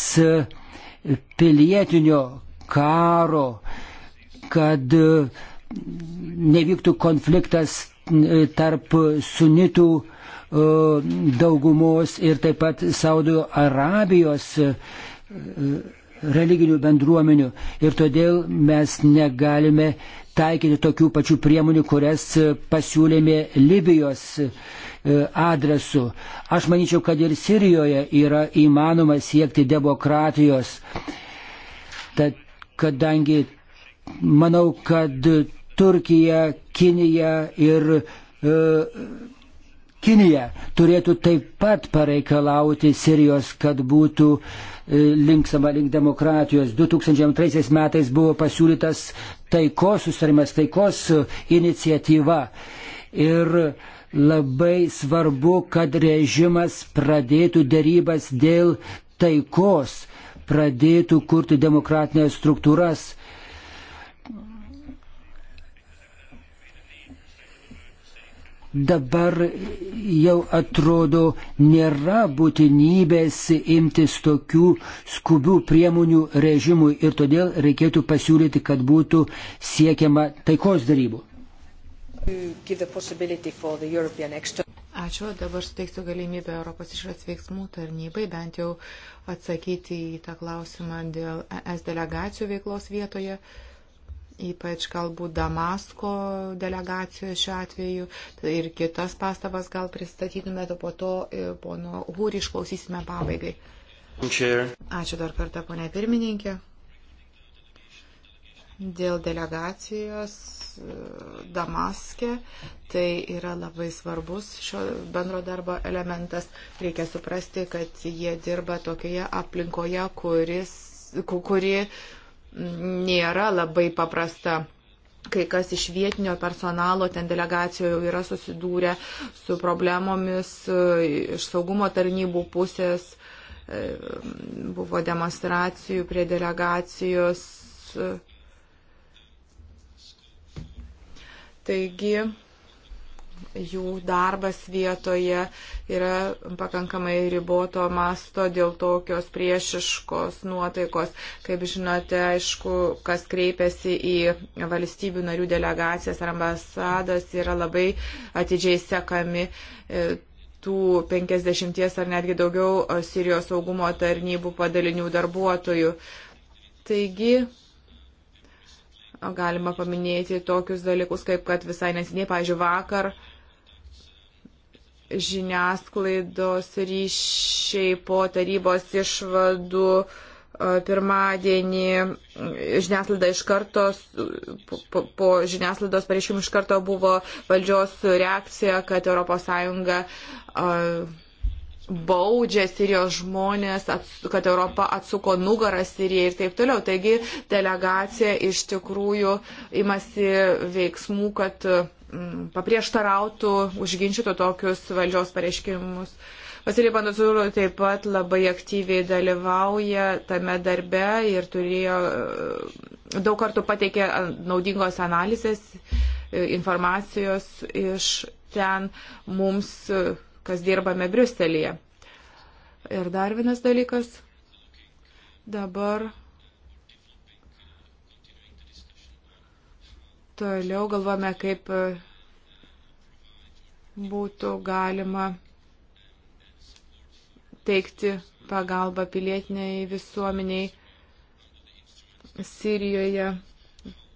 pilietinio karo, kad nevyktų konfliktas tarp sunitų daugumos ir taip pat Saudo Arabijos e, religinių bendruomenių. Ir todėl mes negalime taikyti tokių pačių priemonių, kurias pasiūlėme Libijos e, adresu. Aš manyčiau, kad ir Sirijoje yra įmanoma siekti demokratijos. Tad, kadangi manau, kad Turkija, Kinija ir e, Kinija turėtų taip pat pareikalauti Sirijos, kad būtų e, linksama link demokratijos. 2002 metais buvo pasiūlytas taikos susitarimas, taikos e, iniciatyva. Ir labai svarbu, kad režimas pradėtų dėrybas dėl taikos, pradėtų kurti demokratinės struktūras dabar jau atrodo nėra būtinybės imtis tokių skubių priemonių režimui ir todėl reikėtų pasiūlyti, kad būtų siekiama taikos darybų. Ačiū, dabar suteiksiu galimybę Europos išras veiksmų tarnybai bent jau atsakyti į tą klausimą dėl ES delegacijų veiklos vietoje. Uh, ypač galbūt Damasko delegacijoje šiuo atveju. Tai ir kitas pastabas gal pristatytumėte, po to e, pono Hūrį išklausysime pabaigai. Ačiū dar kartą, ponė pirmininkė. Dėl delegacijos e, Damaskė, tai yra labai svarbus šio bendro darbo elementas. Reikia suprasti, kad jie dirba tokioje aplinkoje, kuris, kuri nėra labai paprasta kai kas iš vietinio personalo ten delegacijoje jau yra susidūrę su problemomis iš saugumo tarnybų pusės, e, buvo demonstracijų prie delegacijos. Taigi, jų darbas vietoje yra pakankamai riboto masto dėl tokios priešiškos nuotaikos. Kaip žinote, aišku, kas kreipiasi į valstybių narių delegacijas ar ambasadas yra labai atidžiai sekami e, tų 50 ar netgi daugiau e, Sirijos saugumo tarnybų padalinių darbuotojų. Taigi, galima paminėti tokius dalykus, kaip kad visai nesiniai, pažiūrėjau, vakar žiniasklaidos ryšiai po tarybos išvadų e, pirmadienį žiniasklaida iš karto, po, po žiniasklaidos pareiškimų iš karto buvo valdžios reakcija, kad ES e, baudžia Sirijos žmonės, kad Europa atsuko nugarą Sirijai ir taip toliau. Taigi delegacija iš tikrųjų imasi veiksmų, kad Mm, paprieštarautų, užginčytų tokius valdžios pareiškimus. Vasilij Pandazūro taip pat labai aktyviai dalyvauja tame darbe ir turėjo e, daug kartų pateikė e, naudingos analizės, e, informacijos iš ten mums, kas dirbame Briuselėje. Ir dar vienas dalykas. Dabar Toliau galvojame, kaip e, būtų galima teikti pagalbą pilietiniai visuomeniai Sirijoje,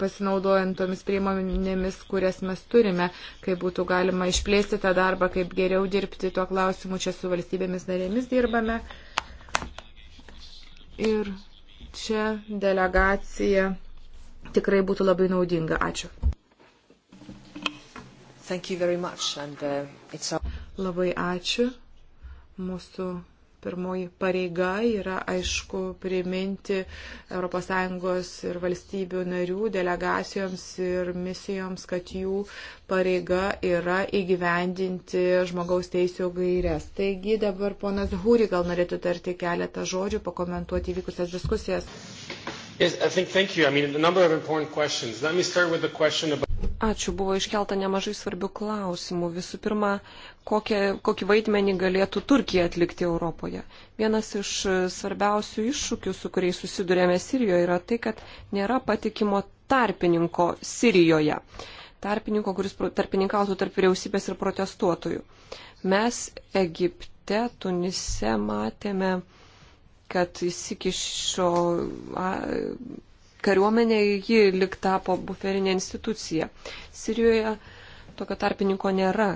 pasinaudojant tomis priemonėmis, kurias mes turime, kaip būtų galima išplėsti tą darbą, kaip geriau dirbti tuo klausimu, čia su valstybėmis narėmis dirbame. Ir čia delegacija tikrai būtų labai naudinga. Ačiū. And, uh, labai ačiū. Mūsų pirmoji pareiga yra, aišku, priminti ES ir valstybių narių delegacijoms ir misijoms, kad jų pareiga yra įgyvendinti žmogaus teisų gairias. Taigi dabar ponas Hūri gal norėtų tarti keletą žodžių, pakomentuoti įvykusias diskusijas. Yes, I think, thank you. I mean, a number of important questions. Let me start with the question about Ačiū, buvo iškelta nemažai svarbių klausimų. Visų pirma, kokie, kokį vaidmenį galėtų Turkija atlikti Europoje. Vienas iš svarbiausių iššūkių, su kuriais susidurėme Sirijoje, yra tai, kad nėra patikimo tarpininko Sirijoje. Tarpininko, kuris tarpininkautų tarp vyriausybės ir protestuotojų. Mes Egipte, Tunise matėme kad įsikišo kariuomenė, ji lik tapo buferinė institucija. Sirijoje tokio tarpininko nėra.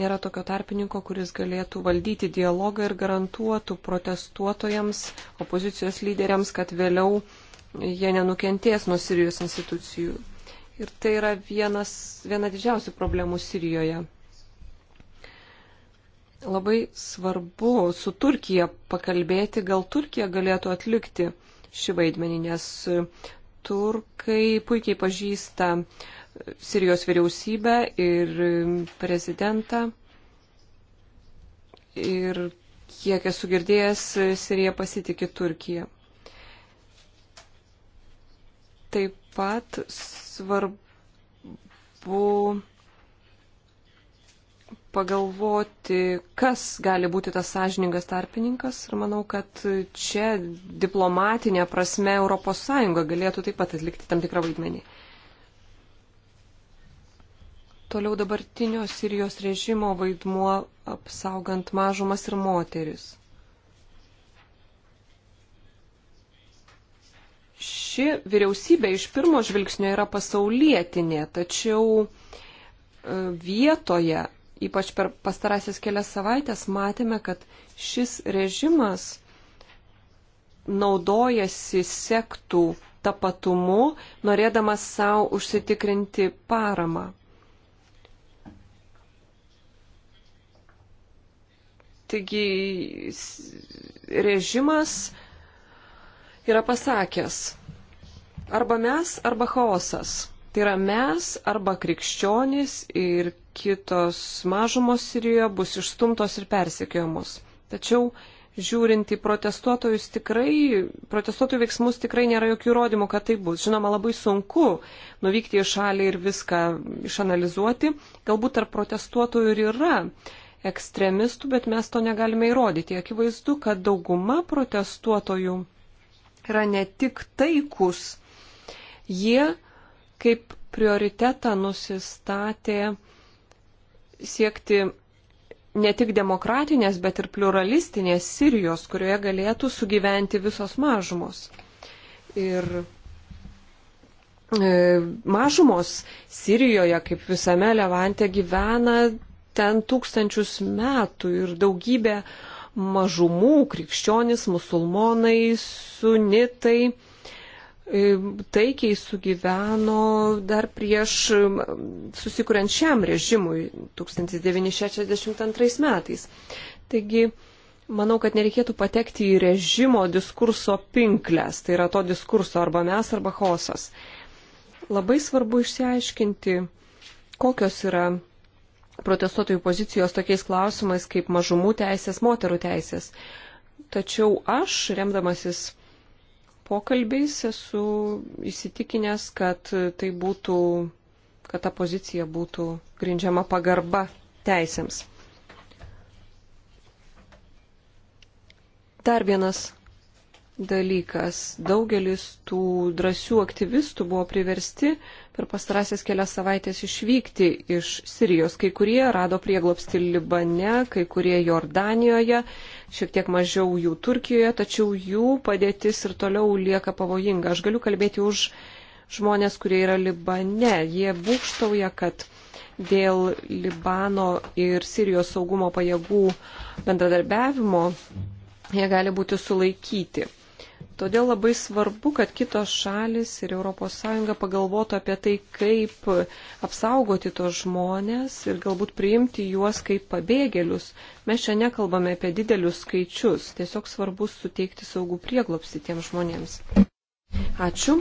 Nėra tokio tarpininko, kuris galėtų valdyti dialogą ir garantuotų protestuotojams, opozicijos lyderiams, kad vėliau jie nenukentės nuo Sirijos institucijų. Ir tai yra vienas, viena didžiausių problemų Sirijoje labai svarbu su Turkija pakalbėti, gal Turkija galėtų atlikti šį vaidmenį, nes turkai puikiai pažįsta Sirijos vyriausybę ir prezidentą. Ir kiek esu girdėjęs, Sirija pasitikė Turkiją. Taip pat svarbu pagalvoti, kas gali būti tas sąžiningas tarpininkas ir manau, kad čia diplomatinė prasme ES galėtų taip pat atlikti tam tikrą vaidmenį. Toliau dabartinio Sirijos režimo vaidmuo apsaugant mažumas ir moteris. Ši vyriausybė iš pirmo žvilgsnio yra pasaulietinė, tačiau e, vietoje ypač per pastarąsias kelias savaitės matėme, kad šis režimas naudojasi sektų tapatumu, norėdamas savo užsitikrinti paramą. Taigi režimas yra pasakęs, arba mes, arba chaosas. Tai yra mes arba krikščionys ir kitos mažumos Sirijoje bus išstumtos ir persekiojamos. Tačiau žiūrint į protestuotojus tikrai, protestuotojų veiksmus tikrai nėra jokių įrodymų, kad tai bus. Žinoma, labai sunku nuvykti į šalį ir viską išanalizuoti. Galbūt tarp protestuotojų ir yra ekstremistų, bet mes to negalime įrodyti. Akivaizdu, kad dauguma protestuotojų yra ne tik taikus, jie kaip prioritetą nusistatė siekti ne tik demokratinės, bet ir pluralistinės Sirijos, kurioje galėtų sugyventi visos mažumos. Ir e, mažumos Sirijoje, kaip visame Levante, gyvena ten tūkstančius metų ir daugybė mažumų - krikščionis, musulmonai, sunitai. E, taikiai sugyveno dar prieš e, susikuriant šiam režimui 1962 metais. Taigi, manau, kad nereikėtų patekti į režimo diskurso pinklės, tai yra to diskurso arba mes arba chaosas. Labai svarbu išsiaiškinti, kokios yra protestuotojų pozicijos tokiais klausimais kaip mažumų teisės, moterų teisės. Tačiau aš, remdamasis pokalbiais esu įsitikinęs, kad tai būtų, kad ta pozicija būtų grindžiama pagarba teisėms. Dar vienas dalykas. Daugelis tų drąsių aktyvistų buvo priversti uh, per pastarąsias kelias savaitės išvykti iš Sirijos. Kai kurie rado prieglopsti Libane, kai kurie Jordanijoje, šiek tiek mažiau jų Turkijoje, tačiau jų padėtis ir toliau lieka pavojinga. Aš galiu kalbėti už žmonės, kurie yra Libane. Jie būkštauja, kad dėl Libano ir Sirijos saugumo pajėgų bendradarbiavimo jie gali būti sulaikyti. Todėl labai svarbu, kad kitos šalis ir ES pagalvotų apie tai, kaip apsaugoti tos žmonės ir galbūt priimti juos kaip pabėgėlius. Mes čia nekalbame apie didelius skaičius, tiesiog svarbu suteikti saugų prieglopsi tiem žmonėms. Ačiū.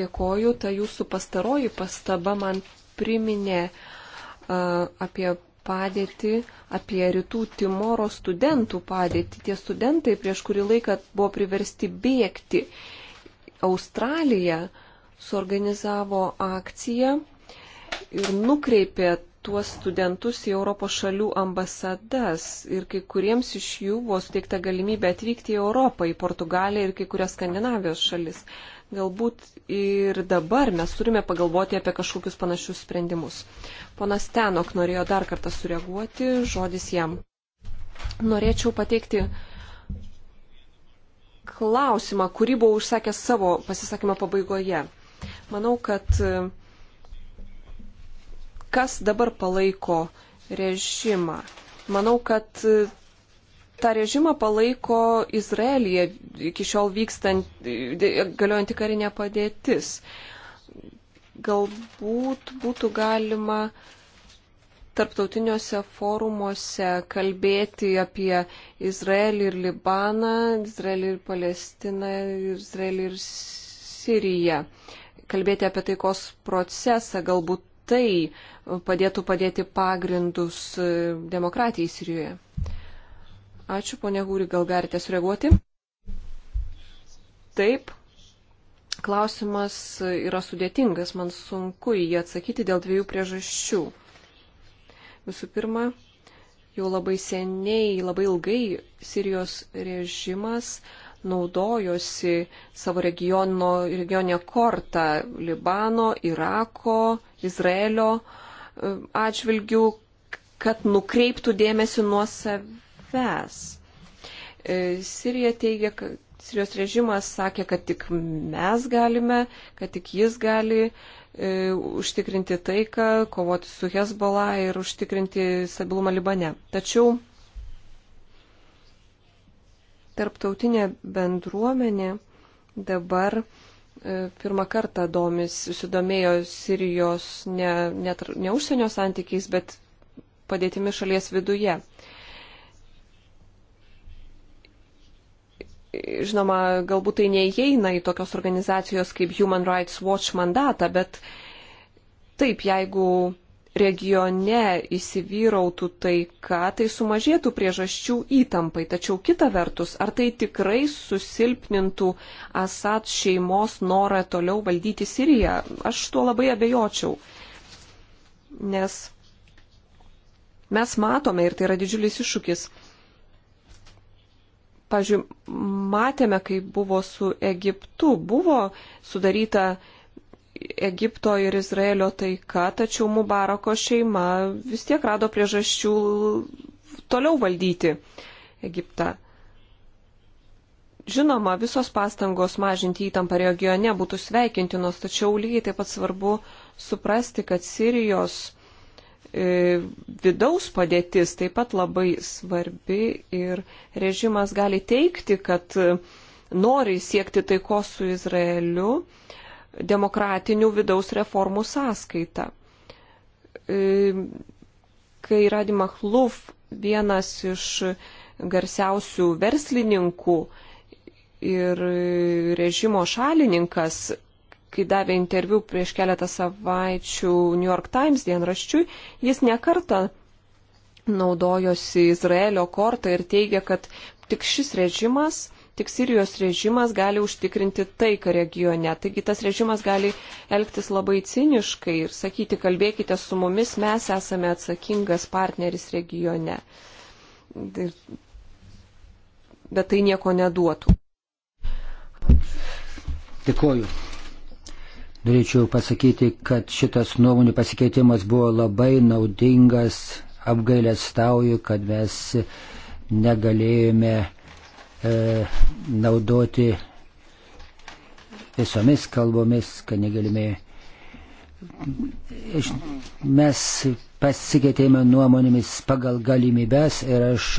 Dėkoju, ta jūsų pastaroji pastaba man priminė uh, apie padėtį, apie rytų Timoro studentų padėtį. Tie studentai prieš kurį laiką buvo priversti bėgti. Australija suorganizavo akciją ir nukreipė tuos studentus į Europos šalių ambasadas ir kai kuriems iš jų buvo suteikta galimybė atvykti į Europą, į Portugaliją ir kai kurias Skandinavijos šalis. Galbūt ir dabar mes turime pagalvoti apie kažkokius panašius sprendimus. Ponas Tenok norėjo dar kartą sureaguoti, žodis jam. Norėčiau pateikti klausimą, kurį buvau užsakęs savo pasisakymo pabaigoje. Manau, kad e, kas dabar palaiko režimą? Manau, kad e, tą režimą palaiko Izraelija iki šiol vykstant, galiojanti karinė padėtis. Galbūt būtų galima tarptautiniuose forumuose kalbėti apie Izraelį ir Libaną, Izraelį ir Palestiną, Izraelį ir Siriją. Kalbėti apie taikos procesą, galbūt tai padėtų padėti pagrindus demokratijai Sirijoje. Ačiū, ponia Gūri, gal galite sureaguoti? Taip. Klausimas yra sudėtingas, man sunku į jį atsakyti dėl dviejų priežasčių. Visų pirma, jau labai seniai, labai ilgai Sirijos režimas naudojosi savo regiono, regionė kortą Libano, Irako, Izraelio e, atžvilgių, kad nukreiptų dėmesį nuo savęs savęs. E, Sirija teigia, kad Sirijos režimas sakė, kad tik mes galime, kad tik jis gali e, užtikrinti taiką, kovoti su Hezbollah ir užtikrinti stabilumą Libane. Tačiau tarptautinė bendruomenė dabar e, pirmą kartą domis, susidomėjo Sirijos ne, ne, ne užsienio santykiais, bet padėtimi šalies viduje. žinoma, galbūt tai neįeina į tokios organizacijos kaip Human Rights Watch mandatą, bet taip, jeigu regione įsivyrautų taika, tai sumažėtų priežasčių įtampai. Tačiau kita vertus, ar tai tikrai susilpnintų Asad šeimos norą toliau valdyti Siriją? Aš tuo labai abejočiau. Nes mes matome, ir tai yra didžiulis iššūkis, pažiūrėjau, matėme, kaip buvo su Egiptu. Buvo sudaryta Egipto ir Izraelio taika, tačiau Mubarako šeima vis tiek rado priežasčių toliau valdyti Egiptą. Žinoma, visos pastangos mažinti įtampą regione būtų sveikintinos, tačiau lygiai taip pat svarbu suprasti, kad Sirijos E, vidaus padėtis taip pat labai svarbi ir režimas gali teikti, kad e, nori siekti taikos su Izraeliu demokratinių vidaus reformų sąskaita. E, kai Radi Mahluf, vienas iš garsiausių verslininkų ir režimo šalininkas, kai davė interviu prieš keletą savaičių New York Times dienraščiui, jis nekarta naudojosi Izraelio kortą ir teigia, kad tik šis režimas, tik Sirijos režimas gali užtikrinti taiką regione. Taigi tas režimas gali elgtis labai ciniškai ir sakyti, kalbėkite su mumis, mes esame atsakingas partneris regione. Bet tai nieko neduotų. Dėkuoju. Norėčiau pasakyti, kad šitas nuomonių pasikeitimas buvo labai naudingas, apgailestauju, kad mes negalėjome e, naudoti visomis kalbomis, kad negalime. Mes pasikeitėme nuomonėmis pagal galimybės ir aš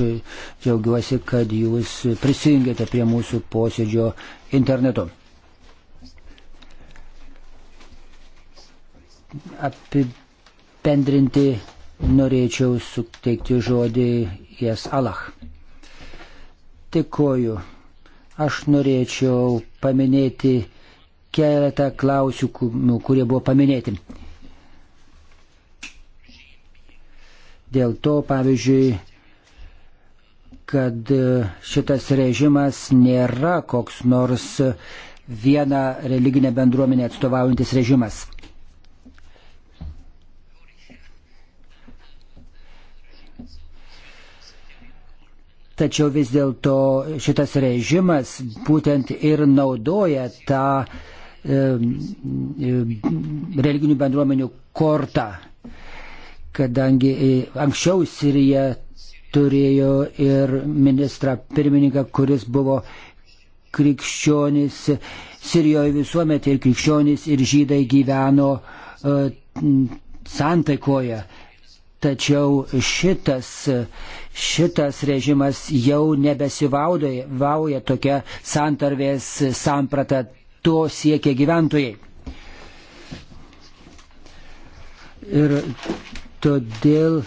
džiaugiuosi, kad jūs prisijungėte prie mūsų posėdžio internetu. apibendrinti norėčiau suteikti žodį Jas Alach. Tikoju, aš norėčiau paminėti keletą klausimų, kurie buvo paminėti. Dėl to, pavyzdžiui, kad šitas režimas nėra koks nors vieną religinę bendruomenę atstovaujantis režimas. Tačiau vis dėlto šitas režimas būtent ir naudoja tą e, religinių bendruomenių kortą, kadangi e, anksčiau Sirija turėjo ir ministrą pirmininką, kuris buvo krikščionis. Sirijoje visuomet ir krikščionis, ir žydai gyveno e, santaikoje. Tačiau šitas šitas režimas jau nebesivauja tokia santarvės samprata, to siekia gyventojai. Ir todėl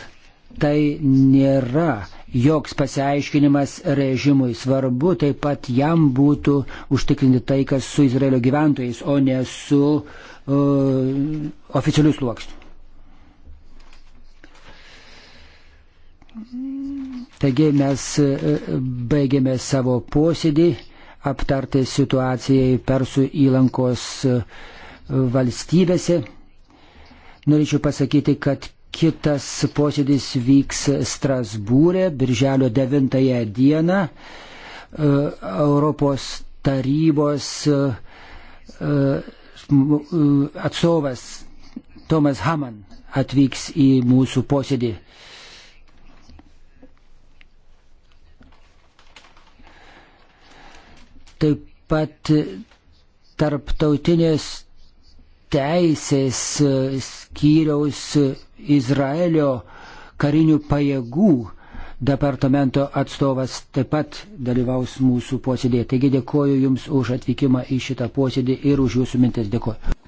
tai nėra joks pasiaiškinimas režimui. Svarbu taip pat jam būtų užtikrinti taikas su Izraelio gyventojais, o ne su uh, oficialius sluoksniu. Taigi mes e, e, baigėme savo posėdį aptarti situacijai Persų įlankos e, valstybėse. Norėčiau pasakyti, kad kitas posėdis vyks Strasbūrė, birželio 9 dieną, Europos tarybos atstovas Tomas Haman atvyks į mūsų posėdį. Taip pat tarptautinės teisės skyriaus Izraelio karinių pajėgų departamento atstovas taip pat dalyvaus mūsų posėdėje. Taigi dėkoju Jums už atvykimą į šitą posėdį ir už Jūsų mintis. Dėkoju.